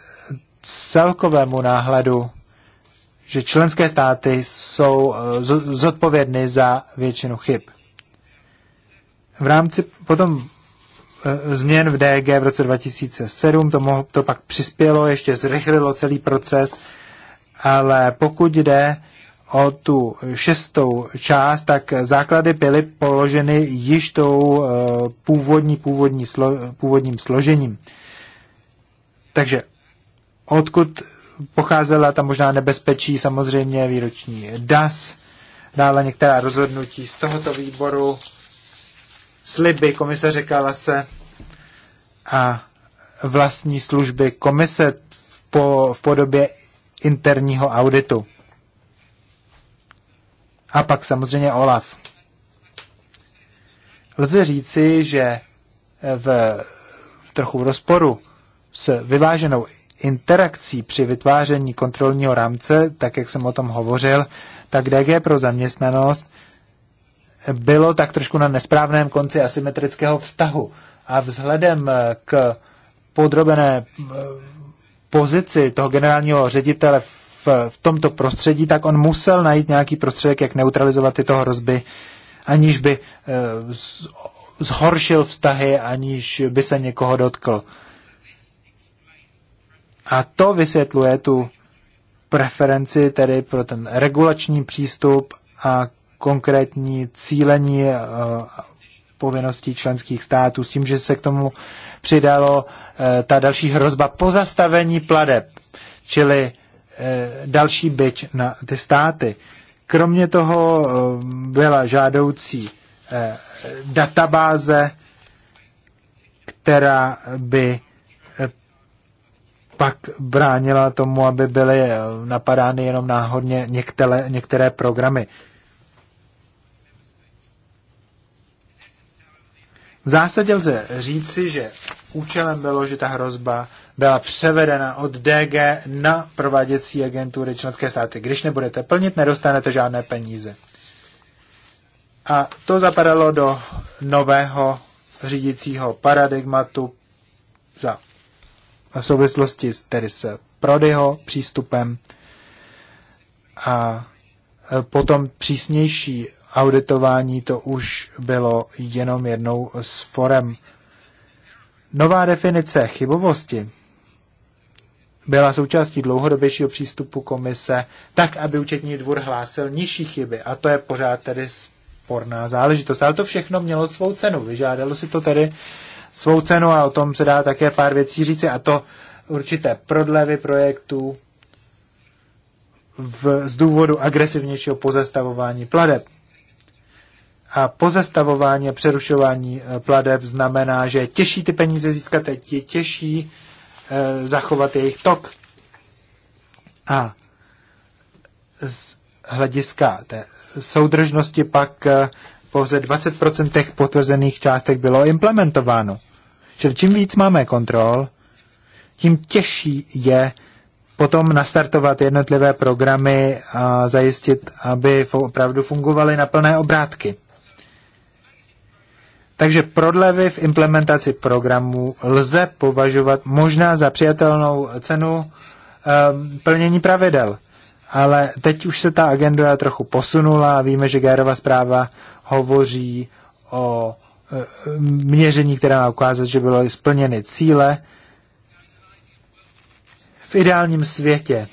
Speaker 3: celkovému náhledu, že členské státy jsou eh, zodpovědny za většinu chyb. V rámci potom eh, změn v DG v roce 2007, to, mohlo, to pak přispělo, ještě zrychlilo celý proces, ale pokud jde o tu šestou část, tak základy byly položeny již tou eh, původní, původní slo, původním složením. Takže odkud pocházela ta možná nebezpečí, samozřejmě výroční DAS, dále některá rozhodnutí z tohoto výboru, sliby komise řekala se a vlastní služby komise v, po, v podobě interního auditu. A pak samozřejmě OLAF. Lze říci, že v trochu v rozporu s vyváženou interakcí při vytváření kontrolního rámce, tak jak jsem o tom hovořil, tak DG pro zaměstnanost bylo tak trošku na nesprávném konci asymetrického vztahu. A vzhledem k podrobené eh, pozici toho generálního ředitele v, v tomto prostředí, tak on musel najít nějaký prostředek, jak neutralizovat tyto hrozby, aniž by eh, z, zhoršil vztahy, aniž by se někoho dotkl. A to vysvětluje tu preferenci tedy pro ten regulační přístup a konkrétní cílení eh, povinností členských států s tím, že se k tomu přidalo eh, ta další hrozba pozastavení pladeb, čili Eh, další byč na ty státy. Kromě toho eh, byla žádoucí eh, databáze, která by pak bránila tomu, aby byly napadány jenom náhodně některé, některé programy. V zásadě lze říci, že účelem bylo, že ta hrozba byla převedena od DG na prováděcí agentury členské státy. Když nebudete plnit, nedostanete žádné peníze. A to zapadalo do nového řídícího paradigmatu za, v souvislosti s, tedy s Prodyho přístupem a e, potom přísnější auditování to už bylo jenom jednou z forem. Nová definice chybovosti byla součástí dlouhodobějšího přístupu komise, tak aby účetní dvůr hlásil nižší chyby. A to je pořád tedy sporná záležitost. Ale to všechno mělo svou cenu. Vyžádalo si to tedy svou cenu a o tom se dá také pár věcí říci. A to určité prodlevy projektů v, z důvodu agresivnějšího pozastavování pladeb. A pozastavování a přerušování eh, pladeb znamená, že je těžší ty peníze získat, je těžší Eh, zachovat jejich tok. A z hlediska té soudržnosti pak eh, pouze 20% těch potvrzených částek bylo implementováno. Čili čím víc máme kontrol, tím těžší je potom nastartovat jednotlivé programy a zajistit, aby opravdu fungovaly na plné obrátky. Takže prodlevy v implementaci programů lze považovat možná za přijatelnou cenu um, plnění pravidel. Ale teď už se ta agenda trochu posunula a víme, že Gérova zpráva hovoří o e, měření, které má ukázat, že bylo splněny cíle. V ideálním světě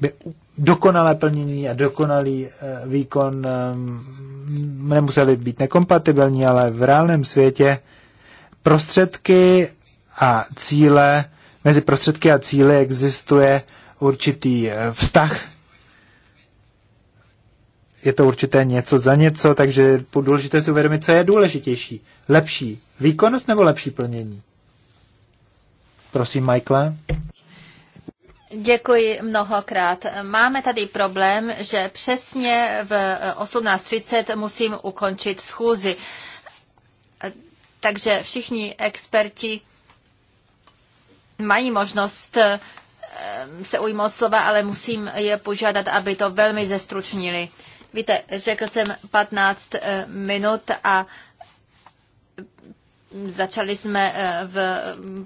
Speaker 3: by dokonalé plnění a dokonalý eh, výkon ehm, nemuseli být nekompatibilní, ale v reálném světě prostředky a cíle, mezi prostředky a cíly existuje určitý eh, vztah. Je to určité něco za něco, takže důležité si uvědomit, co je důležitější. Lepší výkonnost nebo lepší plnění? Prosím, Michael.
Speaker 1: Děkuji mnohokrát. Máme tady problém, že přesně v 18.30 musím ukončit schůzi. Takže všichni experti mají možnost eh, se ujmout slova, ale musím je požádat, aby to velmi zestručnili. Víte, řekl jsem 15 eh, minut a začali jsme eh, v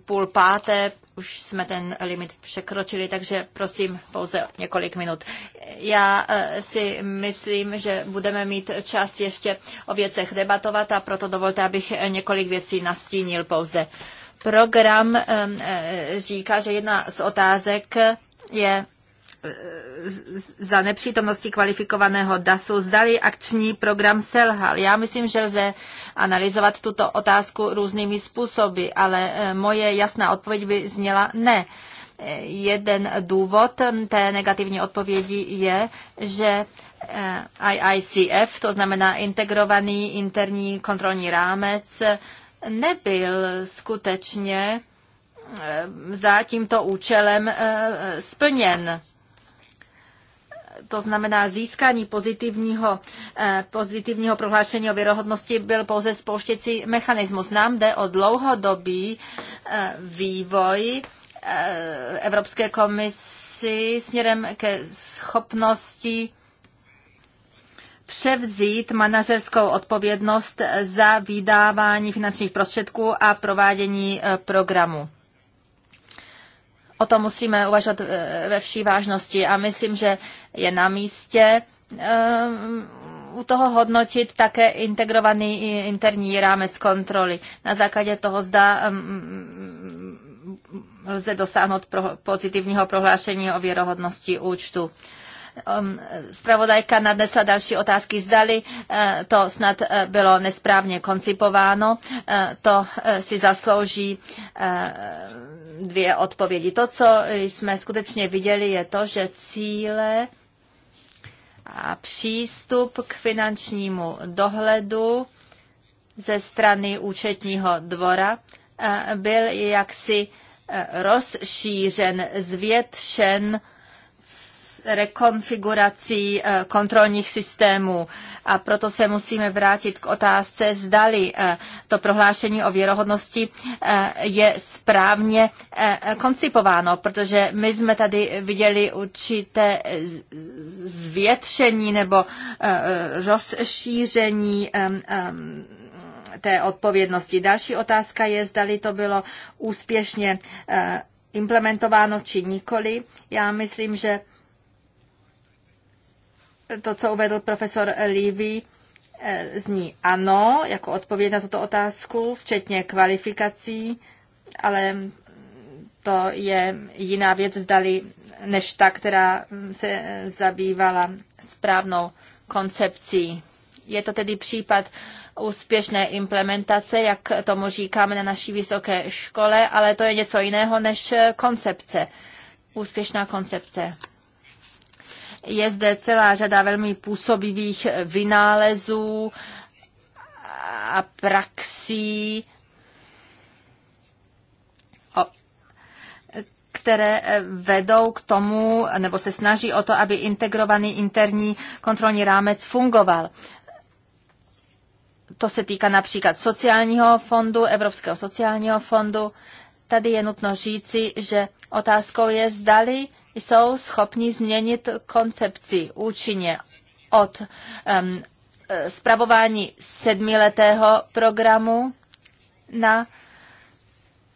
Speaker 1: půl páté, už jsme ten limit překročili, takže prosím pouze několik minut. Já eh, si myslím, že budeme mít čas ještě o věcech debatovat a proto dovolte, abych několik věcí nastínil pouze. Program eh, eh, říká, že jedna z otázek je Eh, za nepřítomnosti kvalifikovaného DASu, zdali akční program selhal. Já myslím, že lze analyzovat tuto otázku různými způsoby, ale eh, moje jasná odpověď by zněla ne. Eh, jeden důvod té negativní odpovědi je, že IICF, to znamená integrovaný interní kontrolní rámec, nebyl skutečně za tímto účelem splněn to znamená získání pozitivního, eh, pozitivního prohlášení o věrohodnosti, byl pouze spouštěcí mechanismus. Nám jde o dlouhodobý eh, vývoj eh, Evropské komisi směrem ke schopnosti převzít manažerskou odpovědnost za vydávání finančních prostředků a provádění programu o tom musíme uvažovat eh, ve vší vážnosti a myslím, že je na místě eh, u toho hodnotit také integrovaný interní rámec kontroly. Na základě toho zda mm, mm, mm, lze dosáhnout pozitivního prohlášení o věrohodnosti účtu. Spravodajka um, nadnesla další otázky. Zdali uh, to snad uh, bylo nesprávně koncipováno, uh, to si zaslouží dvě odpovědi. To, co jsme skutečně viděli, je to, že cíle a přístup k finančnímu dohledu ze strany účetního dvora byl jaksi rozšířen, zvětšen rekonfigurací eh, kontrolních systémů. A proto se musíme vrátit k otázce, zdali eh, to prohlášení o věrohodnosti eh, je správně koncipováno, protože my jsme tady viděli určité zvětšení nebo rozšíření té odpovědnosti. Další otázka je, zdali to bylo úspěšně implementováno či nikoli. Já myslím, že to, co uvedl profesor Levy, eh, zní ano, jako odpověď na tuto otázku, včetně kvalifikací, ale to je jiná věc, zdali než ta, která se zabývala správnou koncepcí. Je to tedy případ úspěšné implementace, jak tomu říkáme na naší vysoké škole, ale to je něco jiného než koncepce. Úspěšná koncepce. Je zde celá řada velmi působivých vynálezů a praxí, které eh, vedou k tomu, nebo se snaží o to, aby integrovaný interní kontrolní rámec fungoval. To se týká například sociálního fondu, Evropského sociálního fondu. Tady je nutno říci, že otázkou je, zdali jsou schopni změnit koncepci účinně od um, zpravování e, sedmiletého programu na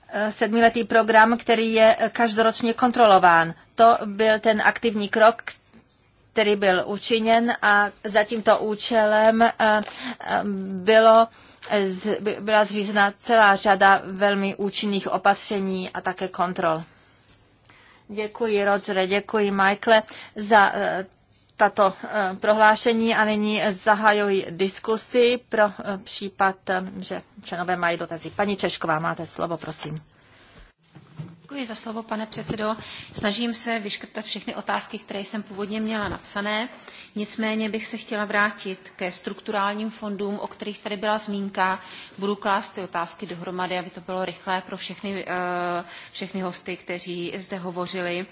Speaker 1: e, sedmiletý program, který je každoročně kontrolován. To byl ten aktivní krok, který byl učiněn a za tímto účelem e, bylo, byla zřízena celá řada velmi účinných opatření a také kontrol. Děkuji, Roger, děkuji, Michael, za eh, tato eh, prohlášení a nyní zahajuji diskusi pro eh, případ, že členové mají dotazy. Paní Češková, máte slovo, prosím.
Speaker 4: Děkuji za slovo, pane předsedo. Snažím se vyškrtat všechny otázky, které jsem původně měla napsané. Nicméně bych se chtěla vrátit ke strukturálním fondům, o kterých tady byla zmínka. Budu klást ty otázky dohromady, aby to bylo rychlé pro všechny, eh, všechny hosty, kteří zde hovořili.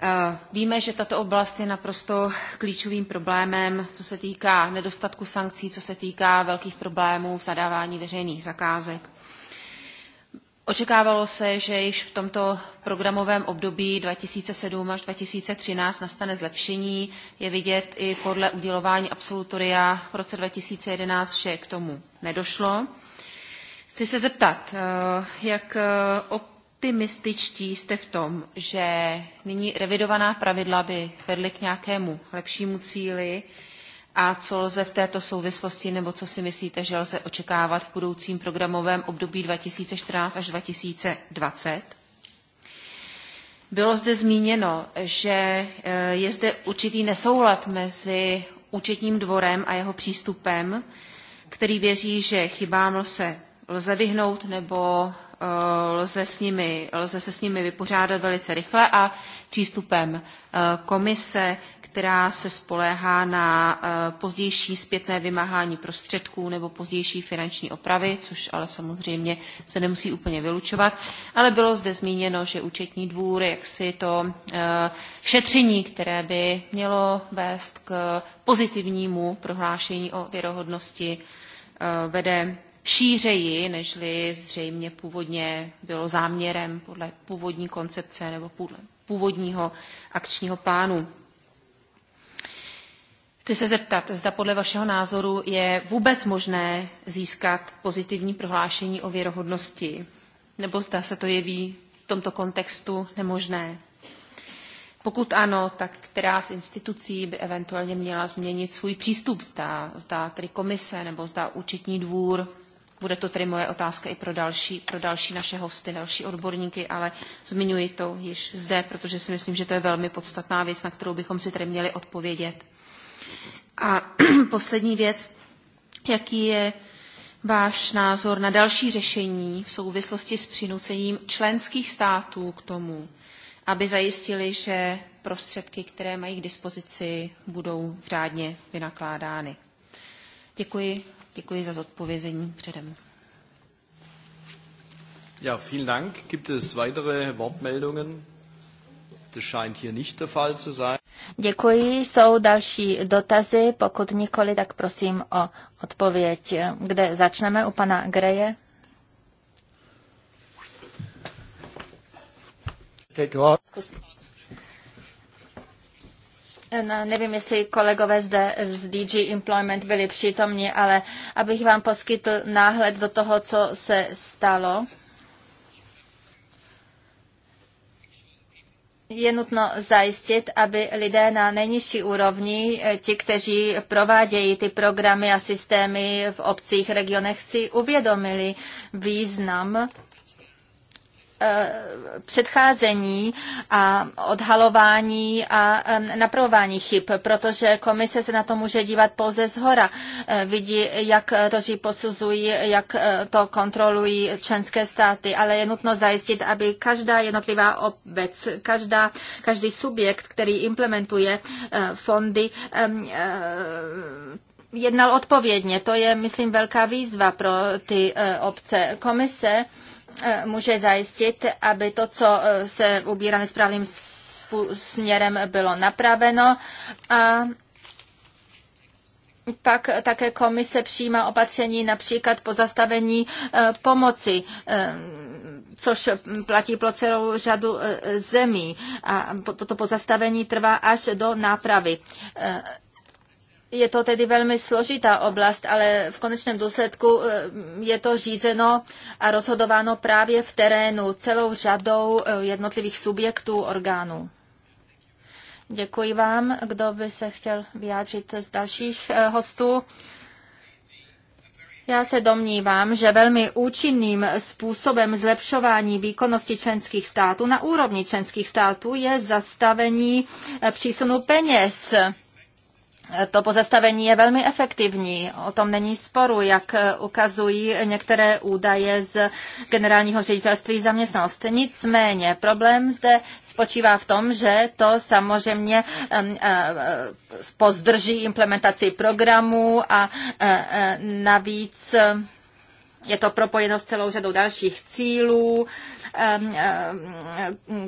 Speaker 4: Eh, víme, že tato oblast je naprosto klíčovým problémem, co se týká nedostatku sankcí, co se týká velkých problémů v zadávání veřejných zakázek. Očekávalo se, že již v tomto programovém období 2007 až 2013 nastane zlepšení. Je vidět i podle udělování absolutoria v roce 2011, že k tomu nedošlo. Chci se zeptat, eh, jak eh, optimističtí jste v tom, že nyní revidovaná pravidla by vedly k nějakému lepšímu cíli, a co lze v této souvislosti nebo co si myslíte, že lze očekávat v budoucím programovém období 2014 až 2020? Bylo zde zmíněno, že eh, je zde určitý nesoulad mezi účetním dvorem a jeho přístupem, který věří, že chybám se lze vyhnout nebo eh, lze, s nimi, lze se s nimi vypořádat velice rychle a přístupem eh, komise, která se spoléhá na eh, pozdější zpětné vymáhání prostředků nebo pozdější finanční opravy, což ale samozřejmě se nemusí úplně vylučovat. Ale bylo zde zmíněno, že účetní dvůr, jak si to eh, šetření, které by mělo vést k pozitivnímu prohlášení o věrohodnosti, eh, vede šířeji, nežli zřejmě původně bylo záměrem podle původní koncepce nebo podle původního akčního plánu. Chci se zeptat, zda podle vašeho názoru je vůbec možné získat pozitivní prohlášení o věrohodnosti, nebo zda se to jeví v tomto kontextu nemožné. Pokud ano, tak která z institucí by eventuálně měla změnit svůj přístup? Zda, zda tedy komise nebo zda účetní dvůr? Bude to tedy moje otázka i pro další, pro další naše hosty, další odborníky, ale zmiňuji to již zde, protože si myslím, že to je velmi podstatná věc, na kterou bychom si tedy měli odpovědět. A poslední věc, jaký je váš názor na další řešení v souvislosti s přinucením členských států k tomu, aby zajistili, že prostředky, které mají k dispozici, budou řádně vynakládány. Děkuji, děkuji za zodpovězení předem.
Speaker 3: Ja, vielen Dank. Gibt es weitere Wortmeldungen?
Speaker 1: Děkuji. Jsou další dotazy? Pokud nikoli, tak prosím o odpověď. Kde začneme? U pana Greje? No, nevím, jestli kolegové zde z DG Employment byli přítomni, ale abych vám poskytl náhled do toho, co se stalo je nutno zajistit, aby lidé na nejnižší úrovni, eh, ti, kteří provádějí ty programy a systémy v obcích, regionech, si uvědomili význam předcházení a odhalování a napravování chyb, protože komise se na to může dívat pouze z hora. Eh, vidí, jak to, že posuzují, jak eh, to kontrolují členské státy, ale je nutno zajistit, aby každá jednotlivá obec, každá, každý subjekt, který implementuje eh, fondy, jednal odpovědně. To je, myslím, velká výzva pro ty obce. Komise E, může zajistit, aby to, co e, se ubírá nesprávným směrem, bylo napraveno a pak také komise přijímá opatření například zastavení e, pomoci, což platí pro celou řadu zemí. A toto pozastavení trvá až do nápravy. Je to tedy velmi složitá oblast, ale v konečném důsledku eh, je to řízeno a rozhodováno právě v terénu celou řadou eh, jednotlivých subjektů orgánů. Děkuji vám, kdo by se chtěl vyjádřit z dalších eh, hostů. Já se domnívám, že velmi účinným způsobem zlepšování výkonnosti členských států na úrovni členských států je zastavení přísunu peněz to pozastavení je velmi efektivní. O tom není sporu, jak ukazují některé údaje z generálního ředitelství zaměstnanost. Nicméně problém zde spočívá v tom, že to samozřejmě eh, pozdrží implementaci programu a eh, eh, navíc je to propojeno s celou řadou dalších cílů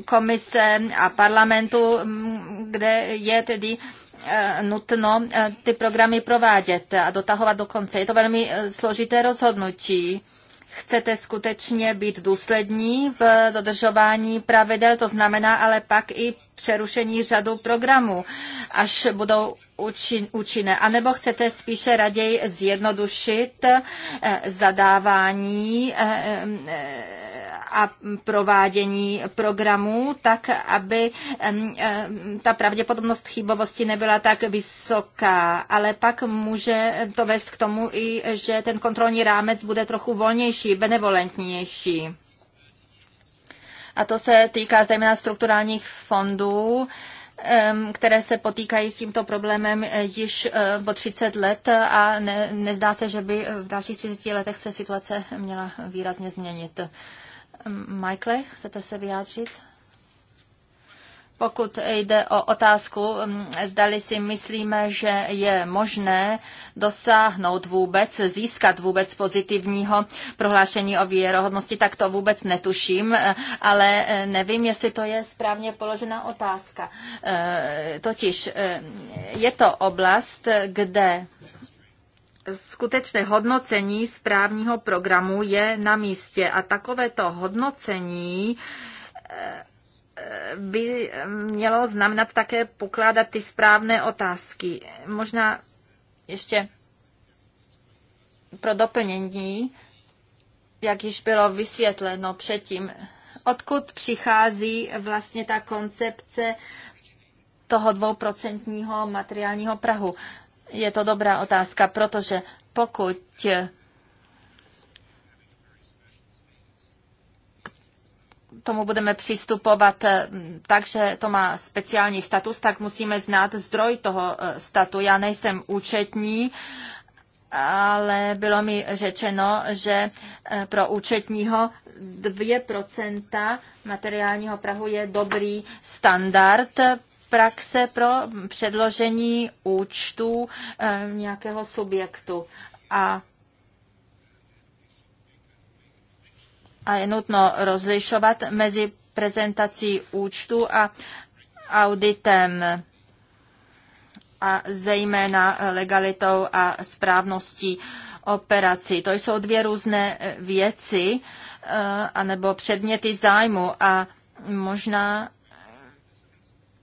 Speaker 1: komise a parlamentu, kde je tedy Eh, nutno eh, ty programy provádět a dotahovat do konce. Je to velmi eh, složité rozhodnutí chcete skutečně být důslední v dodržování pravidel, to znamená ale pak i přerušení řadu programů, až budou účinné. A nebo chcete spíše raději zjednodušit zadávání a provádění programů, tak aby ta pravděpodobnost chybovosti nebyla tak vysoká. Ale pak může to vést k tomu i, že ten kontrolní rámec bude trochu volnější, benevolentnější. A to se týká zejména strukturálních fondů, které se potýkají s tímto problémem eh, již eh, po 30 let a ne, nezdá se, že by v dalších 30 letech se situace měla výrazně změnit. Michael, chcete se vyjádřit? Pokud jde o otázku, mm, zdali si myslíme, že je možné dosáhnout vůbec, získat vůbec pozitivního prohlášení o věrohodnosti, tak to vůbec netuším, eh, ale eh, nevím, jestli to je správně položená otázka. Eh, totiž je to oblast, kde skutečné hodnocení správního programu je na místě a takovéto hodnocení eh, by mělo znamenat také pokládat ty správné otázky. Možná ještě pro doplnění, jak již bylo vysvětleno předtím, odkud přichází vlastně ta koncepce toho dvouprocentního materiálního prahu. Je to dobrá otázka, protože pokud eh, tomu budeme přistupovat eh, tak, že to má speciální status, tak musíme znát zdroj toho eh, statu. Já nejsem účetní, ale bylo mi řečeno, že pro účetního 2% materiálního prahu je dobrý standard praxe pro předložení účtu eh, nějakého subjektu. A a je nutno rozlišovat mezi prezentací účtu a auditem a zejména legalitou a správností operací. To jsou dvě různé eh, věci eh, anebo předměty zájmu a možná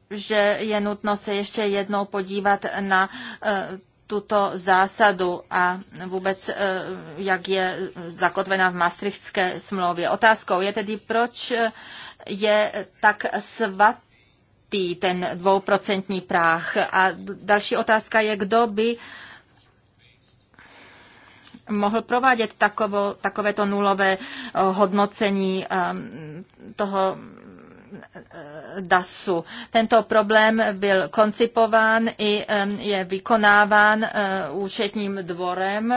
Speaker 1: že je nutno se ještě jednou podívat na e, tuto zásadu a vůbec, e, jak je zakotvena v Maastrichtské smlouvě. Otázkou je tedy, proč je tak svat ten dvouprocentní práh. A další otázka je, kdo by mohl provádět takovéto nulové e, hodnocení toho DASu. Tento problém byl koncipován i je vykonáván eh, účetním dvorem,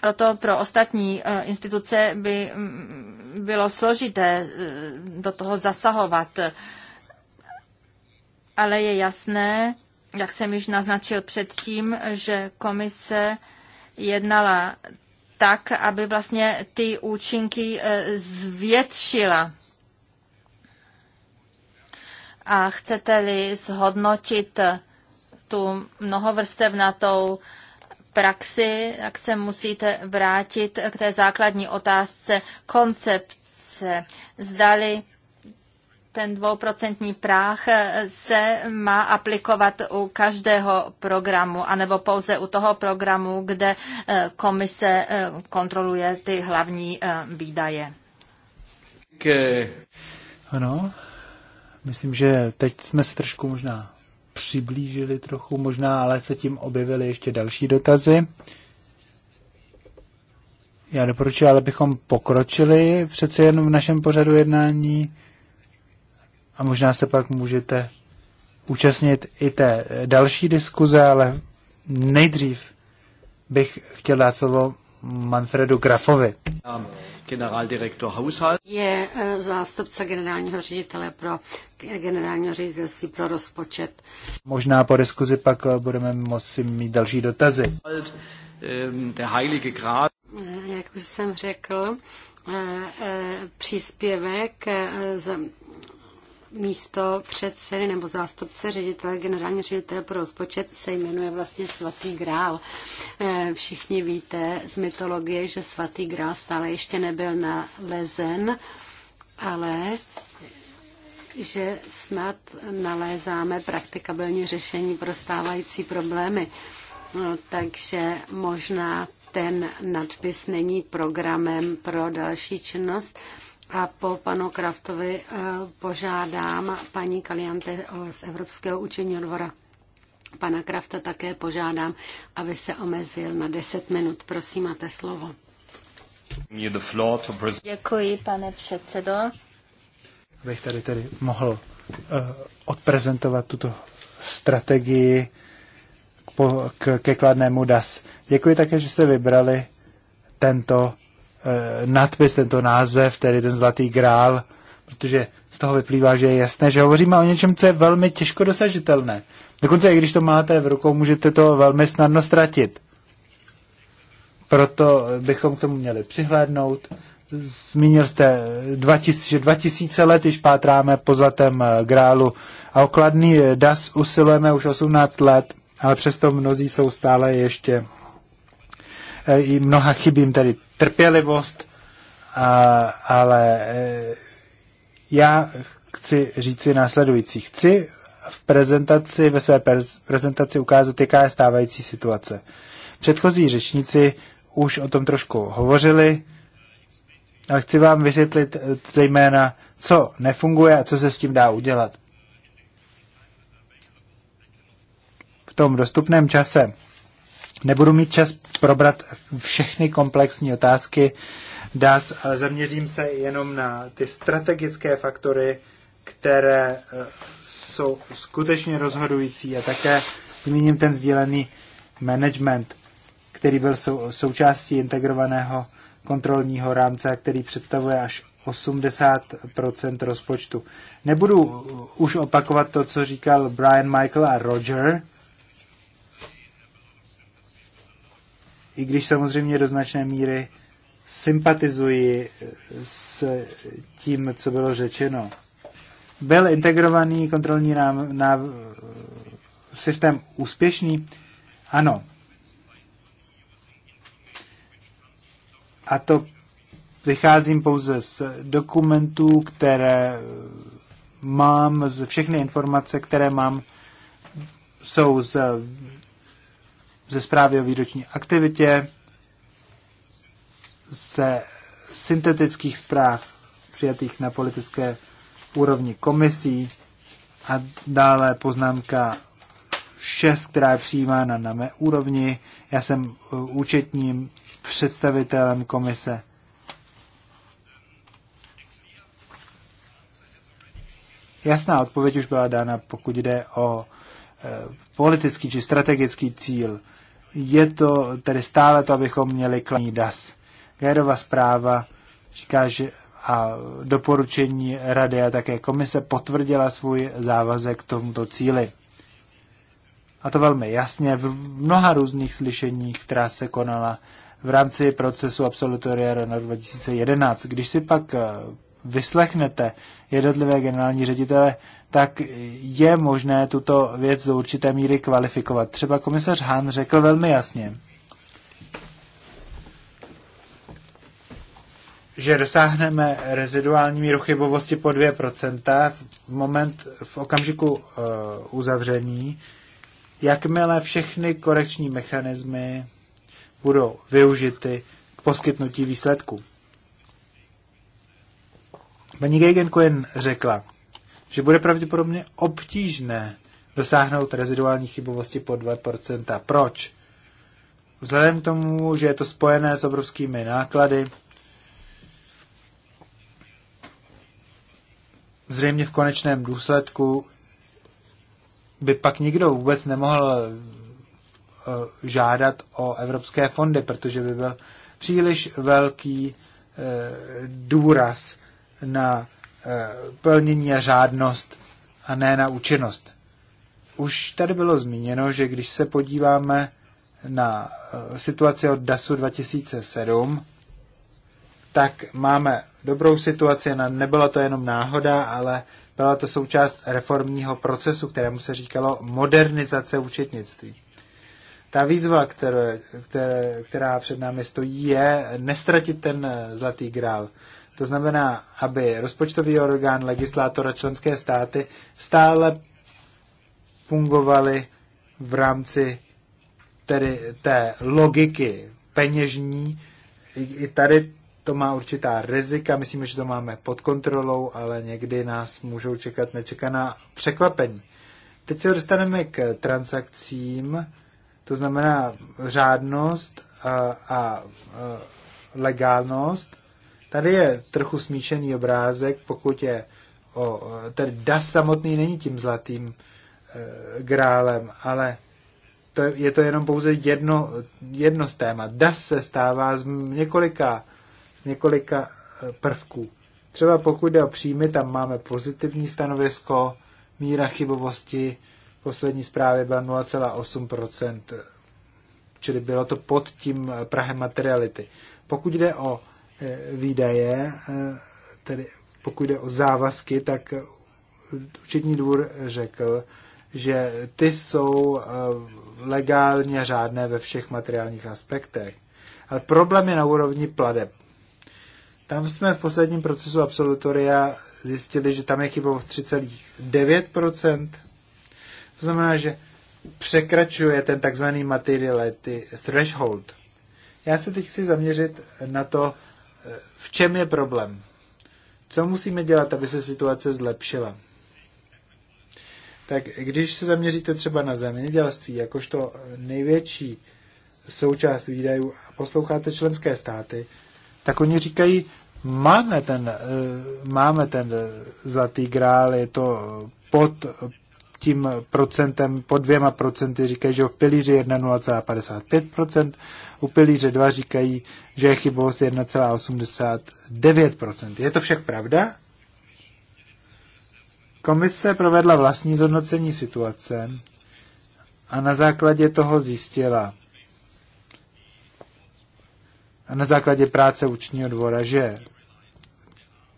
Speaker 1: proto pro ostatní eh, instituce by mm, bylo složité eh, do toho zasahovat. Ale je jasné, jak jsem již naznačil předtím, že komise jednala tak, aby vlastně ty účinky zvětšila a chcete-li zhodnotit tu mnohovrstevnatou praxi, tak se musíte vrátit k té základní otázce koncepce. Zdali ten dvouprocentní práh se má aplikovat u každého programu, anebo pouze u toho programu, kde eh, komise eh, kontroluje ty hlavní eh, výdaje.
Speaker 3: Ano, Myslím, že teď jsme se trošku možná přiblížili trochu možná, ale se tím objevily ještě další dotazy. Já doporučuji, ale bychom pokročili přece jenom v našem pořadu jednání a možná se pak můžete účastnit i té další diskuze, ale nejdřív bych chtěl dát slovo Manfredu Grafovi. Generaldirektor Haushalt.
Speaker 2: Je eh, zástupce generálního ředitele pro generálního ředitelství pro rozpočet.
Speaker 3: Možná po diskuzi pak eh, budeme moci mít další dotazy. Ehm,
Speaker 2: eh, jak už jsem řekl, příspěvek místo předsedy nebo zástupce ředitele, generální ředitele pro rozpočet se jmenuje vlastně Svatý Grál. Eh, všichni víte z mytologie, že Svatý Grál stále ještě nebyl nalezen, ale že snad nalézáme praktikabilní řešení pro stávající problémy. No, takže možná ten nadpis není programem pro další činnost, a po panu Kraftovi eh, požádám paní Kaliante z Evropského učení dvora. Pana Krafta také požádám, aby se omezil na 10 minut. Prosím, máte slovo.
Speaker 1: Děkuji, pane předsedo.
Speaker 3: Abych tady tedy mohl uh, odprezentovat tuto strategii k, po, k, ke kladnému DAS. Děkuji také, že jste vybrali tento Eh, nadpis, tento název, tedy ten Zlatý grál, protože z toho vyplývá, že je jasné, že hovoříme o něčem, co je velmi těžko dosažitelné. Dokonce i když to máte v rukou, můžete to velmi snadno ztratit. Proto bychom k tomu měli přihlédnout. Zmínil jste, 2000, eh, že 2000 let již pátráme po zlatém eh, grálu a okladný DAS usilujeme už 18 let, ale přesto mnozí jsou stále ještě E, i mnoha chybím tedy trpělivost, a, ale e, já chci říci následující. Chci v prezentaci, ve své prezentaci ukázat, jaká je stávající situace. Předchozí řečníci už o tom trošku hovořili, ale chci vám vysvětlit e, zejména, co nefunguje a co se s tím dá udělat. V tom dostupném čase Nebudu mít čas probrat všechny komplexní otázky DAS, ale zaměřím se jenom na ty strategické faktory, které e, jsou skutečně rozhodující a také zmíním ten sdílený management, který byl sou, součástí integrovaného kontrolního rámce, který představuje až 80 rozpočtu. Nebudu už opakovat to, co říkal Brian Michael a Roger, i když samozřejmě do značné míry sympatizuji s tím, co bylo řečeno. Byl integrovaný kontrolní nám, na, systém úspěšný? Ano. A to vycházím pouze z dokumentů, které mám, z všechny informace, které mám, jsou z ze zprávy o výroční aktivitě, ze syntetických zpráv přijatých na politické úrovni komisí a dále poznámka 6, která je přijímána na mé úrovni. Já jsem eh, účetním představitelem komise. Jasná odpověď už byla dána, pokud jde o eh, politický či strategický cíl je to tedy stále to, abychom měli klaní DAS. Gajerova zpráva říká, že a doporučení rady a také komise potvrdila svůj závazek k tomuto cíli. A to velmi jasně v mnoha různých slyšeních, která se konala v rámci procesu absolutoria na 2011. Když si pak eh, vyslechnete jednotlivé generální ředitele, tak je možné tuto věc do určité míry kvalifikovat. Třeba komisař Hahn řekl velmi jasně, že dosáhneme reziduální míru chybovosti po 2% v moment, v okamžiku uh, uzavření, jakmile všechny korekční mechanismy budou využity k poskytnutí výsledků. Paní Gagan řekla, že bude pravděpodobně obtížné dosáhnout reziduální chybovosti po 2%. Proč? Vzhledem k tomu, že je to spojené s obrovskými náklady, zřejmě v konečném důsledku by pak nikdo vůbec nemohl eh, žádat o evropské fondy, protože by byl příliš velký eh, důraz na eh, plnění a řádnost a ne na účinnost. Už tady bylo zmíněno, že když se podíváme na eh, situaci od DASu 2007, tak máme dobrou situaci, nebyla to jenom náhoda, ale byla to součást reformního procesu, kterému se říkalo modernizace účetnictví. Ta výzva, které, které, která před námi stojí, je nestratit ten eh, zlatý grál. To znamená, aby rozpočtový orgán, legislátor a členské státy stále fungovaly v rámci tedy té logiky peněžní. I tady to má určitá rizika, myslíme, že to máme pod kontrolou, ale někdy nás můžou čekat nečekaná překvapení. Teď se dostaneme k transakcím, to znamená řádnost eh, a, a, eh, a legálnost. Tady je trochu smíšený obrázek, pokud je o, tedy DAS samotný není tím zlatým e, grálem, ale to, je to jenom pouze jedno, jedno z témat. DAS se stává z několika, z několika eh, prvků. Třeba pokud jde o příjmy, tam máme pozitivní stanovisko, míra chybovosti poslední zprávě byla 0,8%, eh, čili bylo to pod tím Prahem materiality. Pokud jde o Eh, výdaje, eh, tedy pokud jde o závazky, tak účetní dvůr řekl, že ty jsou eh, legálně řádné ve všech materiálních aspektech. Ale problém je na úrovni pladeb. Tam jsme v posledním procesu absolutoria zjistili, že tam je chybovost 3,9%. To znamená, že překračuje ten takzvaný materiality threshold. Já se teď chci zaměřit na to, v čem je problém? Co musíme dělat, aby se situace zlepšila? Tak když se zaměříte třeba na zemědělství, jakožto největší součást výdajů a posloucháte členské státy, tak oni říkají, máme ten, eh, máme ten eh, zlatý grál, je to pod tím procentem, po dvěma procenty říkají, že v pilíři 1 u pilíře 2 říkají, že je chybovost 1,89%. Je to však pravda? Komise provedla vlastní zhodnocení situace a na základě toho zjistila, a na základě práce účního dvora, že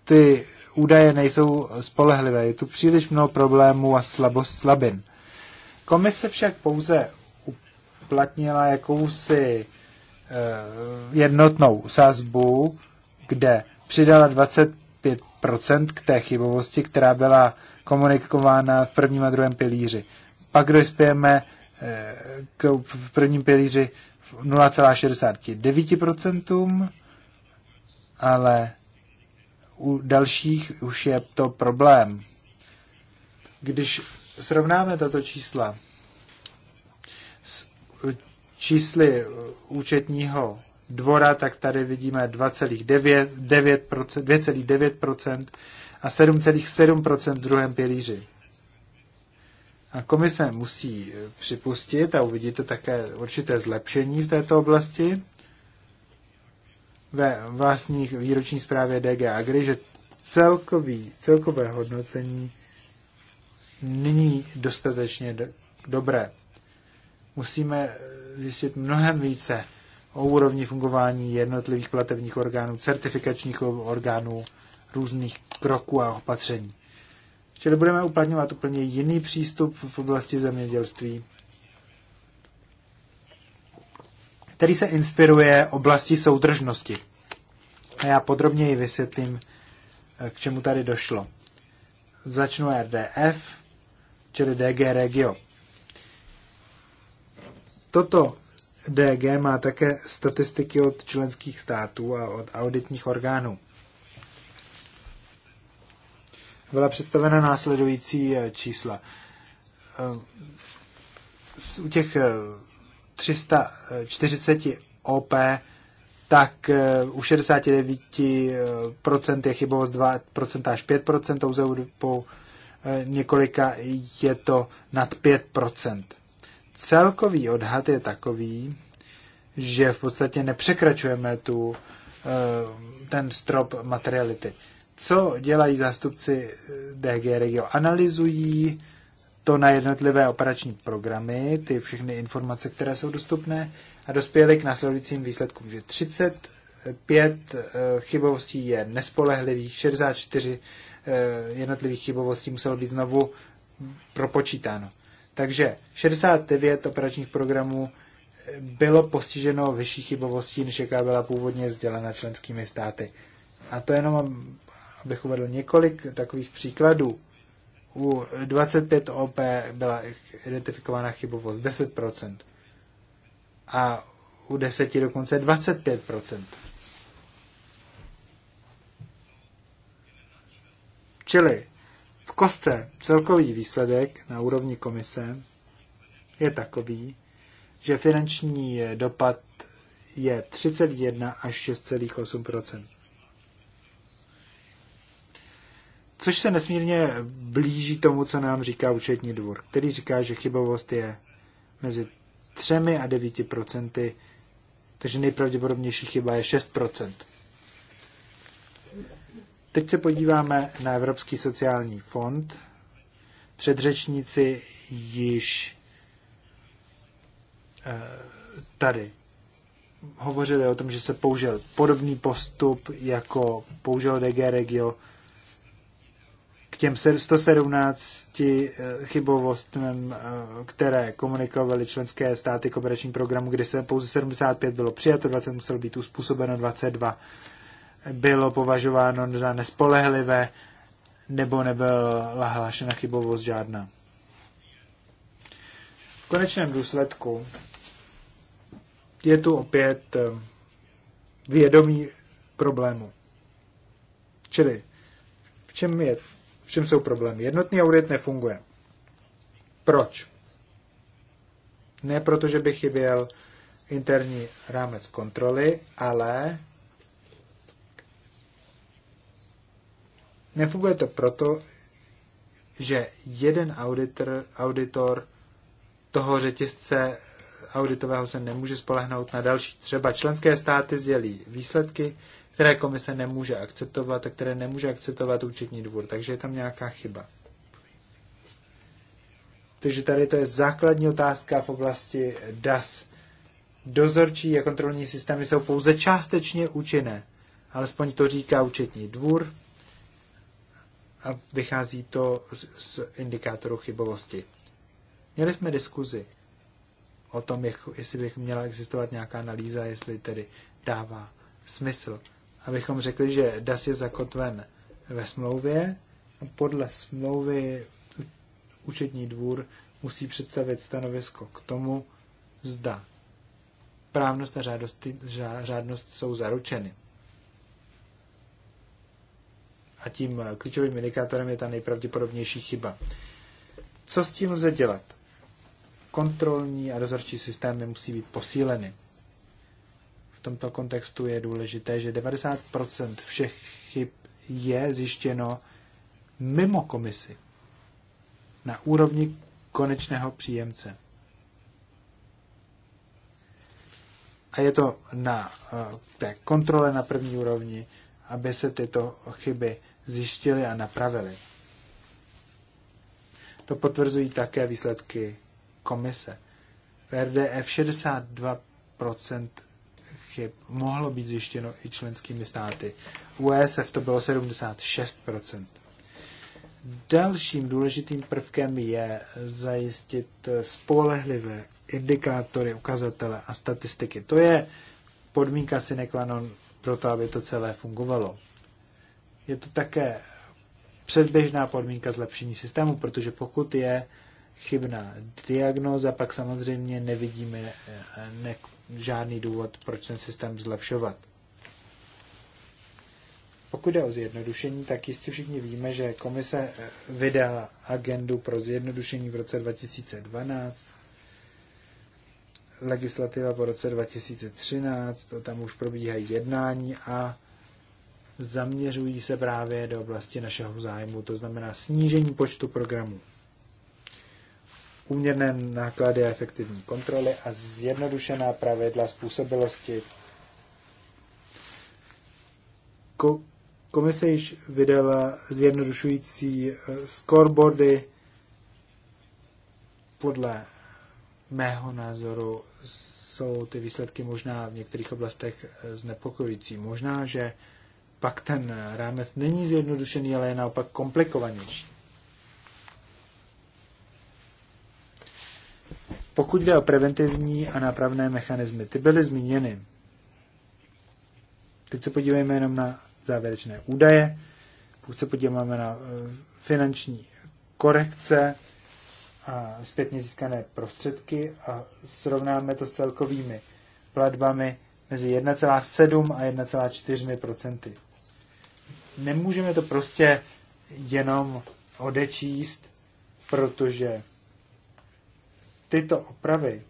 Speaker 3: ty údaje nejsou spolehlivé. Je tu příliš mnoho problémů a slabost slabin. Komise však pouze uplatnila jakousi eh, jednotnou sázbu, kde přidala 25% k té chybovosti, která byla komunikována v prvním a druhém pilíři. Pak dospějeme eh, k, v prvním pilíři 0,69%, ale u dalších už je to problém. Když srovnáme tato čísla s čísly účetního dvora, tak tady vidíme 2,9% a 7,7% v druhém pilíři. A komise musí připustit, a uvidíte také určité zlepšení v této oblasti, ve vlastních výroční zprávě DG Agri, že celkový, celkové hodnocení není dostatečně do, dobré. Musíme zjistit mnohem více o úrovni fungování jednotlivých platebních orgánů, certifikačních orgánů, různých kroků a opatření. Čili budeme uplatňovat úplně jiný přístup v oblasti zemědělství který se inspiruje oblasti soudržnosti. A já podrobněji vysvětlím, eh, k čemu tady došlo. Začnu RDF, čili DG Regio. Toto DG má také statistiky od členských států a od auditních orgánů. Byla představena následující eh, čísla. Eh, u těch 340 OP, tak eh, u 69% je chybovost 2% až 5%, pouze u několika je to nad 5%. Celkový odhad je takový, že v podstatě nepřekračujeme tu, eh, ten strop materiality. Co dělají zástupci eh, DG Regio? Analyzují to na jednotlivé operační programy, ty všechny informace, které jsou dostupné, a dospěli k následujícím výsledkům, že 35 eh, chybovostí je nespolehlivých, 64 eh, jednotlivých chybovostí muselo být znovu propočítáno. Takže 69 operačních programů eh, bylo postiženo vyšší chybovostí, než jaká byla původně sdělena členskými státy. A to jenom, abych uvedl několik takových příkladů u 25 OP byla identifikována chybovost 10% a u 10 dokonce 25%. Čili v kostce celkový výsledek na úrovni komise je takový, že finanční dopad je 31 až 6,8 což se nesmírně blíží tomu, co nám říká účetní dvůr, který říká, že chybovost je mezi 3 a 9 procenty, takže nejpravděpodobnější chyba je 6 Teď se podíváme na Evropský sociální fond. Předřečníci již eh, tady hovořili o tom, že se použil podobný postup, jako použil DG Regio těm 117 eh, chybovostem, eh, které komunikovaly členské státy k operačním programu, kdy se pouze 75 bylo přijato, 20 muselo být uspůsobeno, 22 bylo považováno za nespolehlivé, nebo nebyla hlášena chybovost žádná. V konečném důsledku je tu opět eh, vědomí problému. Čili v čem je čem jsou problémy? Jednotný audit nefunguje. Proč? Ne proto, že by chyběl interní rámec kontroly, ale nefunguje to proto, že jeden auditor, auditor toho řetězce auditového se nemůže spolehnout na další. Třeba členské státy sdělí výsledky, které komise nemůže akceptovat a které nemůže akceptovat účetní dvůr. Takže je tam nějaká chyba. Takže tady to je základní otázka v oblasti DAS. Dozorčí a kontrolní systémy jsou pouze částečně účinné. Alespoň to říká účetní dvůr a vychází to z, z indikátoru chybovosti. Měli jsme diskuzi o tom, jak, jestli bych měla existovat nějaká analýza, jestli tedy dává smysl abychom řekli, že DAS je zakotven ve smlouvě a podle smlouvy účetní dvůr musí představit stanovisko k tomu, zda právnost a řádost, řádnost jsou zaručeny. A tím klíčovým indikátorem je ta nejpravděpodobnější chyba. Co s tím lze dělat? Kontrolní a dozorčí systémy musí být posíleny v tomto kontextu je důležité, že 90% všech chyb je zjištěno mimo komisi, na úrovni konečného příjemce. A je to na eh, té kontrole na první úrovni, aby se tyto chyby zjištily a napravily. To potvrzují také výsledky komise. V RDF 62% chyb mohlo být zjištěno i členskými státy. U ESF to bylo 76%. Dalším důležitým prvkem je zajistit spolehlivé indikátory, ukazatele a statistiky. To je podmínka sine qua non pro to, aby to celé fungovalo. Je to také předběžná podmínka zlepšení systému, protože pokud je chybná diagnóza, pak samozřejmě nevidíme ne žádný důvod, proč ten systém zlepšovat. Pokud jde o zjednodušení, tak jistě všichni víme, že komise eh, vydala agendu pro zjednodušení v roce 2012, legislativa po roce 2013, to tam už probíhají jednání a zaměřují se právě do oblasti našeho zájmu, to znamená snížení počtu programů úměrné náklady a efektivní kontroly a zjednodušená pravidla způsobilosti. Ko- komise již vydala zjednodušující eh, scoreboardy podle mého názoru jsou ty výsledky možná v některých oblastech eh, znepokojující. Možná, že pak ten eh, rámec není zjednodušený, ale je naopak komplikovanější. Pokud jde o preventivní a nápravné mechanismy, ty byly zmíněny. Teď se podívejme jenom na závěrečné údaje. Pokud se podíváme na eh, finanční korekce a zpětně získané prostředky a srovnáme to s celkovými platbami mezi 1,7 a 1,4 Nemůžeme to prostě jenom odečíst, protože tyto opravy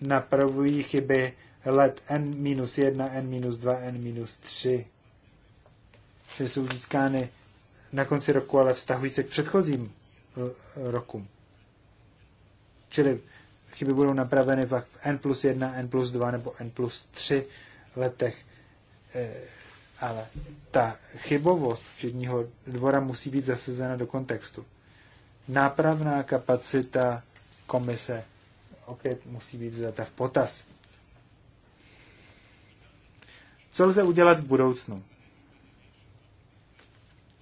Speaker 3: napravují chyby let n-1, n-2, n-3, které jsou získány na konci roku, ale vztahují se k předchozím eh, rokům. Čili chyby budou napraveny pak v n plus 1, n plus 2 nebo n plus 3 letech. Eh, ale ta chybovost všedního dvora musí být zasezena do kontextu nápravná kapacita komise opět musí být vzata v potaz. Co lze udělat v budoucnu?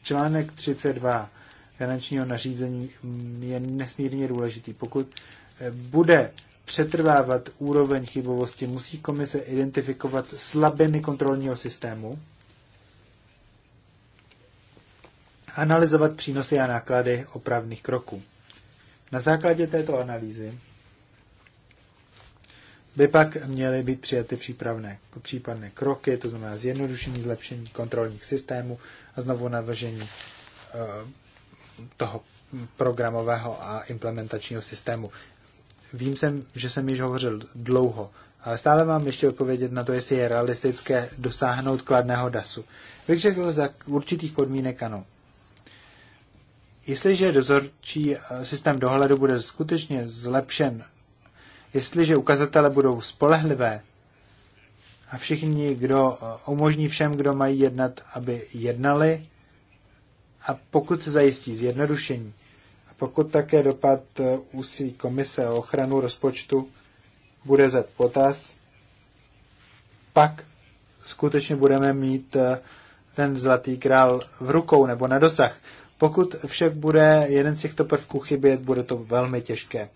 Speaker 3: Článek 32 finančního nařízení je nesmírně důležitý. Pokud eh, bude přetrvávat úroveň chybovosti, musí komise identifikovat slabiny kontrolního systému analyzovat přínosy a náklady opravných kroků. Na základě této analýzy by pak měly být přijaty přípravné, případné kroky, to znamená zjednodušení, zlepšení kontrolních systémů a znovu navržení eh, toho programového a implementačního systému. Vím, jsem, že jsem již hovořil dlouho, ale stále mám ještě odpovědět na to, jestli je realistické dosáhnout kladného DASu. Bych řekl, za určitých podmínek ano. Jestliže dozorčí eh, systém dohledu bude skutečně zlepšen, jestliže ukazatele budou spolehlivé a všichni, kdo eh, umožní všem, kdo mají jednat, aby jednali, a pokud se zajistí zjednodušení, a pokud také dopad eh, úsilí Komise o ochranu rozpočtu bude vzat potaz, pak skutečně budeme mít ten zlatý král v rukou nebo na dosah. Pokud však bude jeden z těchto prvků chybět, bude to velmi těžké.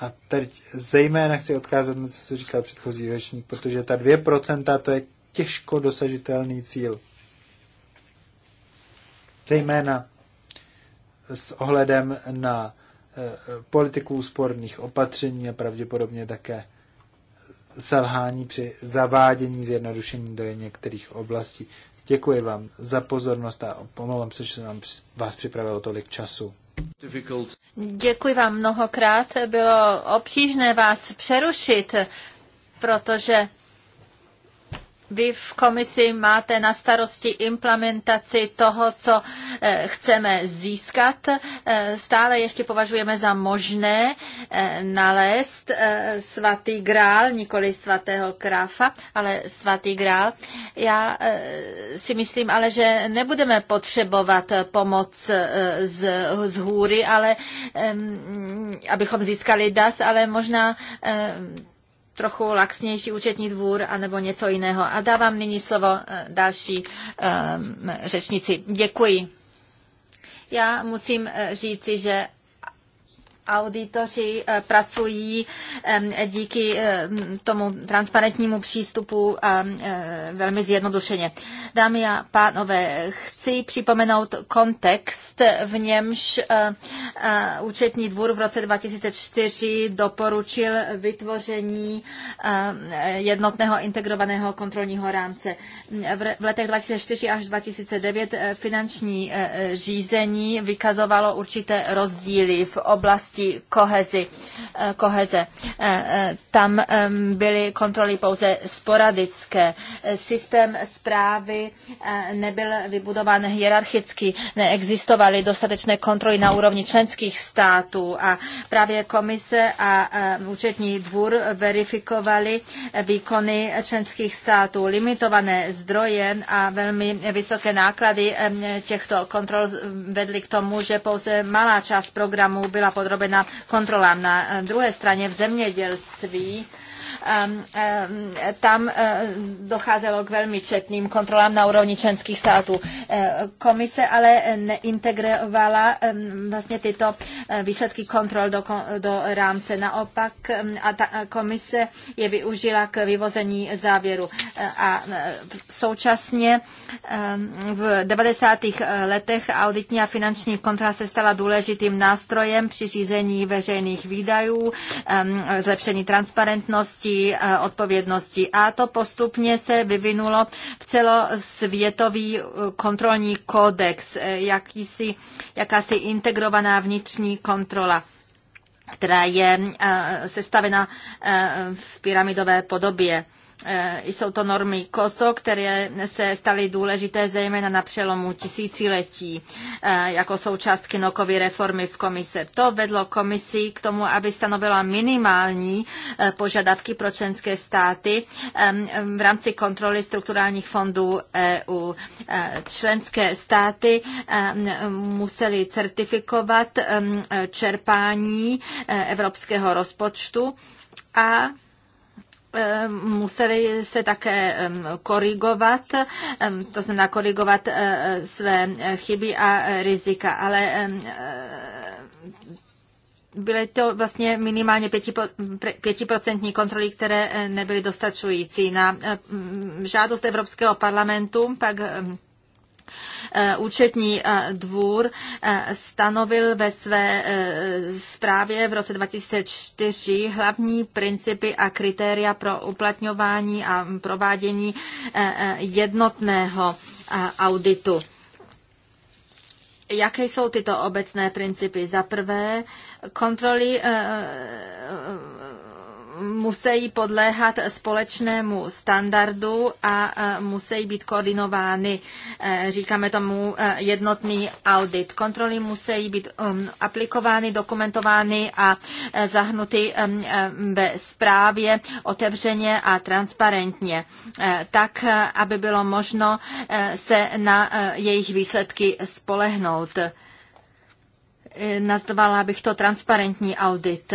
Speaker 3: A teď zejména chci odkázat na to, co říkal předchozí řečník, protože ta 2% to je těžko dosažitelný cíl. Zejména s ohledem na eh, politiku úsporných opatření a pravděpodobně také selhání při zavádění zjednodušení do některých oblastí. Děkuji vám za pozornost a pomalám se, že jsem vás připravilo tolik času.
Speaker 1: Děkuji vám mnohokrát. Bylo obtížné vás přerušit, protože vy v komisi máte na starosti implementaci toho, co eh, chceme získat. Eh, stále ještě považujeme za možné eh, nalézt svatý grál, nikoli svatého kráfa, ale svatý grál. Já si myslím ale, že nebudeme potřebovat pomoc z, z hůry, ale abychom získali DAS, ale možná trochu laxnější účetní dvůr anebo něco jiného. A dávám nyní slovo eh, další um, řečnici. Děkuji. Já musím eh, říci, že auditoři eh, pracují ehm, díky ehm, tomu transparentnímu přístupu eh, velmi zjednodušeně. Dámy a pánové, chci připomenout kontext, v němž eh, účetní dvůr v roce 2004 doporučil vytvoření jednotného integrovaného kontrolního rámce. V letech 2004 až 2009 finanční řízení vykazovalo určité rozdíly v oblasti oblasti kohezi, eh, koheze. Eh, eh, tam byly kontroly pouze sporadické. Systém zprávy nebyl vybudován hierarchicky, neexistovaly dostatečné kontroly na úrovni členských států a právě komise a účetní dvůr verifikovali výkony členských států, limitované zdroje a velmi vysoké náklady těchto kontrol vedly k tomu, že pouze malá část programů byla podrobena vystavena kontrolám. Na eh, druhé straně v zemědělství Ehm, ehm, tam eh, docházelo k velmi četným kontrolám na úrovni členských států. Eh, komise ale neintegrovala ehm, vlastně tyto eh, výsledky kontrol do, do rámce. Naopak a ta komise je využila k vyvození závěru. A současně v 90. letech auditní a finanční kontrola se stala důležitým nástrojem při řízení veřejných výdajů, zlepšení transparentnosti, Eh, odpovědnosti. A to postupně se vyvinulo v celosvětový eh, kontrolní kodex, eh, jakýsi, jakási integrovaná vnitřní kontrola která je sestavena v pyramidové podobě. Eh, jsou to normy KOSO, které se staly důležité zejména na přelomu tisíciletí eh, jako součást Kinokovy reformy v komise. To vedlo komisi k tomu, aby stanovila minimální eh, požadavky pro členské státy v rámci kontroly strukturálních fondů EU. Členské státy museli certifikovat čerpání evropského rozpočtu a Ehm, museli se také ehm, korigovat, ehm, to znamená korigovat eh, své eh, chyby a rizika, ale eh, byly to vlastně minimálně pětiprocentní kontroly, které nebyly dostačující. Na žádost Evropského parlamentu pak Eh, účetní eh, dvůr eh, stanovil ve své zprávě v roce 2004 hlavní principy a kritéria pro uplatňování a provádění jednotného auditu. Jaké jsou tyto obecné principy? Za prvé, kontroly musí podléhat společnému standardu a musí být koordinovány, e, říkáme tomu, e, jednotný audit. Kontroly musí být um, aplikovány, dokumentovány a e, zahnuty um, ve správě otevřeně a transparentně, tak, aby bylo možno se na jejich výsledky spolehnout nazvala bych to transparentní audit.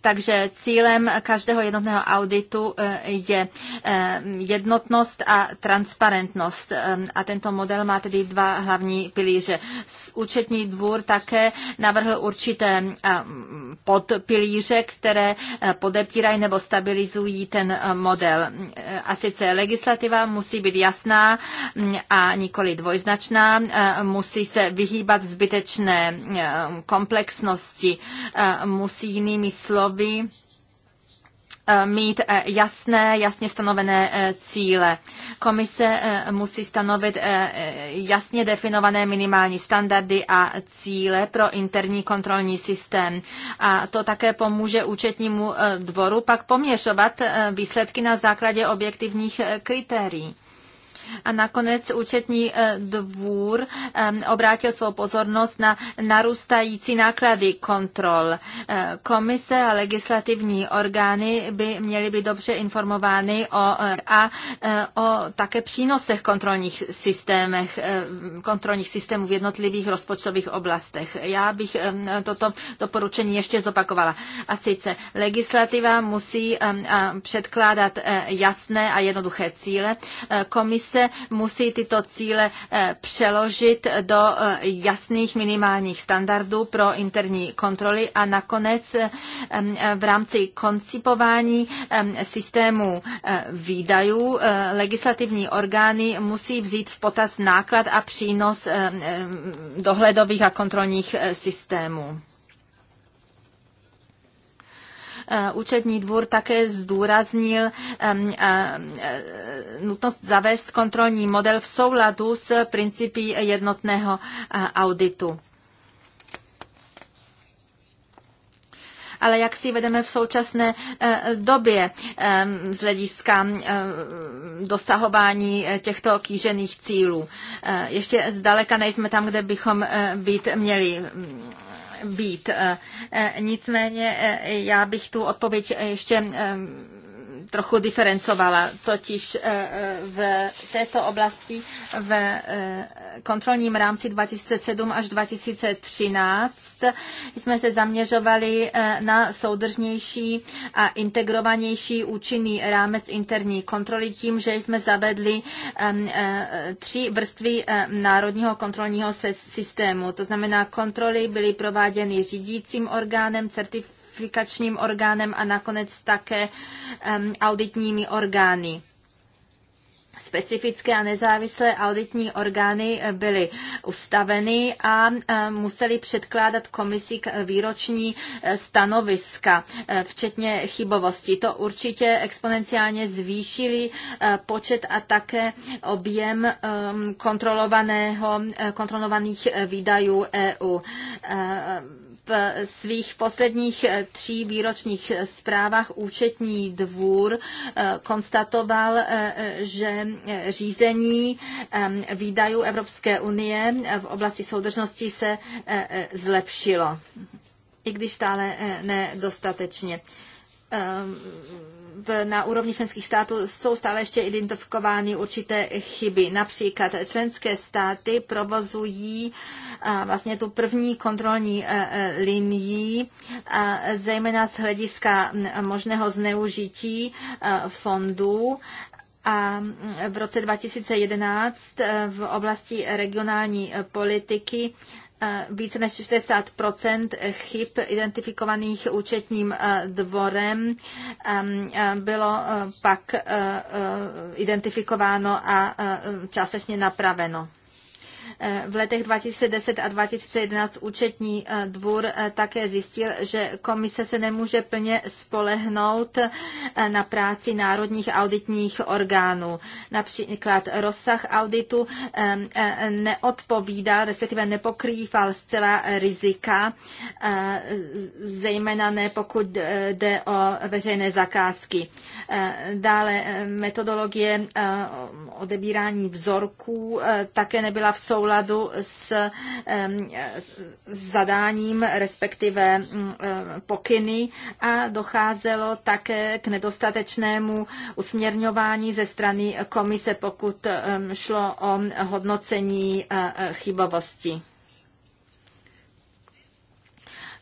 Speaker 1: Takže cílem každého jednotného auditu eh, je eh, jednotnost a transparentnost. Eh, a tento model má tedy dva hlavní pilíře. Účetní dvůr také navrhl určité podpilíře, které podepírají nebo stabilizují ten model. A sice legislativa musí být jasná mm, a nikoli dvojznačná, musí se vyhýbat zbytečné komplexnosti, musí jinými slovy slovy eh, mít eh, jasné, jasně stanovené eh, cíle. Komise musí stanovit jasně definované minimální standardy a cíle pro interní kontrolní systém. A to také pomůže účetnímu dvoru pak poměřovat výsledky na základě objektivních kritérií. A nakonec účetní eh, dvůr eh, obrátil svou pozornost na narůstající náklady kontrol. Eh, komise a legislativní orgány by měly být dobře informovány o, a o také přínosech kontrolních systémech, kontrolních systémů v jednotlivých rozpočtových oblastech. Já bych toto doporučení ještě zopakovala. A sice legislativa musí předkládat jasné a jednoduché cíle. Komise se musí tyto cíle eh, přeložit do eh, jasných minimálních standardů pro interní kontroly a nakonec eh, v rámci koncipování systému výdajů legislativní orgány musí vzít v potaz náklad a přínos dohledových a kontrolních systémů. Eh, účetní dvůr také zdůraznil eh, eh, nutnost zavést kontrolní model v souladu s principy jednotného auditu. ale jak si vedeme v současné době z hlediska dosahování těchto kýžených cílů. Ještě zdaleka nejsme tam, kde bychom být měli být. Eh, eh, nicméně eh, já bych tu odpověď ještě trochu diferencovala, totiž eh, v této oblasti v eh, kontrolním rámci 2007 až 2013 jsme se zaměřovali eh, na soudržnější a integrovanější účinný rámec interní kontroly tím, že jsme zavedli tři vrstvy národního kontrolního systému. To znamená, kontroly byly prováděny řídícím orgánem, certifikovaným certifikačním orgánem a nakonec také auditními orgány. Specifické a nezávislé auditní orgány eh, byly ustaveny a museli předkládat komisi výroční eh, stanoviska, eh, včetně chybovosti. To určitě exponenciálně zvýšili počet a také objem kontrolovaného, kontrolovaných výdajů EU v svých posledních eh, tří výročních zprávách účetní dvůr eh, konstatoval, eh, že řízení výdajů Evropské unie v oblasti soudržnosti se zlepšilo, i když stále nedostatečně ehm, v, na úrovni členských států jsou stále ještě identifikovány určité chyby. Například členské státy provozují vlastně tu první kontrolní e, e, linii, zejména z hlediska možného zneužití e, fondů a v roce 2011 v oblasti regionální politiky Eh, více než 60 chyb identifikovaných účetním eh, dvorem eh, bylo pak identifikováno a částečně napraveno. V letech 2010 a 2011 účetní eh, dvůr eh, také zjistil, že komise se nemůže plně spolehnout eh, na práci národních auditních orgánů. Například rozsah auditu ehm, neodpovídá, respektive nepokrýval zcela rizika, zejména ne pokud jde o veřejné zakázky. Dále metodologie odebírání vzorků také nebyla v souladu s zadáním, respektive mm, eh, pokyny a docházelo také k nedostatečnému usměrňování ze strany komise, pokud šlo o hodnocení eh, eh, chybovosti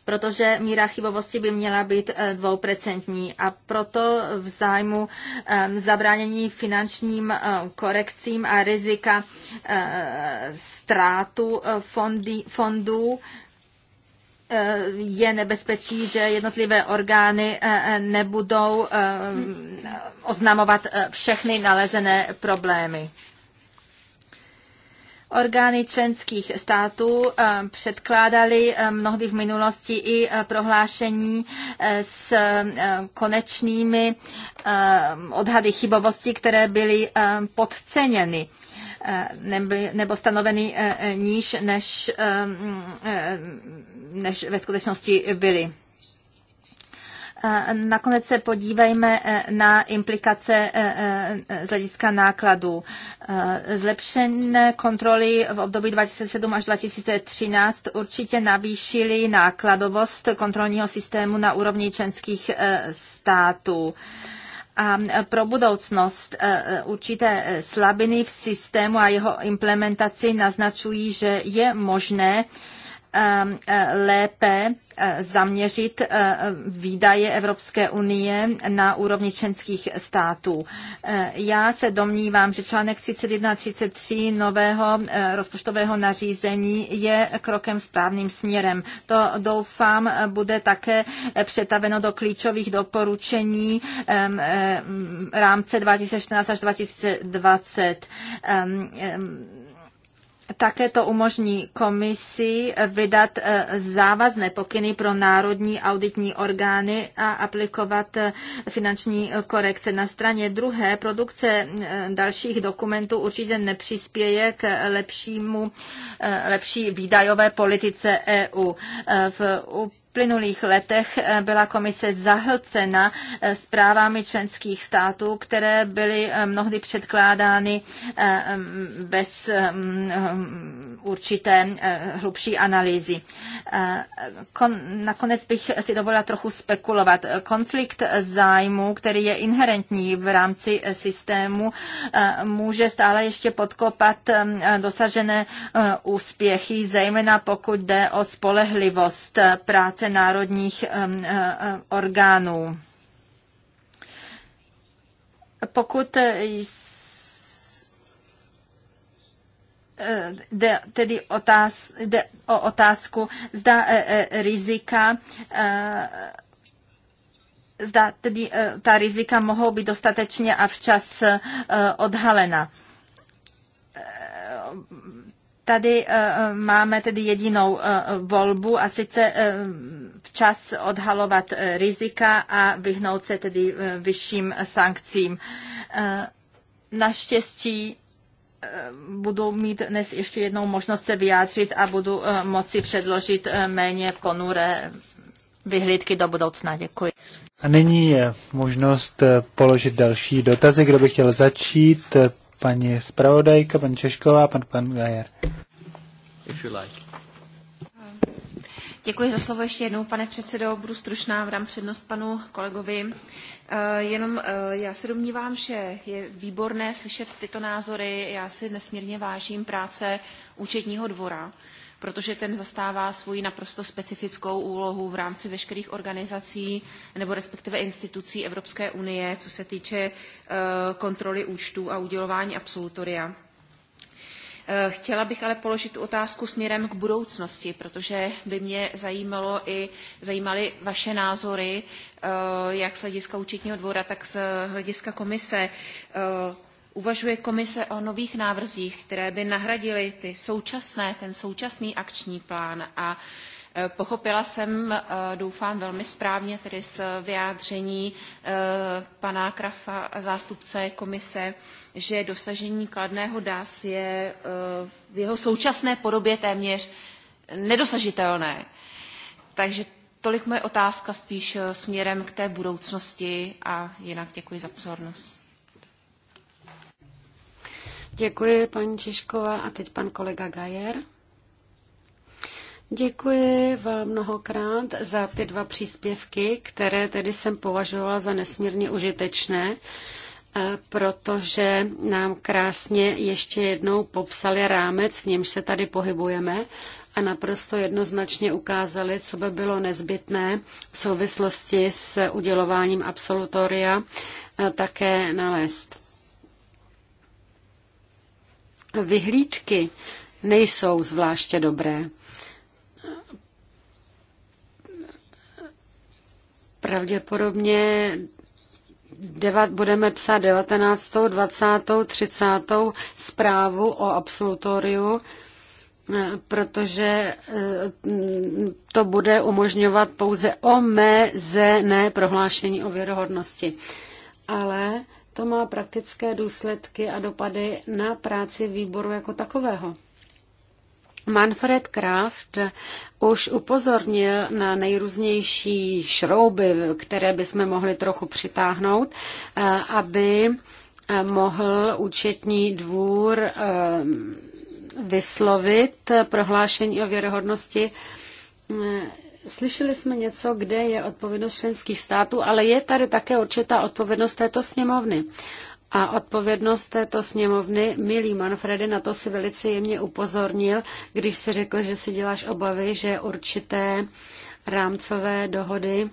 Speaker 1: protože míra chybovosti by měla být eh, dvouprecentní a proto v zájmu eh, zabránění finančním eh, korekcím a rizika ztrátu fondů je nebezpečí, že jednotlivé orgány nebudou oznamovat všechny nalezené problémy. Orgány členských států eh, předkládaly eh, mnohdy v minulosti i eh, prohlášení s konečnými odhady chybovosti, které byly podceněny nebo stanoveny níž, než, mm, než ve skutečnosti byly. Nakonec se podívejme eh, na implikace eh, eh, z hlediska nákladů. Zlepšené kontroly v období 2007 až 2013 určitě navýšily nákladovost kontrolního systému na úrovni členských států a pro budoucnost určité slabiny v systému a jeho implementaci naznačují, že je možné Um, eh, lépe eh, zaměřit eh, výdaje Evropské unie na úrovni členských států. Já se domnívám, že článek 31 a 33 nového rozpočtového nařízení je krokem správným směrem. To doufám bude také přetaveno do klíčových doporučení rámce 2014 až 2020 také to umožní komisi vydat eh, závazné pokyny pro národní auditní orgány a aplikovat eh, finanční korekce. Na straně druhé produkce eh, dalších dokumentů určitě nepřispěje k lepšímu, lepší výdajové politice EU. V plynulých letech eh, byla komise zahlcena eh, zprávami členských států, které byly eh, mnohdy předkládány mm, bez mm, určité hlubší analýzy. Nakonec bych si dovolila trochu spekulovat. Konflikt zájmu, který je inherentní v rámci systému, může stále ještě podkopat dosažené úspěchy, zejména pokud jde o spolehlivost práce práce národních eh, eh, orgánů. Pokud eh, jde tedy otáz, jde o otázku, zda rizika zda tedy ta rizika mohou být dostatečně a včas odhalena Tady eh, eh, máme tedy jedinou eh, volbu a sice včas odhalovat rizika a vyhnout se tedy vyšším sankcím. Naštěstí budu mít dnes ještě jednou možnost se vyjádřit a budu moci předložit méně ponuré vyhlídky do budoucna. Děkuji.
Speaker 3: A nyní je možnost položit další dotazy. Kdo by chtěl začít, paní zpravodajka, paní Češková, pan, pan Gajer.
Speaker 2: If you like.
Speaker 4: Děkuji za slovo ještě jednou, pane předsedo. Budu stručná, vám přednost panu kolegovi. Eh, jenom eh, já se domnívám, že je výborné slyšet tyto názory. Já si nesmírně vážím práce účetního dvora protože ten zastává svoji naprosto specifickou úlohu v rámci veškerých organizací nebo respektive institucí Evropské unie, co se týče eh, kontroly účtů a udělování absolutoria. Eh, chtěla bych ale položit tu otázku směrem k budoucnosti, protože by mě zajímalo i, zajímaly vaše názory, eh, jak z hlediska účetního dvora, tak z hlediska komise Uvažuje komise o nových návrzích, které by nahradily ty současné, ten současný akční plán a e, Pochopila jsem, e, doufám velmi správně, tedy z vyjádření e, pana Krafa, zástupce komise, že dosažení kladného DAS je v jeho současné podobě téměř nedosažitelné. Takže tolik moje otázka spíš směrem k té budoucnosti a jinak děkuji za pozornost. Děkuji,
Speaker 2: paní Češková. A teď pan kolega Gajer. Děkuji vám mnohokrát za ty dva příspěvky, které tedy jsem považovala za nesmírně užitečné, eh, protože nám krásně ještě jednou popsali rámec, v němž se tady pohybujeme a naprosto jednoznačně ukázali, co by bylo nezbytné v souvislosti s udělováním absolutoria eh, také nalézt vyhlídky nejsou zvláště dobré. Pravděpodobně devat, budeme psát 19., 20., 30. zprávu o absolutoriu, protože eh, to bude umožňovat pouze omezené prohlášení o věrohodnosti. Ale to má praktické důsledky a dopady na práci výboru jako takového. Manfred Kraft už upozornil na nejrůznější šrouby, které bychom mohli trochu přitáhnout, eh, aby eh, mohl účetní dvůr eh, vyslovit prohlášení o věrohodnosti Slyšeli jsme něco, kde je odpovědnost členských států, ale je tady také určitá odpovědnost této sněmovny. A odpovědnost této sněmovny, milý Manfredy, na to si velice jemně upozornil, když si řekl, že si děláš obavy, že určité rámcové dohody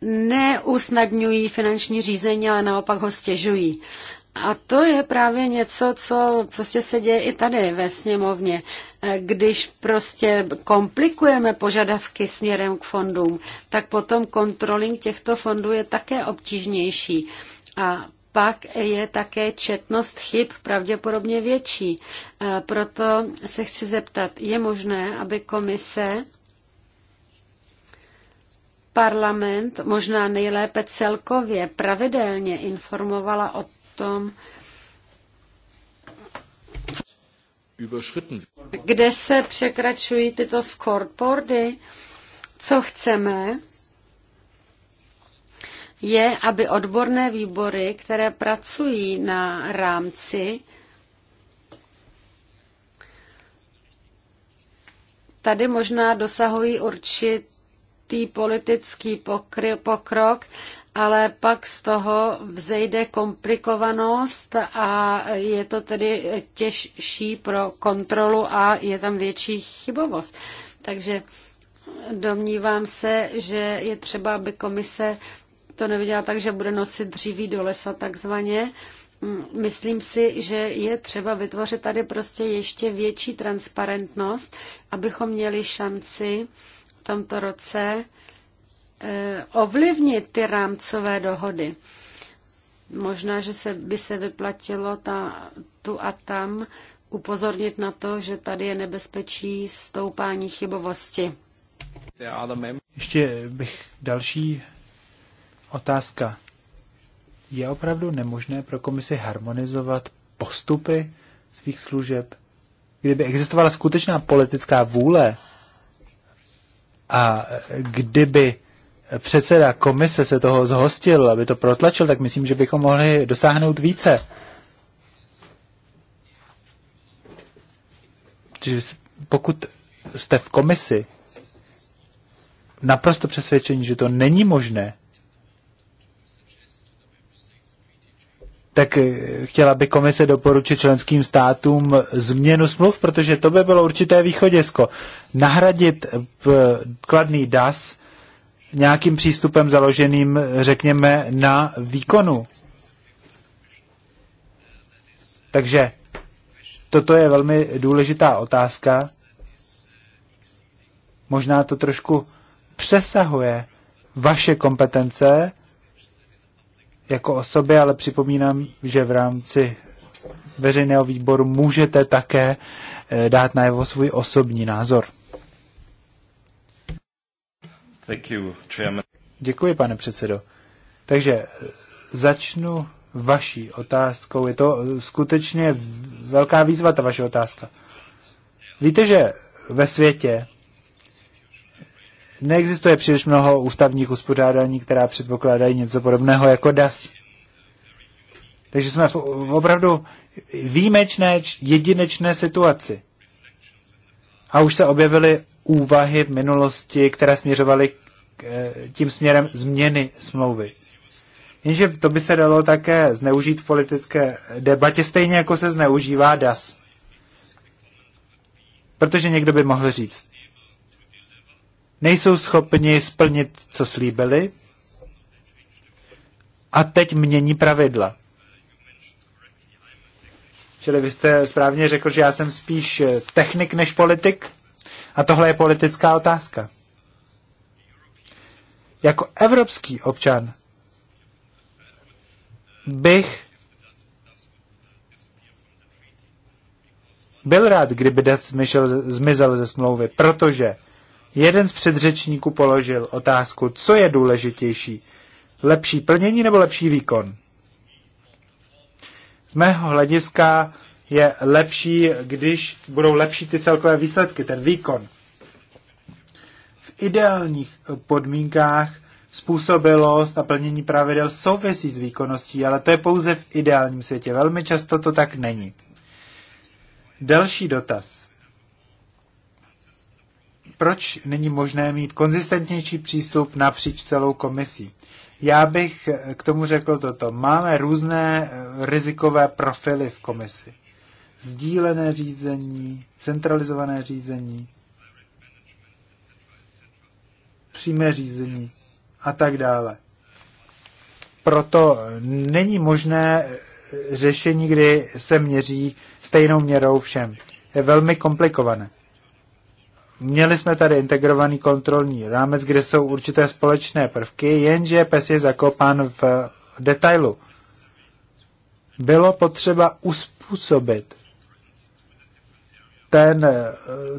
Speaker 2: neusnadňují finanční řízení, ale naopak ho stěžují. A to je právě něco, co prostě se děje i tady ve sněmovně. E, když prostě komplikujeme požadavky směrem k fondům, tak potom kontroling těchto fondů je také obtížnější. A pak je také četnost chyb pravděpodobně větší. E, proto se chci zeptat, je možné, aby komise Parlament možná nejlépe celkově pravidelně informovala o tom, kde se překračují tyto scoreboardy, co chceme, je, aby odborné výbory, které pracují na rámci, tady možná dosahují určit určitý politický pokry, pokrok, ale pak z toho vzejde komplikovanost a je to tedy těžší pro kontrolu a je tam větší chybovost. Takže domnívám se, že je třeba, aby komise to neviděla tak, že bude nosit dříví do lesa takzvaně. Myslím si, že je třeba vytvořit tady prostě ještě větší transparentnost, abychom měli šanci tomto roce eh, ovlivnit ty rámcové dohody. Možná, že se, by se vyplatilo ta, tu a tam upozornit na to, že tady je nebezpečí stoupání chybovosti.
Speaker 3: Ještě bych další otázka. Je opravdu nemožné pro komisi harmonizovat postupy svých služeb? Kdyby existovala skutečná politická vůle a kdyby předseda komise se toho zhostil, aby to protlačil, tak myslím, že bychom mohli dosáhnout více. pokud jste v komisi naprosto přesvědčení, že to není možné, tak eh, chtěla by komise doporučit členským státům změnu smluv, protože to by bylo určité východisko. Nahradit eh, kladný DAS nějakým přístupem založeným, řekněme, na výkonu. Takže toto je velmi důležitá otázka. Možná to trošku přesahuje vaše kompetence, jako osoby, ale připomínám, že v rámci veřejného výboru můžete také eh, dát najevo svůj osobní názor.
Speaker 1: Thank you, chairman.
Speaker 3: Děkuji, pane předsedo. Takže eh, začnu vaší otázkou. Je to eh, skutečně velká výzva, ta vaše otázka. Víte, že ve světě Neexistuje příliš mnoho ústavních uspořádání, která předpokládají něco podobného jako DAS. Takže jsme v opravdu výjimečné, jedinečné situaci. A už se objevily úvahy v minulosti, které směřovaly k, eh, tím směrem změny smlouvy. Jenže to by se dalo také zneužít v politické debatě, stejně jako se zneužívá DAS. Protože někdo by mohl říct, nejsou schopni splnit, co slíbili, a teď mění pravidla. Čili vy jste správně řekl, že já jsem spíš technik než politik, a tohle je politická otázka. Jako evropský občan bych byl rád, kdyby Das zmizel ze smlouvy, protože Jeden z předřečníků položil otázku, co je důležitější, lepší plnění nebo lepší výkon. Z mého hlediska je lepší, když budou lepší ty celkové výsledky, ten výkon. V ideálních podmínkách způsobilost a plnění pravidel souvisí s výkonností, ale to je pouze v ideálním světě. Velmi často to tak není. Další dotaz proč není možné mít konzistentnější přístup napříč celou komisí? Já bych k tomu řekl toto. Máme různé eh, rizikové profily v komisi. Sdílené řízení, centralizované řízení, přímé řízení a tak dále. Proto není možné eh, řešení, kdy se měří stejnou měrou všem. Je velmi komplikované. Měli jsme tady integrovaný kontrolní rámec, kde jsou určité společné prvky, jenže pes je zakopán v detailu. Bylo potřeba uspůsobit ten,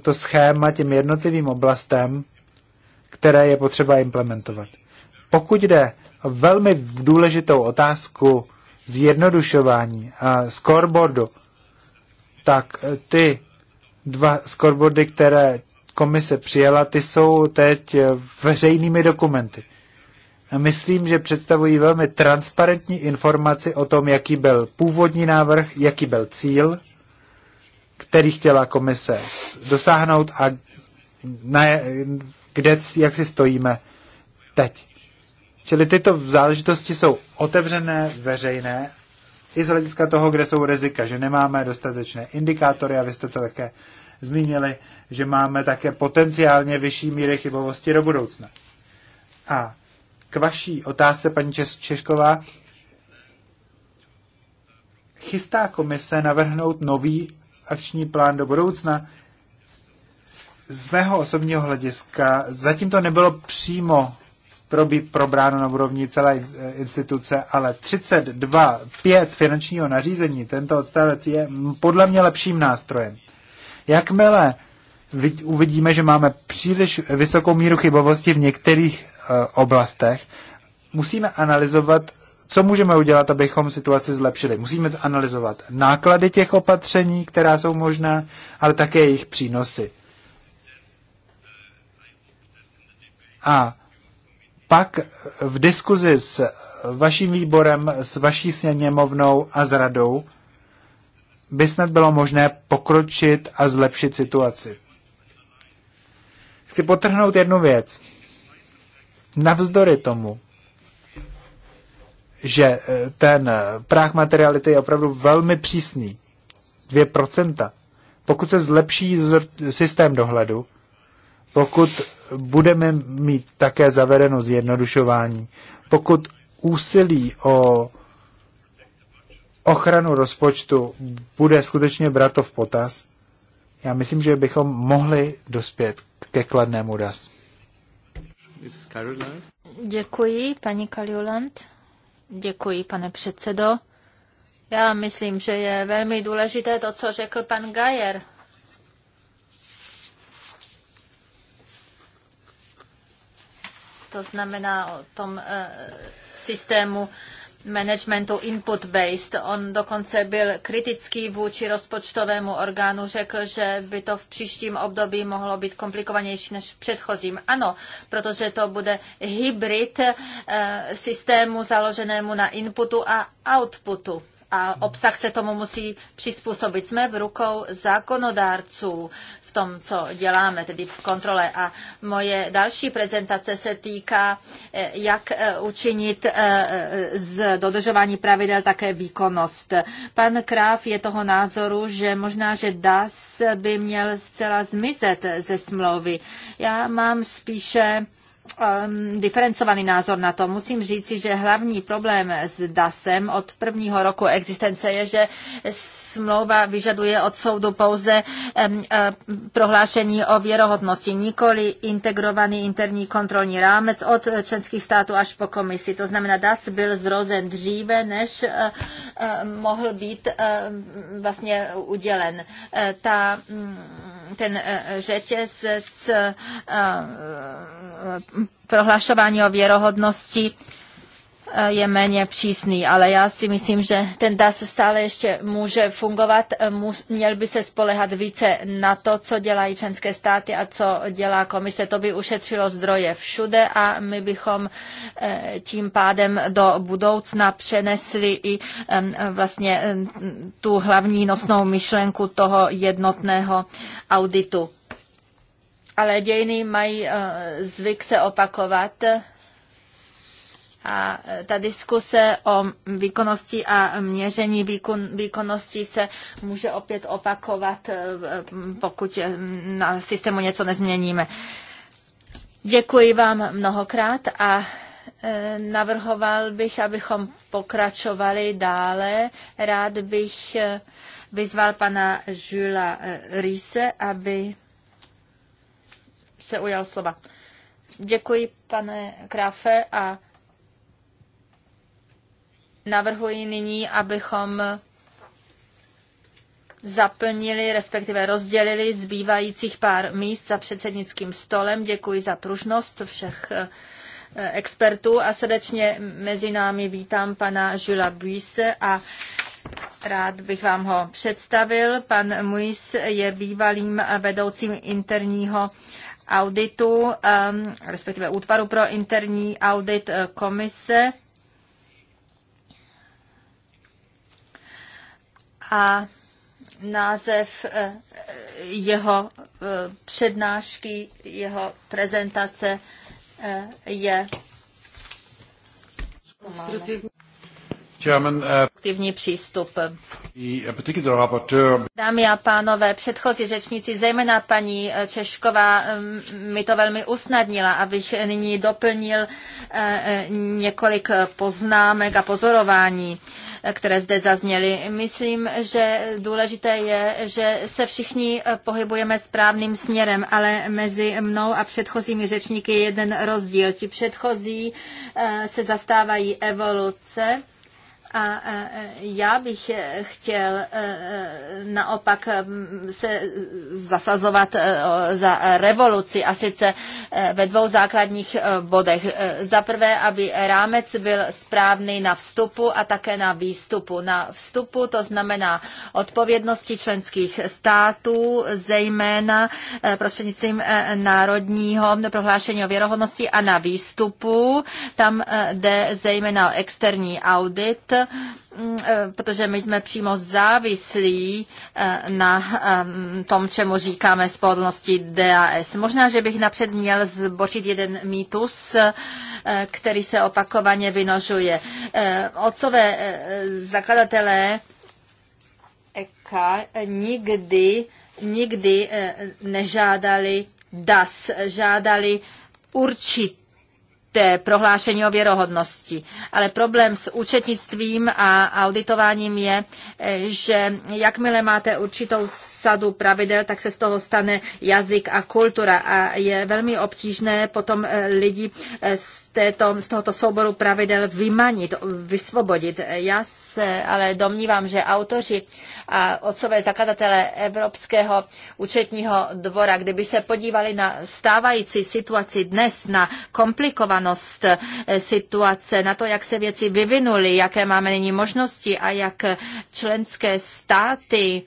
Speaker 3: to schéma těm jednotlivým oblastem, které je potřeba implementovat. Pokud jde o velmi důležitou otázku zjednodušování a scoreboardu, tak ty dva scoreboardy, které komise přijala, ty jsou teď veřejnými dokumenty. A myslím, že představují velmi transparentní informaci o tom, jaký byl původní návrh, jaký byl cíl, který chtěla komise dosáhnout a na, kde, jak si stojíme teď. Čili tyto záležitosti jsou otevřené, veřejné, i z hlediska toho, kde jsou rizika, že nemáme dostatečné indikátory a vy jste to také zmínili, že máme také potenciálně vyšší míry chybovosti do budoucna. A k vaší otázce, paní Čes- Češková, chystá komise navrhnout nový akční plán do budoucna? Z mého osobního hlediska zatím to nebylo přímo probráno na úrovni celé instituce, ale 32.5 finančního nařízení, tento odstavec je podle mě lepším nástrojem. Jakmile uvidíme, že máme příliš vysokou míru chybovosti v některých eh, oblastech, musíme analyzovat, co můžeme udělat, abychom situaci zlepšili. Musíme analyzovat náklady těch opatření, která jsou možná, ale také jejich přínosy. A pak v diskuzi s vaším výborem, s vaší sněmovnou a s radou by snad bylo možné pokročit a zlepšit situaci. Chci potrhnout jednu věc. Navzdory tomu, že eh, ten eh, práh materiality je opravdu velmi přísný, 2%, pokud se zlepší systém dohledu, pokud budeme mít také zavedeno zjednodušování, pokud úsilí o ochranu rozpočtu bude skutečně brato v potaz, já myslím, že bychom mohli dospět ke kladnému DAS.
Speaker 1: Děkuji, paní Kaliuland. Děkuji, pane předsedo. Já myslím, že je velmi důležité to, co řekl pan Gajer. To znamená o tom e, systému e, managementu input-based. On dokonce byl kritický vůči rozpočtovému orgánu, řekl, že by to v příštím období mohlo být komplikovanější než v předchozím. Ano, protože to bude hybrid eh, systému založenému na inputu a outputu a obsah se tomu musí přizpůsobit. Jsme v rukou zákonodárců tom, co děláme, tedy v kontrole. A moje další prezentace se týká, eh, jak eh, učinit eh, z dodržování pravidel také výkonnost. Pan Kráv je toho názoru, že možná, že DAS by měl zcela zmizet ze smlouvy. Já mám spíše um, diferencovaný názor na to. Musím říci, že hlavní problém s DASem od prvního roku existence je, že smlouva vyžaduje od soudu pouze e, prohlášení o věrohodnosti, nikoli integrovaný interní kontrolní rámec od členských států až po komisi. To znamená, DAS byl zrozen dříve, než e, e, mohl být vlastně udělen. Ta, mm, ten řetězec prohlašování o věrohodnosti Eh, je méně přísný, ale já si myslím, že ten DAS stále ještě může fungovat. Eh, měl by se spolehat více na to, co dělají členské státy a co dělá komise. To by ušetřilo zdroje všude a my bychom eh, tím pádem do budoucna přenesli i vlastně tu hlavní nosnou myšlenku toho jednotného auditu. Ale dějiny mají zvyk se opakovat a e, ta diskuse o výkonnosti a měření výkon, výkonnosti se může opět opakovat, e, e, pokud na systému něco nezměníme. Děkuji vám mnohokrát a navrhoval bych, abychom pokračovali dále. Rád bych vyzval pana Žula Rise, aby se ujal slova. Děkuji, pane Krafe, a Navrhuji nyní, abychom zaplnili, respektive rozdělili zbývajících pár míst za předsednickým stolem. Děkuji za pružnost všech eh, expertů a srdečně mezi námi vítám pana Žula Buise a rád bych vám ho představil. Pan Muis je bývalým vedoucím interního auditu, eh, respektive útvaru pro interní audit eh, komise a název eh, jeho eh, přednášky, jeho prezentace eh, je Uh, aktivní přístup. Uh, Dámy a pánové, předchozí řečníci, zejména paní uh, Češková, um, mi to velmi usnadnila, abych nyní doplnil několik poznámek a pozorování které zde zazněly. Myslím, že důležité je, že se všichni pohybujeme správným směrem, ale mezi mnou a předchozími řečníky je jeden rozdíl. Ti předchozí se zastávají evoluce a e, e, já bych e, chtěl naopak se zasazovat za revoluci a sice ve dvou základních bodech. Za prvé, aby rámec byl správný na vstupu a také na výstupu. Na vstupu to znamená odpovědnosti členských států, zejména prostřednictvím národního prohlášení o věrohodnosti a na výstupu. Tam jde zejména o externí audit Eh, protože my jsme přímo závislí eh, na eh, tom, čemu říkáme spornosti DAS. Možná, že bych napřed měl zbořit jeden mýtus, který se opakovaně vynožuje. Otcové zakladatelé EKA nikdy, nikdy nežádali DAS, žádali určit té prohlášení o věrohodnosti. Ale problém s účetnictvím a auditováním je, eh, že jakmile máte určitou sadu pravidel, tak se z toho stane jazyk a kultura a je velmi obtížné potom eh, lidi eh, z, této, z tohoto souboru pravidel vymanit, vysvobodit. Já se ale domnívám, že autoři a otcové zakladatelé Evropského účetního dvora, kdyby se podívali na stávající situaci dnes, na komplikovanost eh, situace, na to, jak se věci vyvinuly, jaké máme nyní možnosti a jak členské státy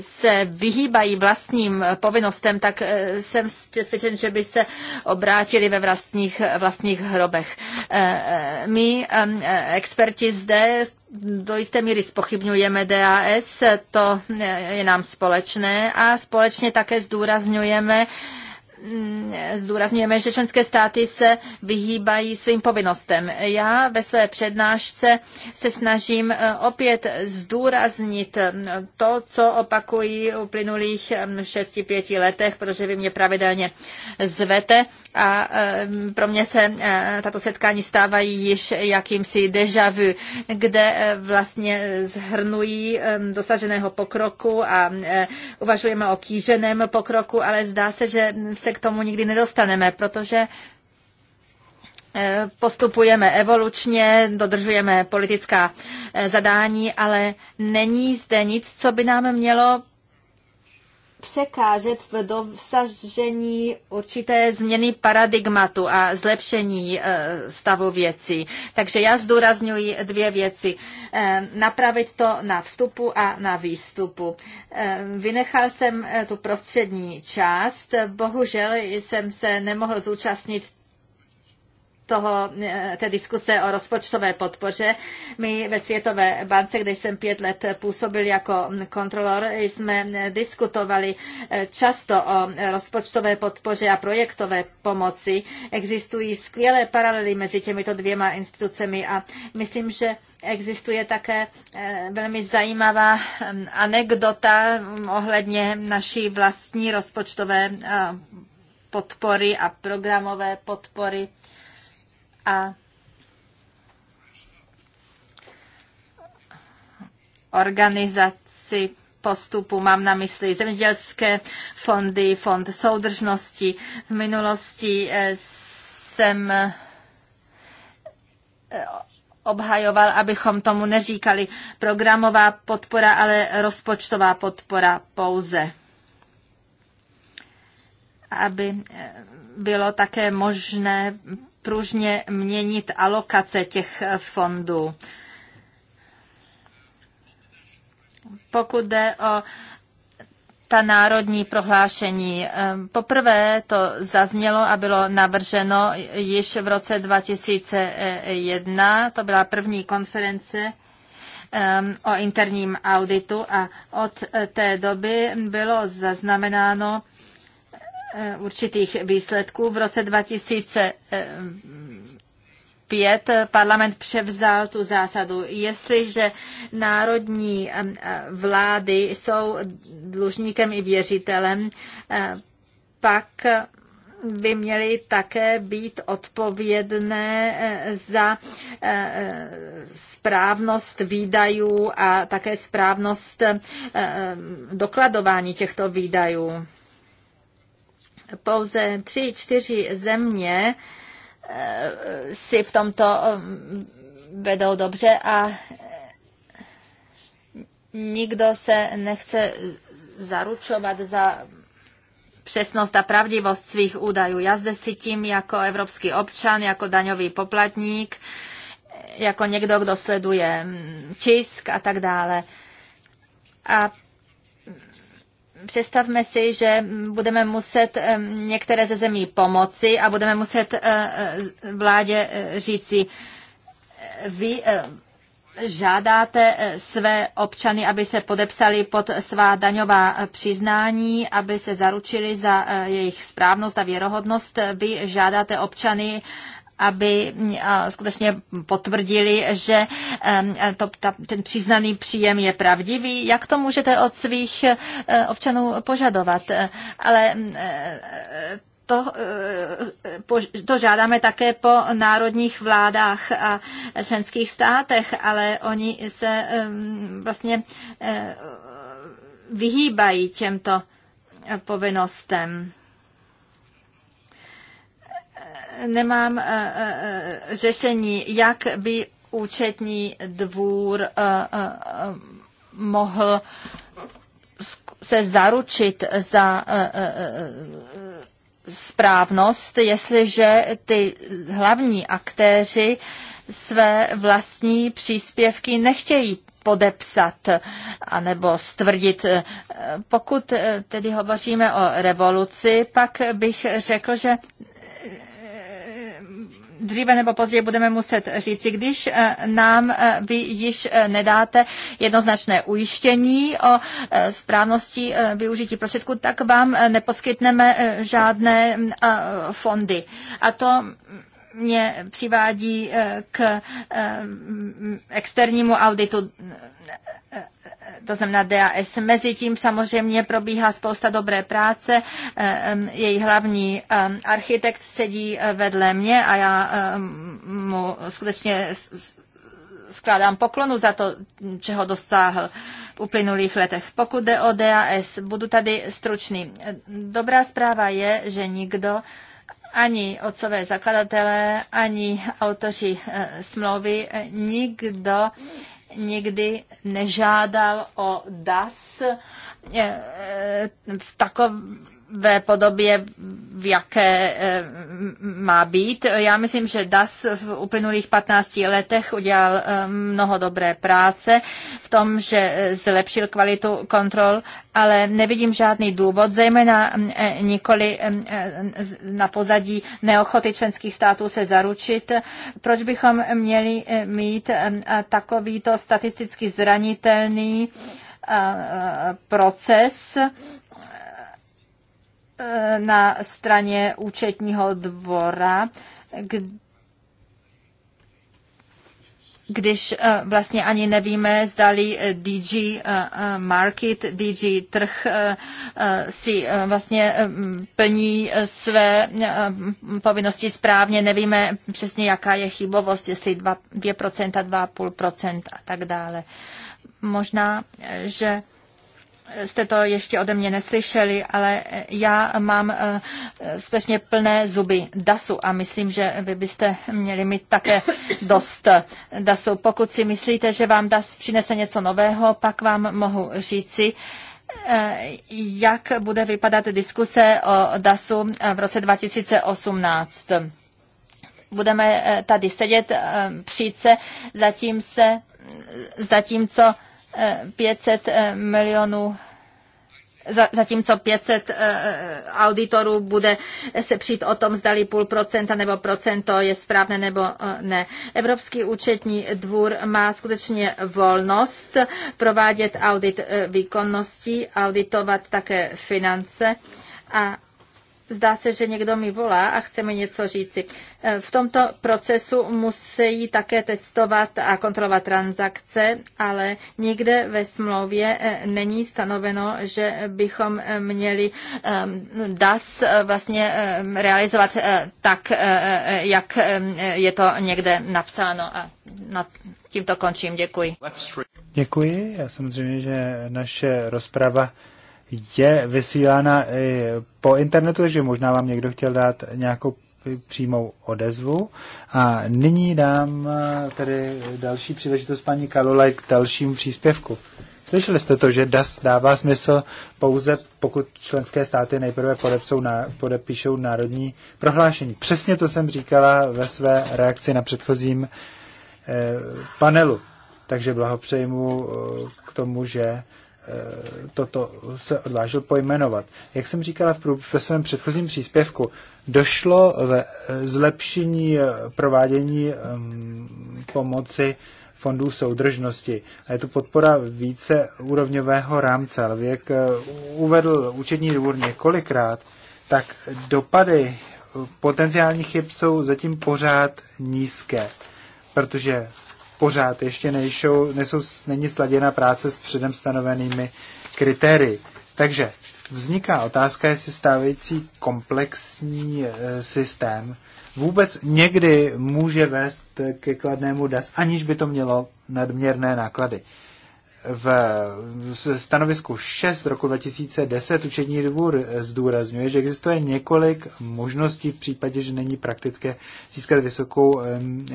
Speaker 1: se vyhýbají vlastním povinnostem, tak eh, jsem přesvědčen, že by se obrátili ve vlastních, vlastních hrobech. Eh, eh, my, experti zde, do jisté míry spochybňujeme DAS, to je nám společné a společně také zdůrazňujeme, Mm, zdůrazňujeme, že členské státy se vyhýbají svým povinnostem. Já ve své přednášce se snažím eh, opět zdůraznit eh, to, co opakují v uplynulých 6-5 eh, letech, protože vy mě pravidelně zvete a pro mě se tato setkání stávají již jakýmsi deja vu, kde vlastně zhrnují dosaženého pokroku a uvažujeme o kýženém pokroku, ale zdá se, že se k tomu nikdy nedostaneme, protože eh, postupujeme evolučně, dodržujeme politická eh, zadání, ale není zde nic, co by nám mělo překážet v dosažení určité změny paradigmatu a zlepšení e, stavu věcí. Takže já zdůrazňuji dvě věci. E, napravit to na vstupu a na výstupu. E, vynechal jsem tu prostřední část. Bohužel jsem se nemohl zúčastnit toho, eh, té diskuse o rozpočtové podpoře. My ve Světové bance, kde jsem pět let působil jako kontrolor, jsme diskutovali eh, často o rozpočtové podpoře a projektové pomoci. Existují skvělé paralely mezi těmito dvěma institucemi a myslím, že existuje také eh, velmi zajímavá hm, anekdota hm, ohledně naší vlastní rozpočtové podpory a programové podpory a organizaci postupu, mám na mysli zemědělské fondy, fond soudržnosti. V minulosti eh, jsem eh, obhajoval, abychom tomu neříkali programová podpora, ale rozpočtová podpora pouze. Aby eh, bylo také možné pružně měnit alokace těch fondů. Pokud jde o ta národní prohlášení. Ehm, poprvé to zaznělo a bylo navrženo již v roce 2001. To byla první konference ehm, o interním auditu a od té doby bylo zaznamenáno Eh, určitých výsledků. V roce 2005 parlament převzal tu zásadu. Jestliže národní eh, vlády jsou dlužníkem i věřitelem, eh, pak by měly také být odpovědné za správnost výdajů a také správnost dokladování těchto výdajů pouze tři, čtyři země eh, si v tomto eh, vedou dobře a eh, nikdo se nechce zaručovat za přesnost a pravdivost svých údajů. Já zde cítím jako evropský občan, jako daňový poplatník, jako někdo, kdo sleduje čisk hm, a tak dále. A představme si, že budeme muset eh, některé ze zemí pomoci a budeme muset eh, eh, vládě říci, vy žádáte své občany, aby se podepsali pod svá daňová přiznání, aby se zaručili za jejich správnost a věrohodnost. Vy žádáte občany, aby skutečně potvrdili, že to, ta, ten přiznaný příjem je pravdivý. Jak to můžete od svých eh, občanů požadovat? Ale eh, to, eh, to žádáme také po národních vládách a členských státech, ale oni se vlastně vyhýbají těmto povinnostem nemám eh, eh, řešení, jak by účetní dvůr eh, mohl se zaručit za správnost, jestliže ty hlavní aktéři své vlastní příspěvky nechtějí podepsat anebo stvrdit. Pokud tedy hovoříme o revoluci, pak bych řekl, že dříve nebo později budeme muset říci, když eh, nám eh, vy již eh, nedáte jednoznačné ujištění o správnosti využití prostředků, tak vám neposkytneme žádné mm, fondy. A to mě přivádí k externímu auditu to znamená DAS. Mezitím samozřejmě probíhá spousta dobré práce. Eh, její hlavní architekt sedí eh, vedle mě a já mu skutečně skládám poklonu za to, čeho dosáhl v uplynulých letech. Pokud jde o DAS, budu tady stručný. Dobrá zpráva je, že nikdo ani otcové zakladatelé, ani autoři eh, smlouvy, nikdo nikdy nežádal o DAS eh, v takovém ve podobě, v jaké e, má být. Já myslím, že DAS v uplynulých 15 letech udělal e, mnoho dobré práce v tom, že e, zlepšil kvalitu kontrol, ale nevidím žádný důvod, zejména nikoli na pozadí neochoty členských států se zaručit, proč bychom měli mít takovýto statisticky zranitelný proces Eh, na straně účetního dvora, když eh, vlastně ani nevíme, zdali eh, DG Market, DG Trh si vlastně plní své povinnosti správně, nevíme přesně, jaká je chybovost, jestli 2%, 2,5% a tak dále. Možná, že jste to ještě ode mě neslyšeli, ale já mám eh, strašně plné zuby DASu a myslím, že vy byste měli mít také dost DASu. Pokud si myslíte, že vám DAS přinese něco nového, pak vám mohu říci, eh, jak bude vypadat diskuse o DASu v roce 2018. Budeme eh, tady sedět, přijít se, zatím se, zatímco 500 eh, milionů zatímco 500 eh, auditorů bude se přijít o tom, zdali půl procenta nebo procento je správné nebo eh, ne. Evropský účetní dvůr má skutečně volnost provádět audit výkonnosti, auditovat také finance a Zdá se, že někdo mi volá a chce mi něco říci. E, v tomto procesu musí také testovat a kontrolovat transakce, ale nikde ve smlouvě e, není stanoveno, že bychom e, měli DAS vlastně realizovat tak, jak je to někde napsáno. A nad tímto končím. Děkuji.
Speaker 3: Děkuji. Já samozřejmě, že naše rozprava je vysílána i po internetu, takže možná vám někdo chtěl dát nějakou přímou odezvu. A nyní dám eh, tedy další příležitost paní Kalulaj k dalším příspěvku. Slyšeli jste to, že DAS dává smysl pouze pokud členské státy nejprve podepsou na, podepíšou národní prohlášení. Přesně to jsem říkala ve své reakci na předchozím eh, panelu. Takže blahopřejmu eh, k tomu, že Eh, toto se odvážil pojmenovat. Jak jsem říkala v prů, ve svém předchozím příspěvku, došlo ve zlepšení eh, provádění mm, pomoci fondů soudržnosti. A je to podpora více úrovňového rámce. Ale jak eh, uvedl účetní důvod několikrát, tak dopady potenciálních chyb jsou zatím pořád nízké, protože pořád ještě nejšou, nejsou, není sladěna práce s předem stanovenými kritérii. Takže vzniká otázka, jestli stávající komplexní e, systém vůbec někdy může vést ke kladnému DAS, aniž by to mělo nadměrné náklady. V, v stanovisku 6 roku 2010 učení dvůr zdůrazňuje, že existuje několik možností v případě, že není praktické získat vysokou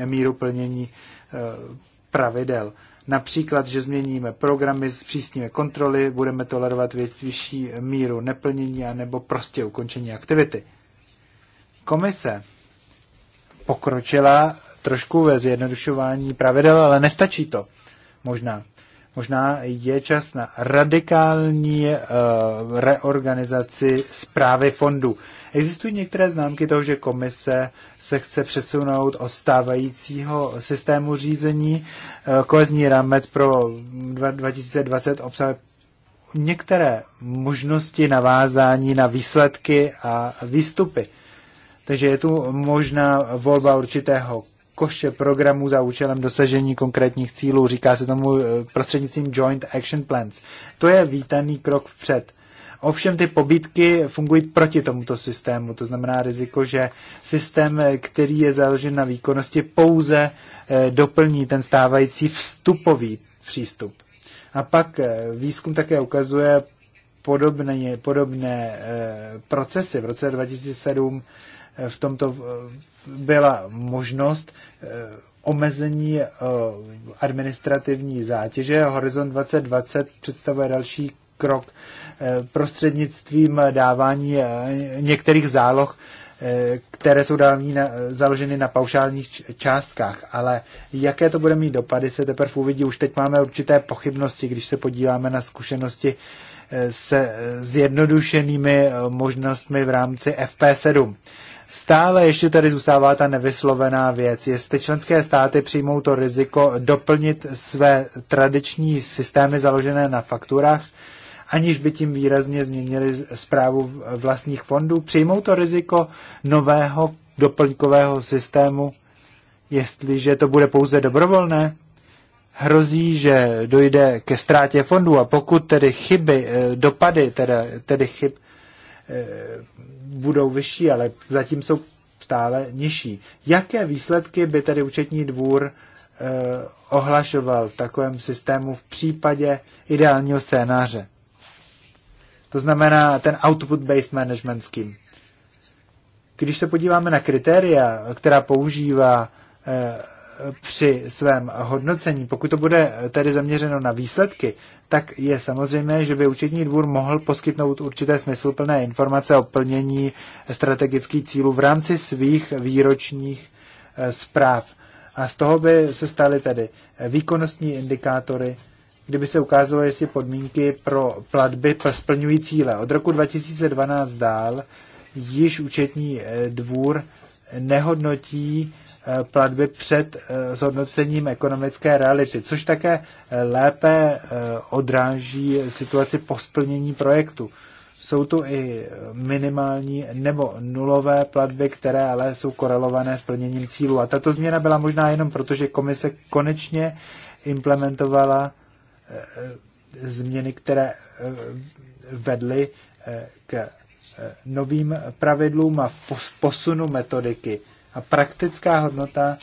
Speaker 3: míru plnění Eh, pravidel. Například, že změníme programy, zpřísníme kontroly, budeme tolerovat vyšší míru neplnění anebo prostě ukončení aktivity. Komise pokročila trošku ve zjednodušování pravidel, ale nestačí to. Možná. Možná je čas na radikální uh, reorganizaci zprávy fondu. Existují některé známky toho, že komise se chce přesunout od stávajícího systému řízení. Eh, Kolezní rámec pro 2020 obsahuje některé možnosti navázání na výsledky a výstupy. Takže je tu možná volba určitého koše programů za účelem dosažení konkrétních cílů, říká se tomu eh, prostřednictvím Joint Action Plans. To je vítaný krok vpřed. Ovšem ty pobídky fungují proti tomuto systému, to znamená riziko, že systém, který je založen na výkonnosti, pouze eh, doplní ten stávající vstupový přístup. A pak eh, výzkum také ukazuje podobné, podobné eh, procesy. V roce 2007 v tomto byla možnost omezení administrativní zátěže. Horizont 2020 představuje další krok prostřednictvím dávání eh, některých záloh, eh, které jsou dávní na, založeny na paušálních částkách. Ale jaké to bude mít dopady, se teprve uvidí. Už teď máme určité pochybnosti, když se podíváme na zkušenosti eh, se zjednodušenými možnostmi v rámci FP7. Stále ještě tady zůstává ta nevyslovená věc, jestli členské státy přijmou to riziko doplnit své tradiční systémy založené na fakturách aniž by tím výrazně změnili zprávu vlastních fondů? Přijmou to riziko nového doplňkového systému, jestliže to bude pouze dobrovolné? Hrozí, že dojde ke ztrátě fondů a pokud tedy chyby, eh, dopady teda, tedy chyb eh, budou vyšší, ale zatím jsou stále nižší. Jaké výsledky by tedy účetní dvůr eh, ohlašoval v takovém systému v případě ideálního scénáře. To znamená ten output-based management scheme. Když se podíváme na kritéria, která používá eh, při svém hodnocení, pokud to bude tedy zaměřeno na výsledky, tak je samozřejmé, že by účetní dvůr mohl poskytnout určité smysluplné informace o plnění strategických cílů v rámci svých výročních eh, zpráv. A z toho by se staly tedy výkonnostní indikátory, kdyby se ukázalo, jestli podmínky pro platby splňují cíle. Od roku 2012 dál již účetní eh, dvůr nehodnotí eh, platby před eh, zhodnocením ekonomické reality, což také lépe odráží situaci po splnění projektu. Jsou tu i minimální nebo nulové platby, které ale jsou korelované s plněním cílu. A tato změna byla možná jenom proto, že komise konečně implementovala Eh, změny, které eh, vedly eh, k novým pravidlům a posunu metodiky. A praktická hodnota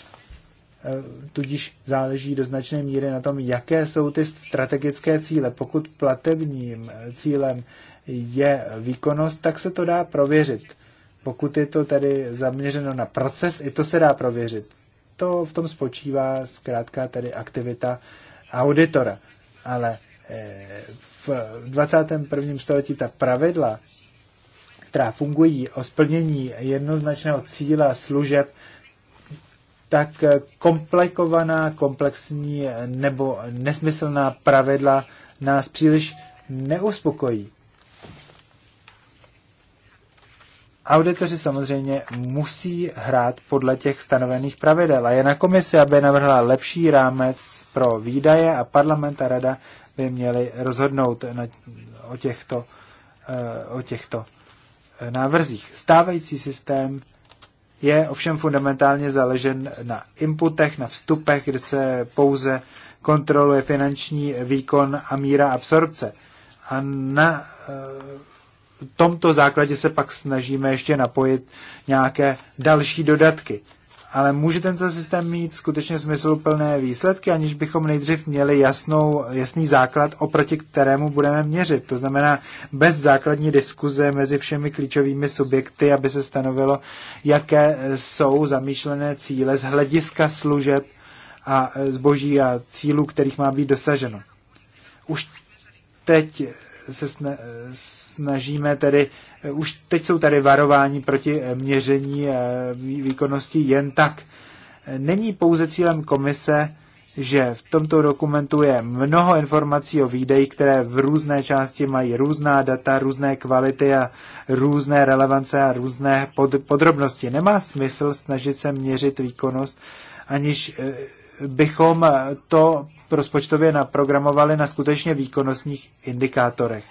Speaker 3: tudíž záleží do značné míry na tom, jaké jsou ty strategické cíle. Pokud platebním cílem je výkonnost, tak se to dá prověřit. Pokud je to tedy zaměřeno na proces, i to se dá prověřit. To v tom spočívá zkrátka tedy aktivita auditora ale eh, v 21. století ta pravidla, která fungují o splnění jednoznačného cíle služeb, tak eh, komplikovaná, komplexní nebo nesmyslná pravidla nás příliš neuspokojí. Auditoři samozřejmě musí hrát podle těch stanovených pravidel a je na komisi, aby navrhla lepší rámec pro výdaje a parlament a rada by měli rozhodnout na, o těchto, eh, o těchto eh, návrzích. Stávající systém je ovšem fundamentálně založen na inputech, na vstupech, kde se pouze kontroluje finanční výkon a míra absorpce. A na eh, tomto základě se pak snažíme ještě napojit nějaké další dodatky. Ale může tento systém mít skutečně smysluplné výsledky, aniž bychom nejdřív měli jasnou, jasný základ, oproti kterému budeme měřit. To znamená bez základní diskuze mezi všemi klíčovými subjekty, aby se stanovilo, jaké jsou zamýšlené cíle z hlediska služeb a zboží a cílů, kterých má být dosaženo. Už teď se snažíme tedy, eh, už teď jsou tady varování proti eh, měření eh, výkonnosti jen tak. Není pouze cílem komise, že v tomto dokumentu je mnoho informací o výdej, které v různé části mají různá data, různé kvality a různé relevance a různé pod, podrobnosti. Nemá smysl snažit se měřit výkonnost, aniž bychom to rozpočtově naprogramovali na skutečně výkonnostních indikátorech.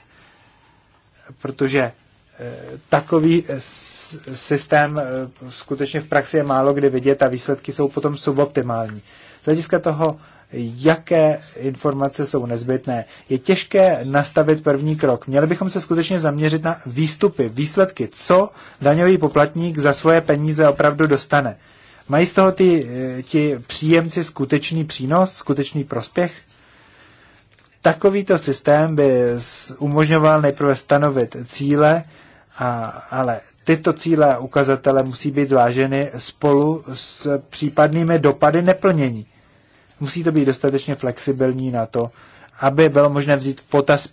Speaker 3: Protože e, takový systém e, skutečně v praxi je málo kdy vidět a výsledky jsou potom suboptimální. Z hlediska toho, jaké informace jsou nezbytné, je těžké nastavit první krok. Měli bychom se skutečně zaměřit na výstupy, výsledky, co daňový poplatník za svoje peníze opravdu dostane. Mají z toho ty, eh, ti příjemci skutečný přínos, skutečný prospěch? Takovýto systém by umožňoval nejprve stanovit cíle, a, ale tyto cíle a ukazatele musí být zváženy spolu s případnými dopady neplnění. Musí to být dostatečně flexibilní na to, aby bylo možné vzít v potaz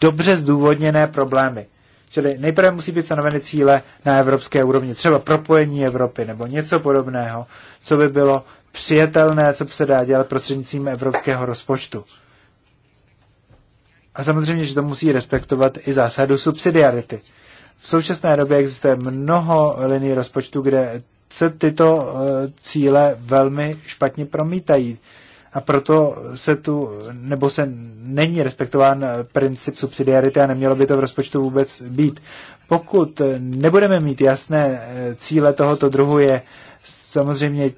Speaker 3: dobře zdůvodněné problémy. Čili nejprve musí být stanoveny cíle na evropské úrovni, třeba propojení Evropy nebo něco podobného, co by bylo přijatelné, co by se dá dělat prostřednictvím evropského rozpočtu. A samozřejmě, že to musí respektovat i zásadu subsidiarity. V současné době existuje mnoho linií rozpočtu, kde se tyto eh, cíle velmi špatně promítají a proto se tu, nebo se není respektován princip subsidiarity a nemělo by to v rozpočtu vůbec být. Pokud nebudeme mít jasné eh, cíle tohoto druhu, je samozřejmě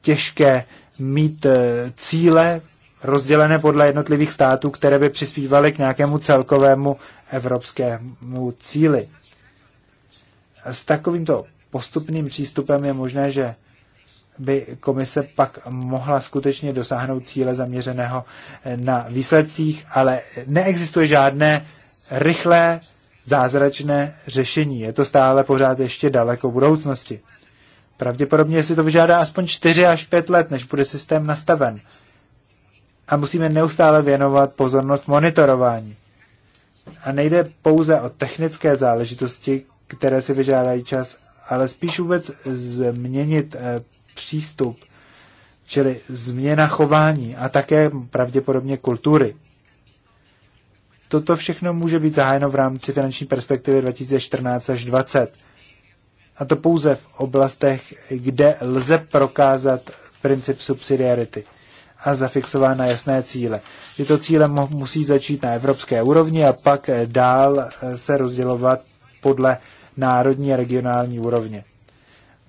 Speaker 3: těžké mít eh, cíle rozdělené podle jednotlivých států, které by přispívaly k nějakému celkovému evropskému cíli. S takovýmto postupným přístupem je možné, že by komise pak mohla skutečně dosáhnout cíle zaměřeného eh, na výsledcích, ale neexistuje žádné rychlé zázračné řešení. Je to stále pořád ještě daleko v budoucnosti. Pravděpodobně si to vyžádá aspoň 4 až 5 let, než bude systém nastaven. A musíme neustále věnovat pozornost monitorování. A nejde pouze o technické záležitosti, které si vyžádají čas, ale spíš vůbec změnit eh, přístup, čili změna chování a také pravděpodobně kultury. Toto všechno může být zahájeno v rámci finanční perspektivy 2014 až 2020. A to pouze v oblastech, kde lze prokázat princip subsidiarity a zafixovat na jasné cíle. Tyto cíle musí začít na evropské úrovni a pak eh, dál eh, se rozdělovat podle národní a regionální úrovně.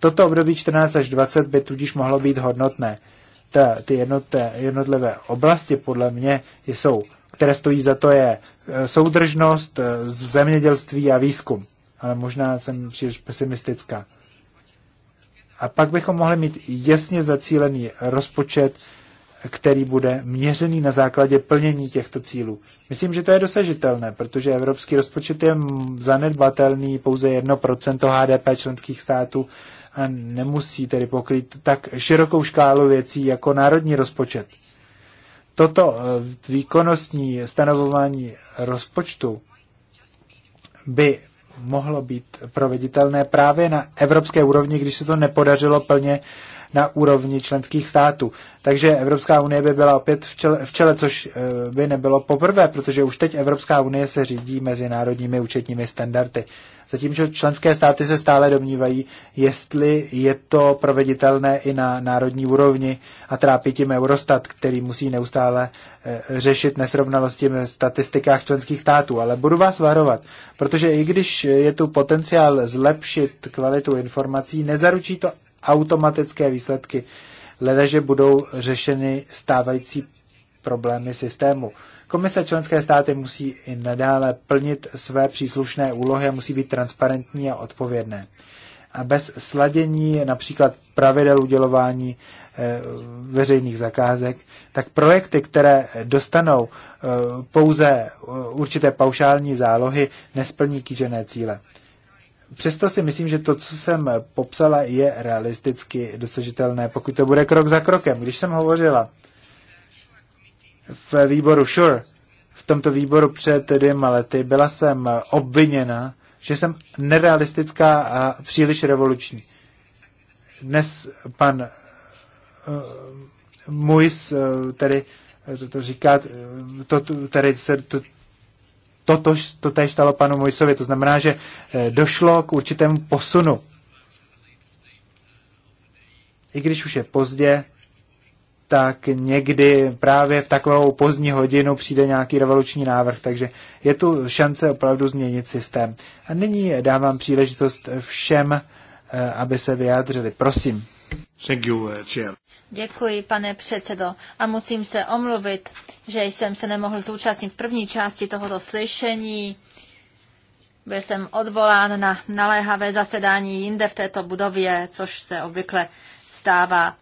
Speaker 3: Toto období 14 až 20 by tudíž mohlo být hodnotné. Ta, ty jednotlivé, jednotlivé oblasti podle mě jsou, které stojí za to, je e, soudržnost, e, zemědělství a výzkum. Ale možná jsem příliš pesimistická. A pak bychom mohli mít jasně zacílený rozpočet, který bude měřený na základě plnění těchto cílů. Myslím, že to je dosažitelné, protože evropský rozpočet je zanedbatelný pouze 1% HDP členských států a nemusí tedy pokrýt tak širokou škálu věcí jako národní rozpočet. Toto eh, výkonnostní stanovování rozpočtu by mohlo být proveditelné právě na evropské úrovni, když se to nepodařilo plně na úrovni členských států. Takže Evropská unie by byla opět v čele, v čele což eh, by nebylo poprvé, protože už teď Evropská unie se řídí mezinárodními účetními standardy zatímco členské státy se stále domnívají, jestli je to proveditelné i na národní úrovni a trápí tím Eurostat, který musí neustále eh, řešit nesrovnalosti ve statistikách členských států. Ale budu vás varovat, protože i když je tu potenciál zlepšit kvalitu informací, nezaručí to automatické výsledky. Leda, že budou řešeny stávající problémy systému. Komise členské státy musí i nadále plnit své příslušné úlohy a musí být transparentní a odpovědné. A bez sladění například pravidel udělování eh, veřejných zakázek, tak projekty, které dostanou eh, pouze eh, určité paušální zálohy, nesplní kýžené cíle. Přesto si myslím, že to, co jsem popsala, je realisticky dosažitelné, pokud to bude krok za krokem. Když jsem hovořila v výboru Sure, v tomto výboru před dvěma lety, byla jsem obviněna, že jsem nerealistická a příliš revoluční. Dnes pan uh, tedy eh, to, to říká, to, tady se to, to, to též stalo panu Mojsovi. To znamená, že došlo k určitému posunu. I když už je pozdě, tak někdy právě v takovou pozdní hodinu přijde nějaký revoluční návrh, takže je tu šance opravdu změnit systém. A nyní dávám příležitost všem, eh, aby se vyjádřili. Prosím. Eh,
Speaker 1: Děkuji, pane předsedo. A musím se omluvit, že jsem se nemohl zúčastnit v první části tohoto slyšení. Byl jsem odvolán na naléhavé zasedání jinde v této budově, což se obvykle stává.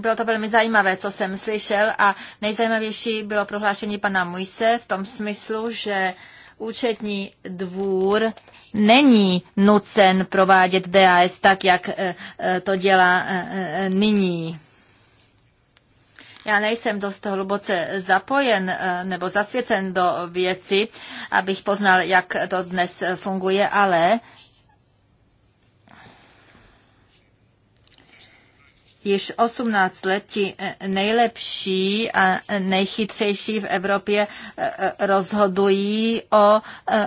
Speaker 1: Bylo to velmi zajímavé, co jsem slyšel a nejzajímavější bylo prohlášení pana Mujse v tom smyslu, že účetní dvůr není nucen provádět DAS tak, jak eh, eh, to dělá eh, nyní. Já nejsem dost hluboce zapojen nebo zasvěcen do věci, abych poznal, jak to dnes funguje, ale Již 18 let ti eh, nejlepší a nejchytřejší v Evropě eh, eh, rozhodují o,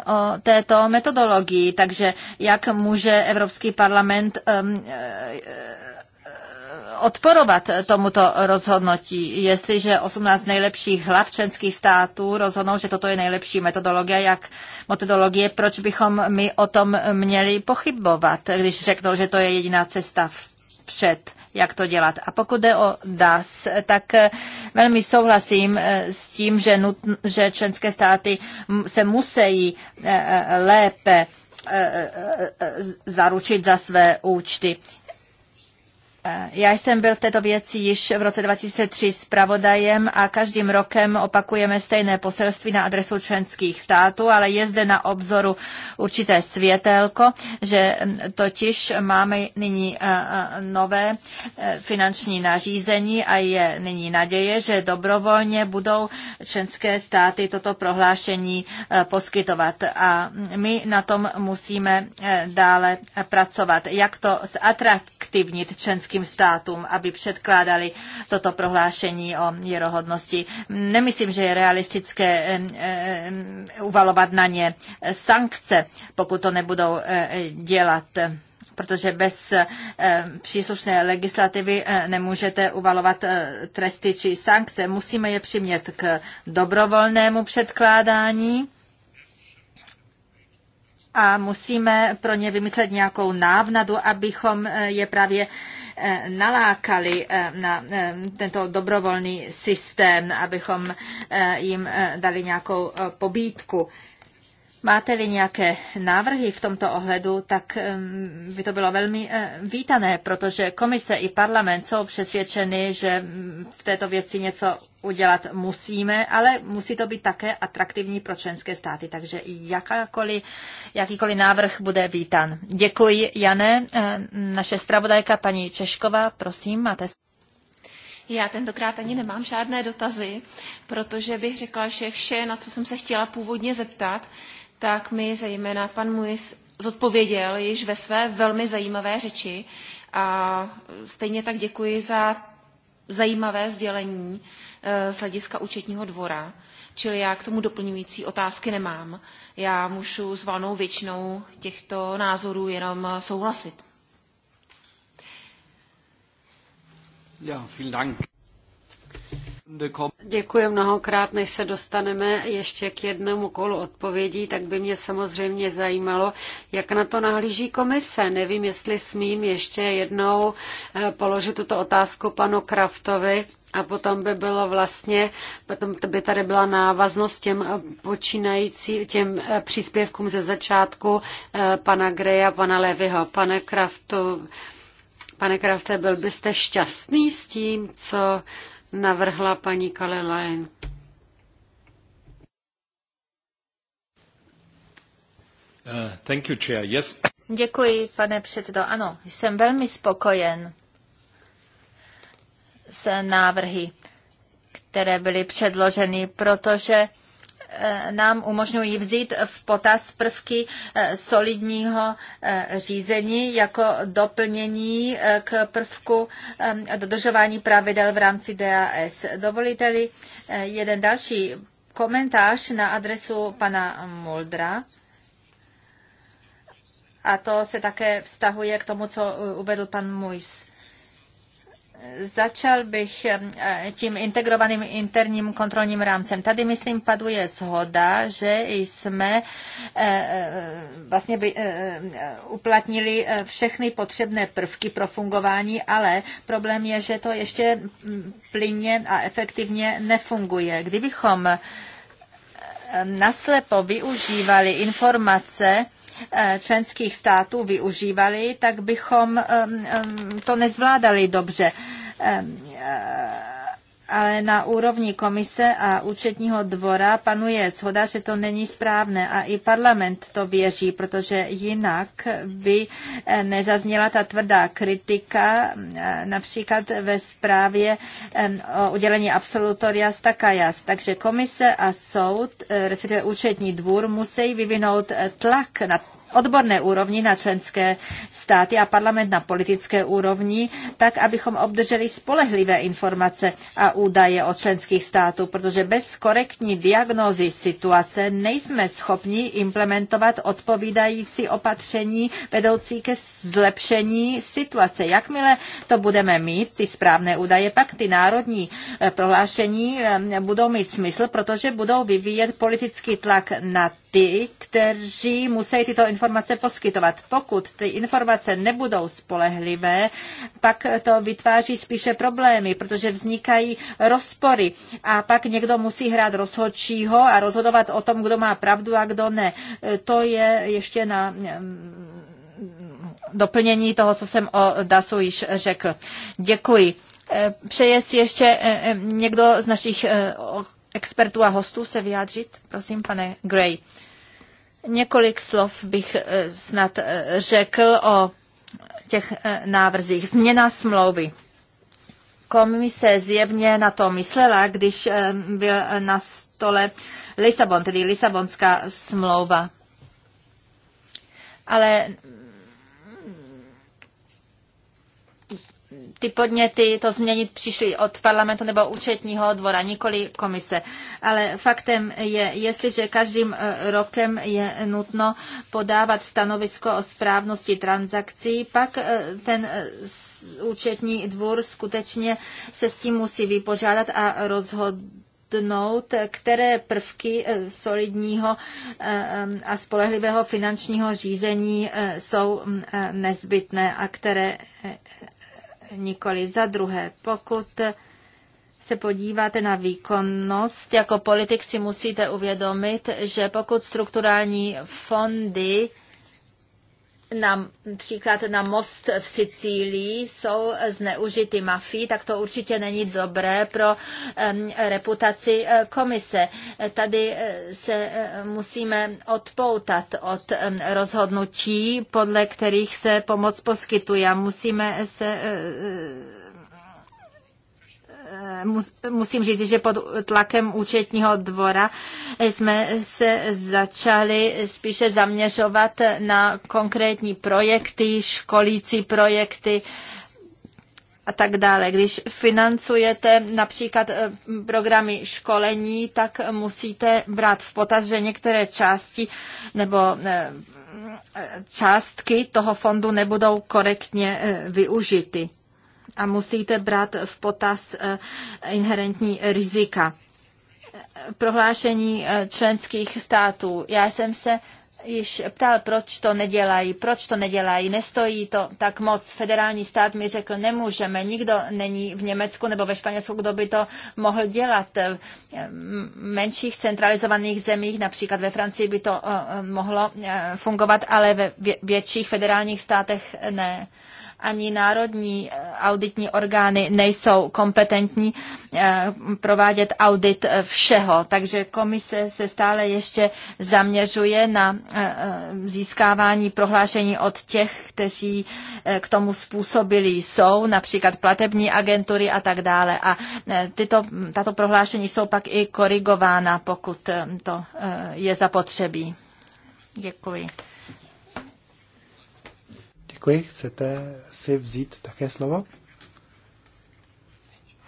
Speaker 1: o této metodologii. Takže jak může Evropský parlament ehm, odporovat tomuto rozhodnutí, jestliže 18 nejlepších hlav členských států rozhodnou, že toto je nejlepší metodologie, jak metodologie, proč bychom my o tom měli pochybovat, když řeknou, že to je jediná cesta před jak to dělat. A pokud jde o DAS, tak eh, velmi souhlasím eh, s tím, že, nutn, že členské státy se musí eh, lépe zaručit za své účty. Já jsem byl v této věci již v roce 2003 zpravodajem a každým rokem opakujeme stejné poselství na adresu členských států, ale je zde na obzoru určité světelko, že mm, totiž máme nyní nové e, finanční nařízení a je nyní naděje, že dobrovolně budou členské státy toto prohlášení e, poskytovat. A my na tom musíme e, dále pracovat. Jak to zatraktivnit? zaktivnit členským státům, aby předkládali toto prohlášení o věrohodnosti. Nemyslím, že je realistické eh, eh, eh, uvalovat na ně sankce, pokud to nebudou dělat protože bez příslušné legislativy nemůžete uvalovat tresty či sankce. Musíme je přimět k dobrovolnému předkládání a musíme pro ně vymyslet nějakou návnadu, abychom eh, je právě eh, nalákali eh, na tento dobrovolný systém, abychom jim dali nějakou pobídku. Máte-li nějaké návrhy v tomto ohledu, tak ehm, by to bylo velmi vítané, protože komise i parlament jsou přesvědčeny, že mm, v této věci něco udělat musíme, ale musí to být také atraktivní pro členské státy. Takže jakákoliv, jakýkoliv návrh bude vítan. Děkuji, Jane. Eh, naše zpravodajka paní Češková, prosím, máte.
Speaker 4: Já tentokrát ani nemám žádné dotazy, protože bych řekla, že vše, na co jsem se chtěla původně zeptat, tak mi zejména pan Muis zodpověděl již ve své velmi zajímavé řeči. A stejně tak děkuji za zajímavé sdělení Eh, z hlediska účetního dvora, čili já k tomu doplňující otázky nemám. Já můžu s valnou většinou těchto názorů jenom souhlasit.
Speaker 3: Já, vielen Dank.
Speaker 4: Děkuji
Speaker 2: mnohokrát, než se dostaneme ještě k jednomu kolu odpovědí, tak by mě samozřejmě zajímalo, jak na to nahlíží komise. Nevím, jestli smím ještě jednou eh, položit tuto otázku panu Kraftovi. A potom by bylo vlastně, potom by tady byla návaznost těm počínající, těm eh, příspěvkům ze začátku eh, pana Greja, pana Levyho, pane Kraftu. Pane Krafte, byl byste šťastný s tím, co navrhla paní Kalilajn?
Speaker 3: Uh, thank you, chair. Yes.
Speaker 1: Děkuji, pane předsedo. Ano, jsem velmi spokojen s návrhy, které byly předloženy, protože eh, nám umožňují vzít v potaz prvky eh, solidního eh, řízení jako doplnění k prvku dodržování pravidel v rámci DAS. Dovolíte-li jeden další komentář na adresu pana Muldra? A to se také vztahuje k tomu, co uvedl pan Mujs. Začal bych eh, tím integrovaným interním kontrolním rámcem. Tady, myslím, paduje shoda, že jsme eh, eh, vlastně by uplatnili všechny potřebné prvky pro fungování, ale problém je, že to ještě mm, plynně a efektivně nefunguje. Kdybychom naslepo využívali informace eh, členských států, využívali, tak bychom eh, mm, eh, to nezvládali dobře ale na úrovni komise a účetního dvora panuje shoda, že to není správné a i parlament to věří, protože jinak by eh, nezazněla ta tvrdá kritika, eh, například ve zprávě o udělení absolutoria Stakajas. Takže komise a soud, eh, respektive účetní dvůr, musí vyvinout tlak na odborné úrovni na členské státy a parlament na politické úrovni, tak abychom obdrželi spolehlivé informace a údaje o členských států, protože bez korektní diagnózy situace nejsme schopni implementovat odpovídající opatření vedoucí ke zlepšení situace. Jakmile to budeme mít, ty správné údaje, pak ty národní eh, prohlášení eh, budou mít smysl, protože budou vyvíjet politický tlak na ty, kteří musí tyto informace poskytovat. Pokud ty informace nebudou spolehlivé, pak to vytváří spíše problémy, protože vznikají rozpory a pak někdo musí hrát rozhodčího a rozhodovat o tom, kdo má pravdu a kdo ne. To je ještě na mm, doplnění toho, co jsem o DASu již řekl. Děkuji. Přeje si ještě eh, eh, někdo z našich eh, expertů a hostů se vyjádřit? Prosím, pane Gray. Několik slov bych eh, snad eh, řekl o těch eh, návrzích. Změna smlouvy. Komise zjevně na to myslela, když byl na stole Lisabon, tedy Lisabonská smlouva. Ale ty podněty to změnit přišly od parlamentu nebo účetního dvora, nikoli komise. Ale faktem je, jestliže každým e, rokem je nutno podávat stanovisko o správnosti transakcí, pak e, ten e, účetní dvůr skutečně se s tím musí vypořádat a rozhodnout které prvky solidního a spolehlivého finančního řízení jsou nezbytné a které nikoli. Za druhé, pokud se podíváte na výkonnost, jako politik si musíte uvědomit, že pokud strukturální fondy na, příklad na most v Sicílii jsou zneužity mafí, tak to určitě není dobré pro reputaci e, komise. Tady e, se e, musíme odpoutat od rozhodnutí, podle kterých se pomoc poskytuje. Musíme se musím říct, že pod tlakem účetního dvora jsme se začali spíše zaměřovat na konkrétní projekty, školící projekty, a tak dále. Když financujete například e, programy školení, tak musíte brát v potaz, že některé části nebo e, částky toho fondu nebudou korektně e, využity a musíte brát v potaz eh, inherentní rizika. Prohlášení eh, členských států. Já jsem se již ptal, proč to nedělají, proč to nedělají, nestojí to tak moc. Federální stát mi řekl, nemůžeme, nikdo není v Německu nebo ve Španělsku, kdo by to mohl dělat. V eh, menších centralizovaných zemích, například ve Francii by to mohlo fungovat, ale ve větších federálních státech ne ani národní eh, auditní orgány nejsou kompetentní eh, provádět audit eh, všeho. Takže komise se stále ještě zaměřuje na získávání prohlášení od těch, kteří k tomu způsobili jsou, například platební agentury a tak dále. A tyto, tato prohlášení jsou pak i korigována, pokud to je zapotřebí. Děkuji.
Speaker 3: Děkuji. Chcete si vzít také slovo?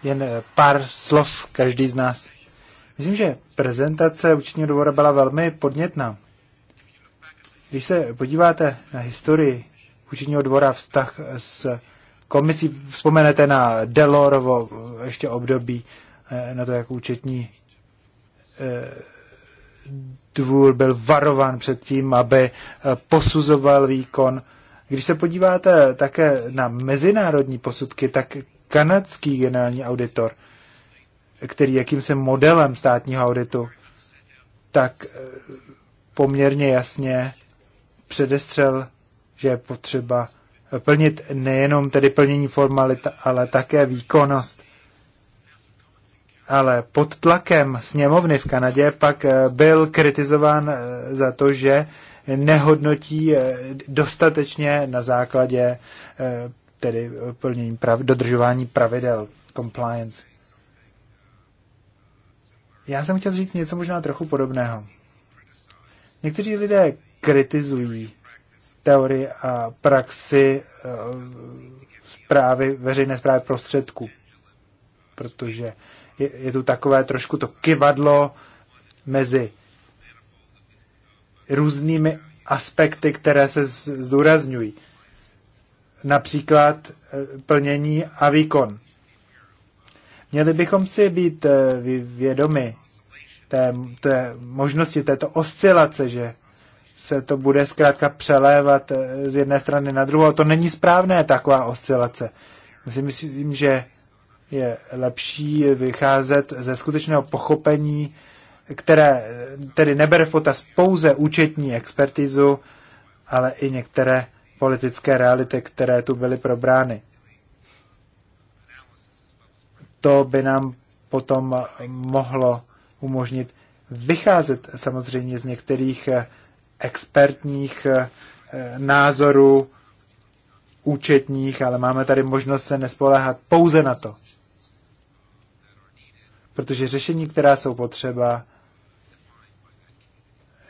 Speaker 3: Jen eh, pár slov každý z nás. Myslím, že prezentace účetního dvora byla velmi podnětná. Když se podíváte na historii účetního dvora vztah s komisí, vzpomenete na Delorovo eh, ještě období, eh, na to, jak účetní dvůr byl varován před tím, aby posuzoval výkon když se podíváte také na mezinárodní posudky, tak kanadský generální auditor, který jakým se modelem státního auditu, tak eh, poměrně jasně předestřel, že je potřeba plnit nejenom tedy plnění formalit, ale také výkonnost. Ale pod tlakem sněmovny v Kanadě pak eh, byl kritizován eh, za to, že nehodnotí eh, dostatečně na základě eh, tedy plnění prav, dodržování pravidel, compliance. Já jsem chtěl říct něco možná trochu podobného. Někteří lidé kritizují teorii a praxi eh, zprávy, veřejné zprávy prostředků, protože je, je tu takové trošku to kivadlo mezi různými aspekty, které se zdůrazňují. Například eh, plnění a výkon. Měli bychom si být eh, vědomi té, té možnosti této oscilace, že se to bude zkrátka přelévat eh, z jedné strany na druhou. To není správné, taková oscilace. Myslím, myslím že je lepší vycházet ze skutečného pochopení které eh, tedy nebere v potaz pouze účetní expertizu, ale i některé politické reality, které tu byly probrány. To by nám potom mohlo umožnit vycházet samozřejmě z některých eh, expertních eh, názorů účetních, ale máme tady možnost se nespoléhat pouze na to. Protože řešení, která jsou potřeba,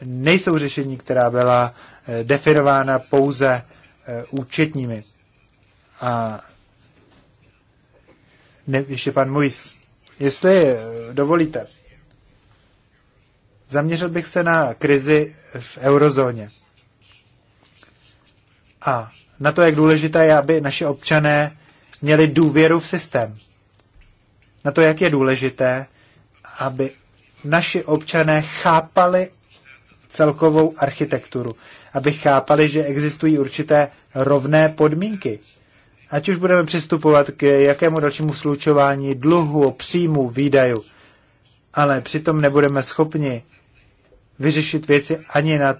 Speaker 3: nejsou řešení, která byla eh, definována pouze eh, účetními. A ne, ještě pan Muis, jestli eh, dovolíte, zaměřil bych se na krizi v eurozóně. A na to, jak důležité je, aby naše občané měli důvěru v systém. Na to, jak je důležité, aby naši občané chápali celkovou architekturu, aby chápali, že existují určité rovné podmínky. Ať už budeme přistupovat k jakému dalšímu slučování dluhu, příjmu, výdaju, ale přitom nebudeme schopni vyřešit věci ani na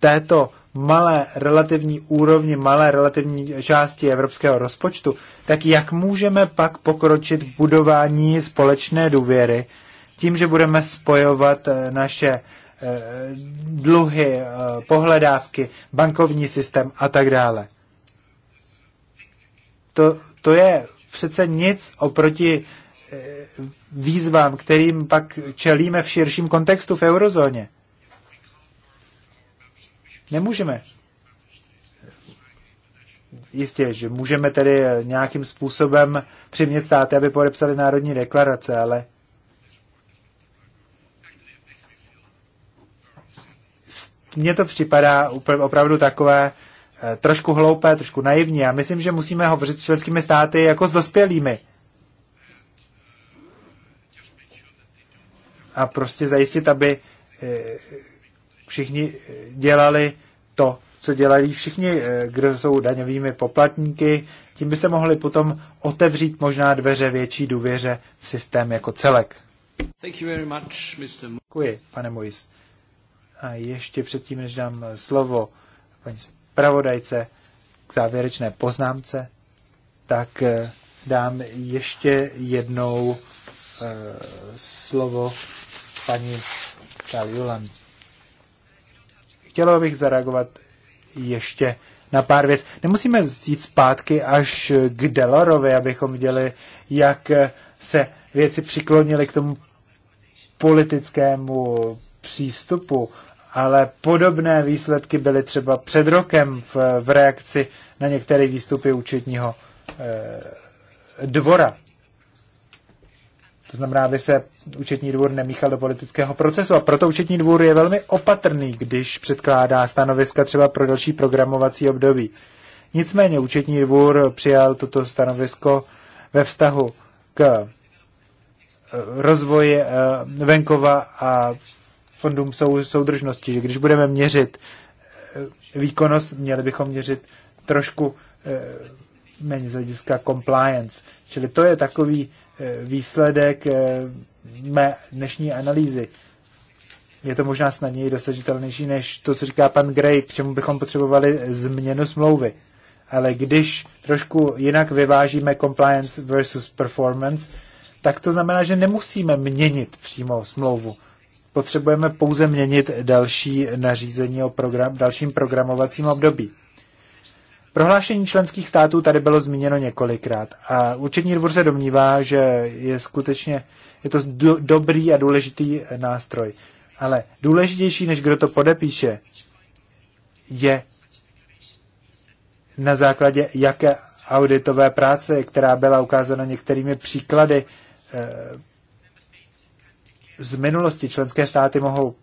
Speaker 3: této malé relativní úrovni, malé relativní části evropského rozpočtu, tak jak můžeme pak pokročit v budování společné důvěry tím, že budeme spojovat naše Eh, dluhy, eh, pohledávky, bankovní systém a tak dále. To, to je přece nic oproti eh, výzvám, kterým pak čelíme v širším kontextu v eurozóně. Nemůžeme. Jistě, že můžeme tedy nějakým způsobem přimět státy, aby podepsali národní deklarace, ale mně to připadá opravdu takové eh, trošku hloupé, trošku naivní. a myslím, že musíme hovořit s členskými státy jako s dospělými. A prostě zajistit, aby eh, všichni eh, dělali to, co dělají všichni, kdo jsou daňovými poplatníky, tím by se mohli potom otevřít možná dveře větší důvěře v systém jako celek. Thank you very much, Mr. Děkuji, pane Mois. A ještě předtím, než dám slovo paní zpravodajce k závěrečné poznámce, tak eh, dám ještě jednou e, slovo paní Kaliulan. Chtěla bych zareagovat ještě na pár věc. Nemusíme jít zpátky až k Delorovi, abychom viděli, jak se věci přiklonily k tomu politickému přístupu ale podobné výsledky byly třeba před rokem v, v reakci na některé výstupy účetního e, dvora. To znamená, aby se účetní dvůr nemíchal do politického procesu. A proto účetní dvůr je velmi opatrný, když předkládá stanoviska třeba pro další programovací období. Nicméně účetní dvůr přijal toto stanovisko ve vztahu k eh, rozvoji eh, venkova a fondům sou, soudržnosti, že když budeme měřit eh, výkonnost, měli bychom měřit trošku eh, méně z hlediska compliance. Čili to je takový eh, výsledek mé dnešní analýzy. Je to možná snadněji dosažitelnější než to, co říká pan Gray, k čemu bychom potřebovali změnu smlouvy. Ale když trošku jinak vyvážíme compliance versus performance, tak to znamená, že nemusíme měnit přímo smlouvu potřebujeme pouze měnit další nařízení o program, dalším programovacím období. Prohlášení členských států tady bylo zmíněno několikrát a účetní dvůr se domnívá, že je skutečně je to do, dobrý a důležitý nástroj. Ale důležitější, než kdo to podepíše, je na základě jaké auditové práce, která byla ukázána některými příklady, eh, z minulosti členské státy mohou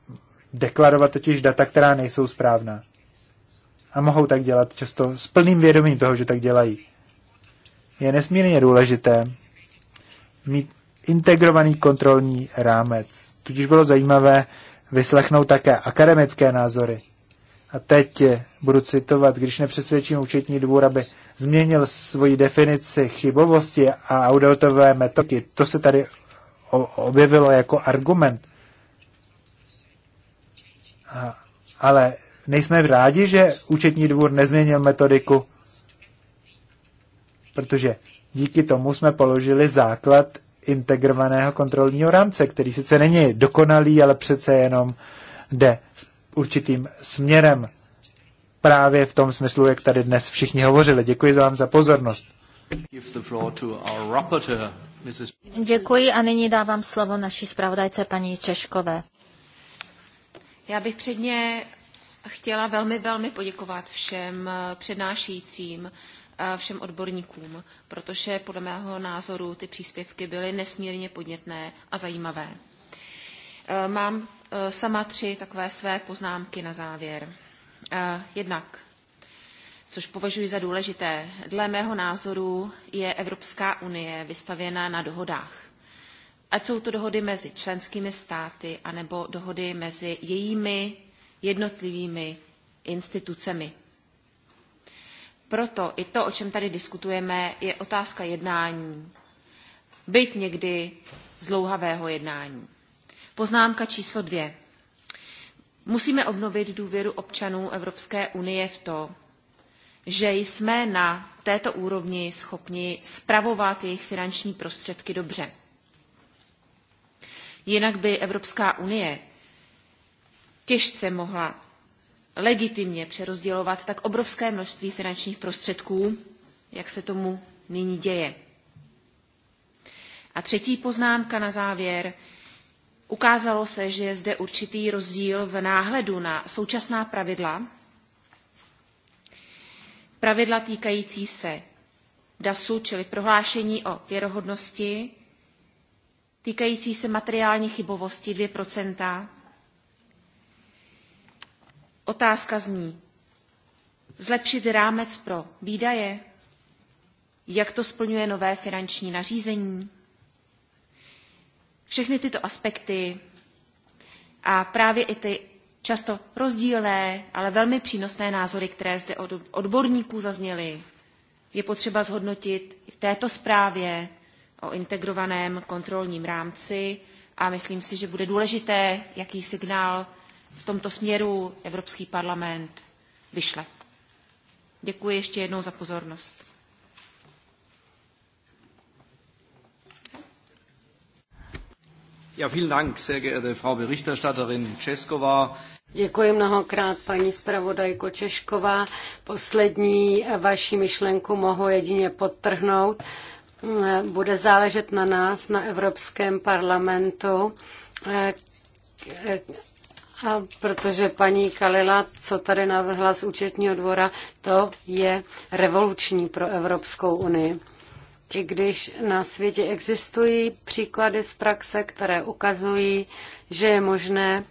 Speaker 3: deklarovat totiž data, která nejsou správná. A mohou tak dělat často s plným vědomím toho, že tak dělají. Je nesmírně důležité mít integrovaný kontrolní rámec. Tudíž bylo zajímavé vyslechnout také akademické názory. A teď budu citovat, když nepřesvědčím účetní dvůr, aby změnil svoji definici chybovosti a auditové metody, to se tady objevilo jako argument. A, ale nejsme rádi, že účetní dvůr nezměnil metodiku, protože díky tomu jsme položili základ integrovaného kontrolního rámce, který sice není dokonalý, ale přece jenom jde s určitým směrem právě v tom smyslu, jak tady dnes všichni hovořili. Děkuji za vám za pozornost.
Speaker 1: Děkuji a nyní dávám slovo naší zpravodajce paní Češkové.
Speaker 4: Já bych předně chtěla velmi, velmi poděkovat všem eh, přednášejícím, eh, všem odborníkům, protože podle mého názoru ty příspěvky byly nesmírně podnětné a zajímavé. Eh, mám sama tři takové své poznámky na závěr. Jednak což považuji za důležité. Dle mého názoru je Evropská unie vystavěna na dohodách. Ať jsou to dohody mezi členskými státy, anebo dohody mezi jejími jednotlivými institucemi. Proto i to, o čem tady diskutujeme, je otázka jednání, byť někdy zlouhavého jednání. Poznámka číslo dvě. Musíme obnovit důvěru občanů Evropské unie v to, že jsme na této úrovni schopni spravovat jejich finanční prostředky dobře. Jinak by Evropská unie těžce mohla legitimně přerozdělovat tak obrovské množství finančních prostředků, jak se tomu nyní děje. A třetí poznámka na závěr. Ukázalo se, že je zde určitý rozdíl v náhledu na současná pravidla pravidla týkající se DASu, čili prohlášení o věrohodnosti, týkající se materiální chybovosti 2 Otázka zní, zlepšit rámec pro výdaje, jak to splňuje nové finanční nařízení. Všechny tyto aspekty a právě i ty často rozdílné, ale velmi přínosné názory, které zde od odborníků zazněly, je potřeba zhodnotit v této zprávě o integrovaném kontrolním rámci a myslím si, že bude důležité, jaký signál v tomto směru Evropský parlament vyšle. Děkuji ještě jednou za pozornost.
Speaker 2: Ja, vielen Dank, sehr geehrte Frau Berichterstatterin Ceskova. Děkuji mnohokrát, paní zpravodajko Češková. Poslední vaši myšlenku mohu jedině podtrhnout. Bude záležet na nás, na Evropském parlamentu, a protože paní Kalila, co tady navrhla z účetního dvora, to je revoluční pro Evropskou unii. I když na světě existují příklady z praxe, které ukazují, že je možné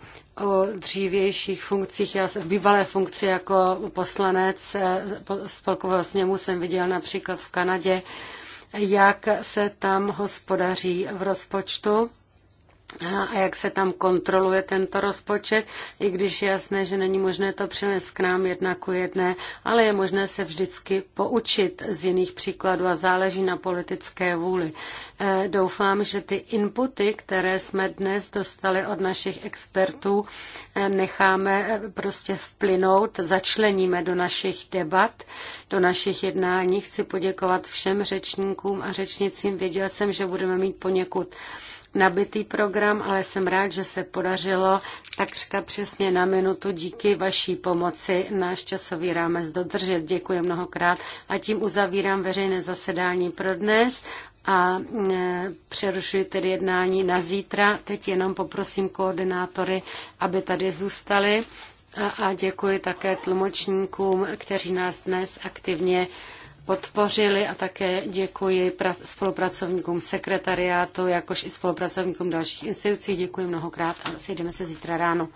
Speaker 2: o dřívějších funkcích. Já v bývalé funkci jako poslanec eh, spolkového sněmu jsem viděl například v Kanadě, jak se tam hospodaří v rozpočtu a jak se tam kontroluje tento rozpočet, i když je jasné, že není možné to přinést k nám jedna ku jedné, ale je možné se vždycky poučit z jiných příkladů a záleží na politické vůli. E, doufám, že ty inputy, které jsme dnes dostali od našich expertů, e, necháme e, prostě vplynout, začleníme do našich debat, do našich jednání. Chci poděkovat všem řečníkům a řečnicím. Věděl jsem, že budeme mít poněkud nabitý program, ale jsem rád, že se podařilo takřka přesně na minutu díky vaší pomoci náš časový rámec dodržet. Děkuji mnohokrát a tím uzavírám veřejné zasedání pro dnes a e, přerušuji tedy jednání na zítra. Teď jenom poprosím koordinátory, aby tady zůstali a, děkuji také tlumočníkům, kteří nás dnes aktivně podpořili a také děkuji spolupracovníkům sekretariátu, jakož i spolupracovníkům dalších institucí. Děkuji mnohokrát a sejdeme se zítra ráno.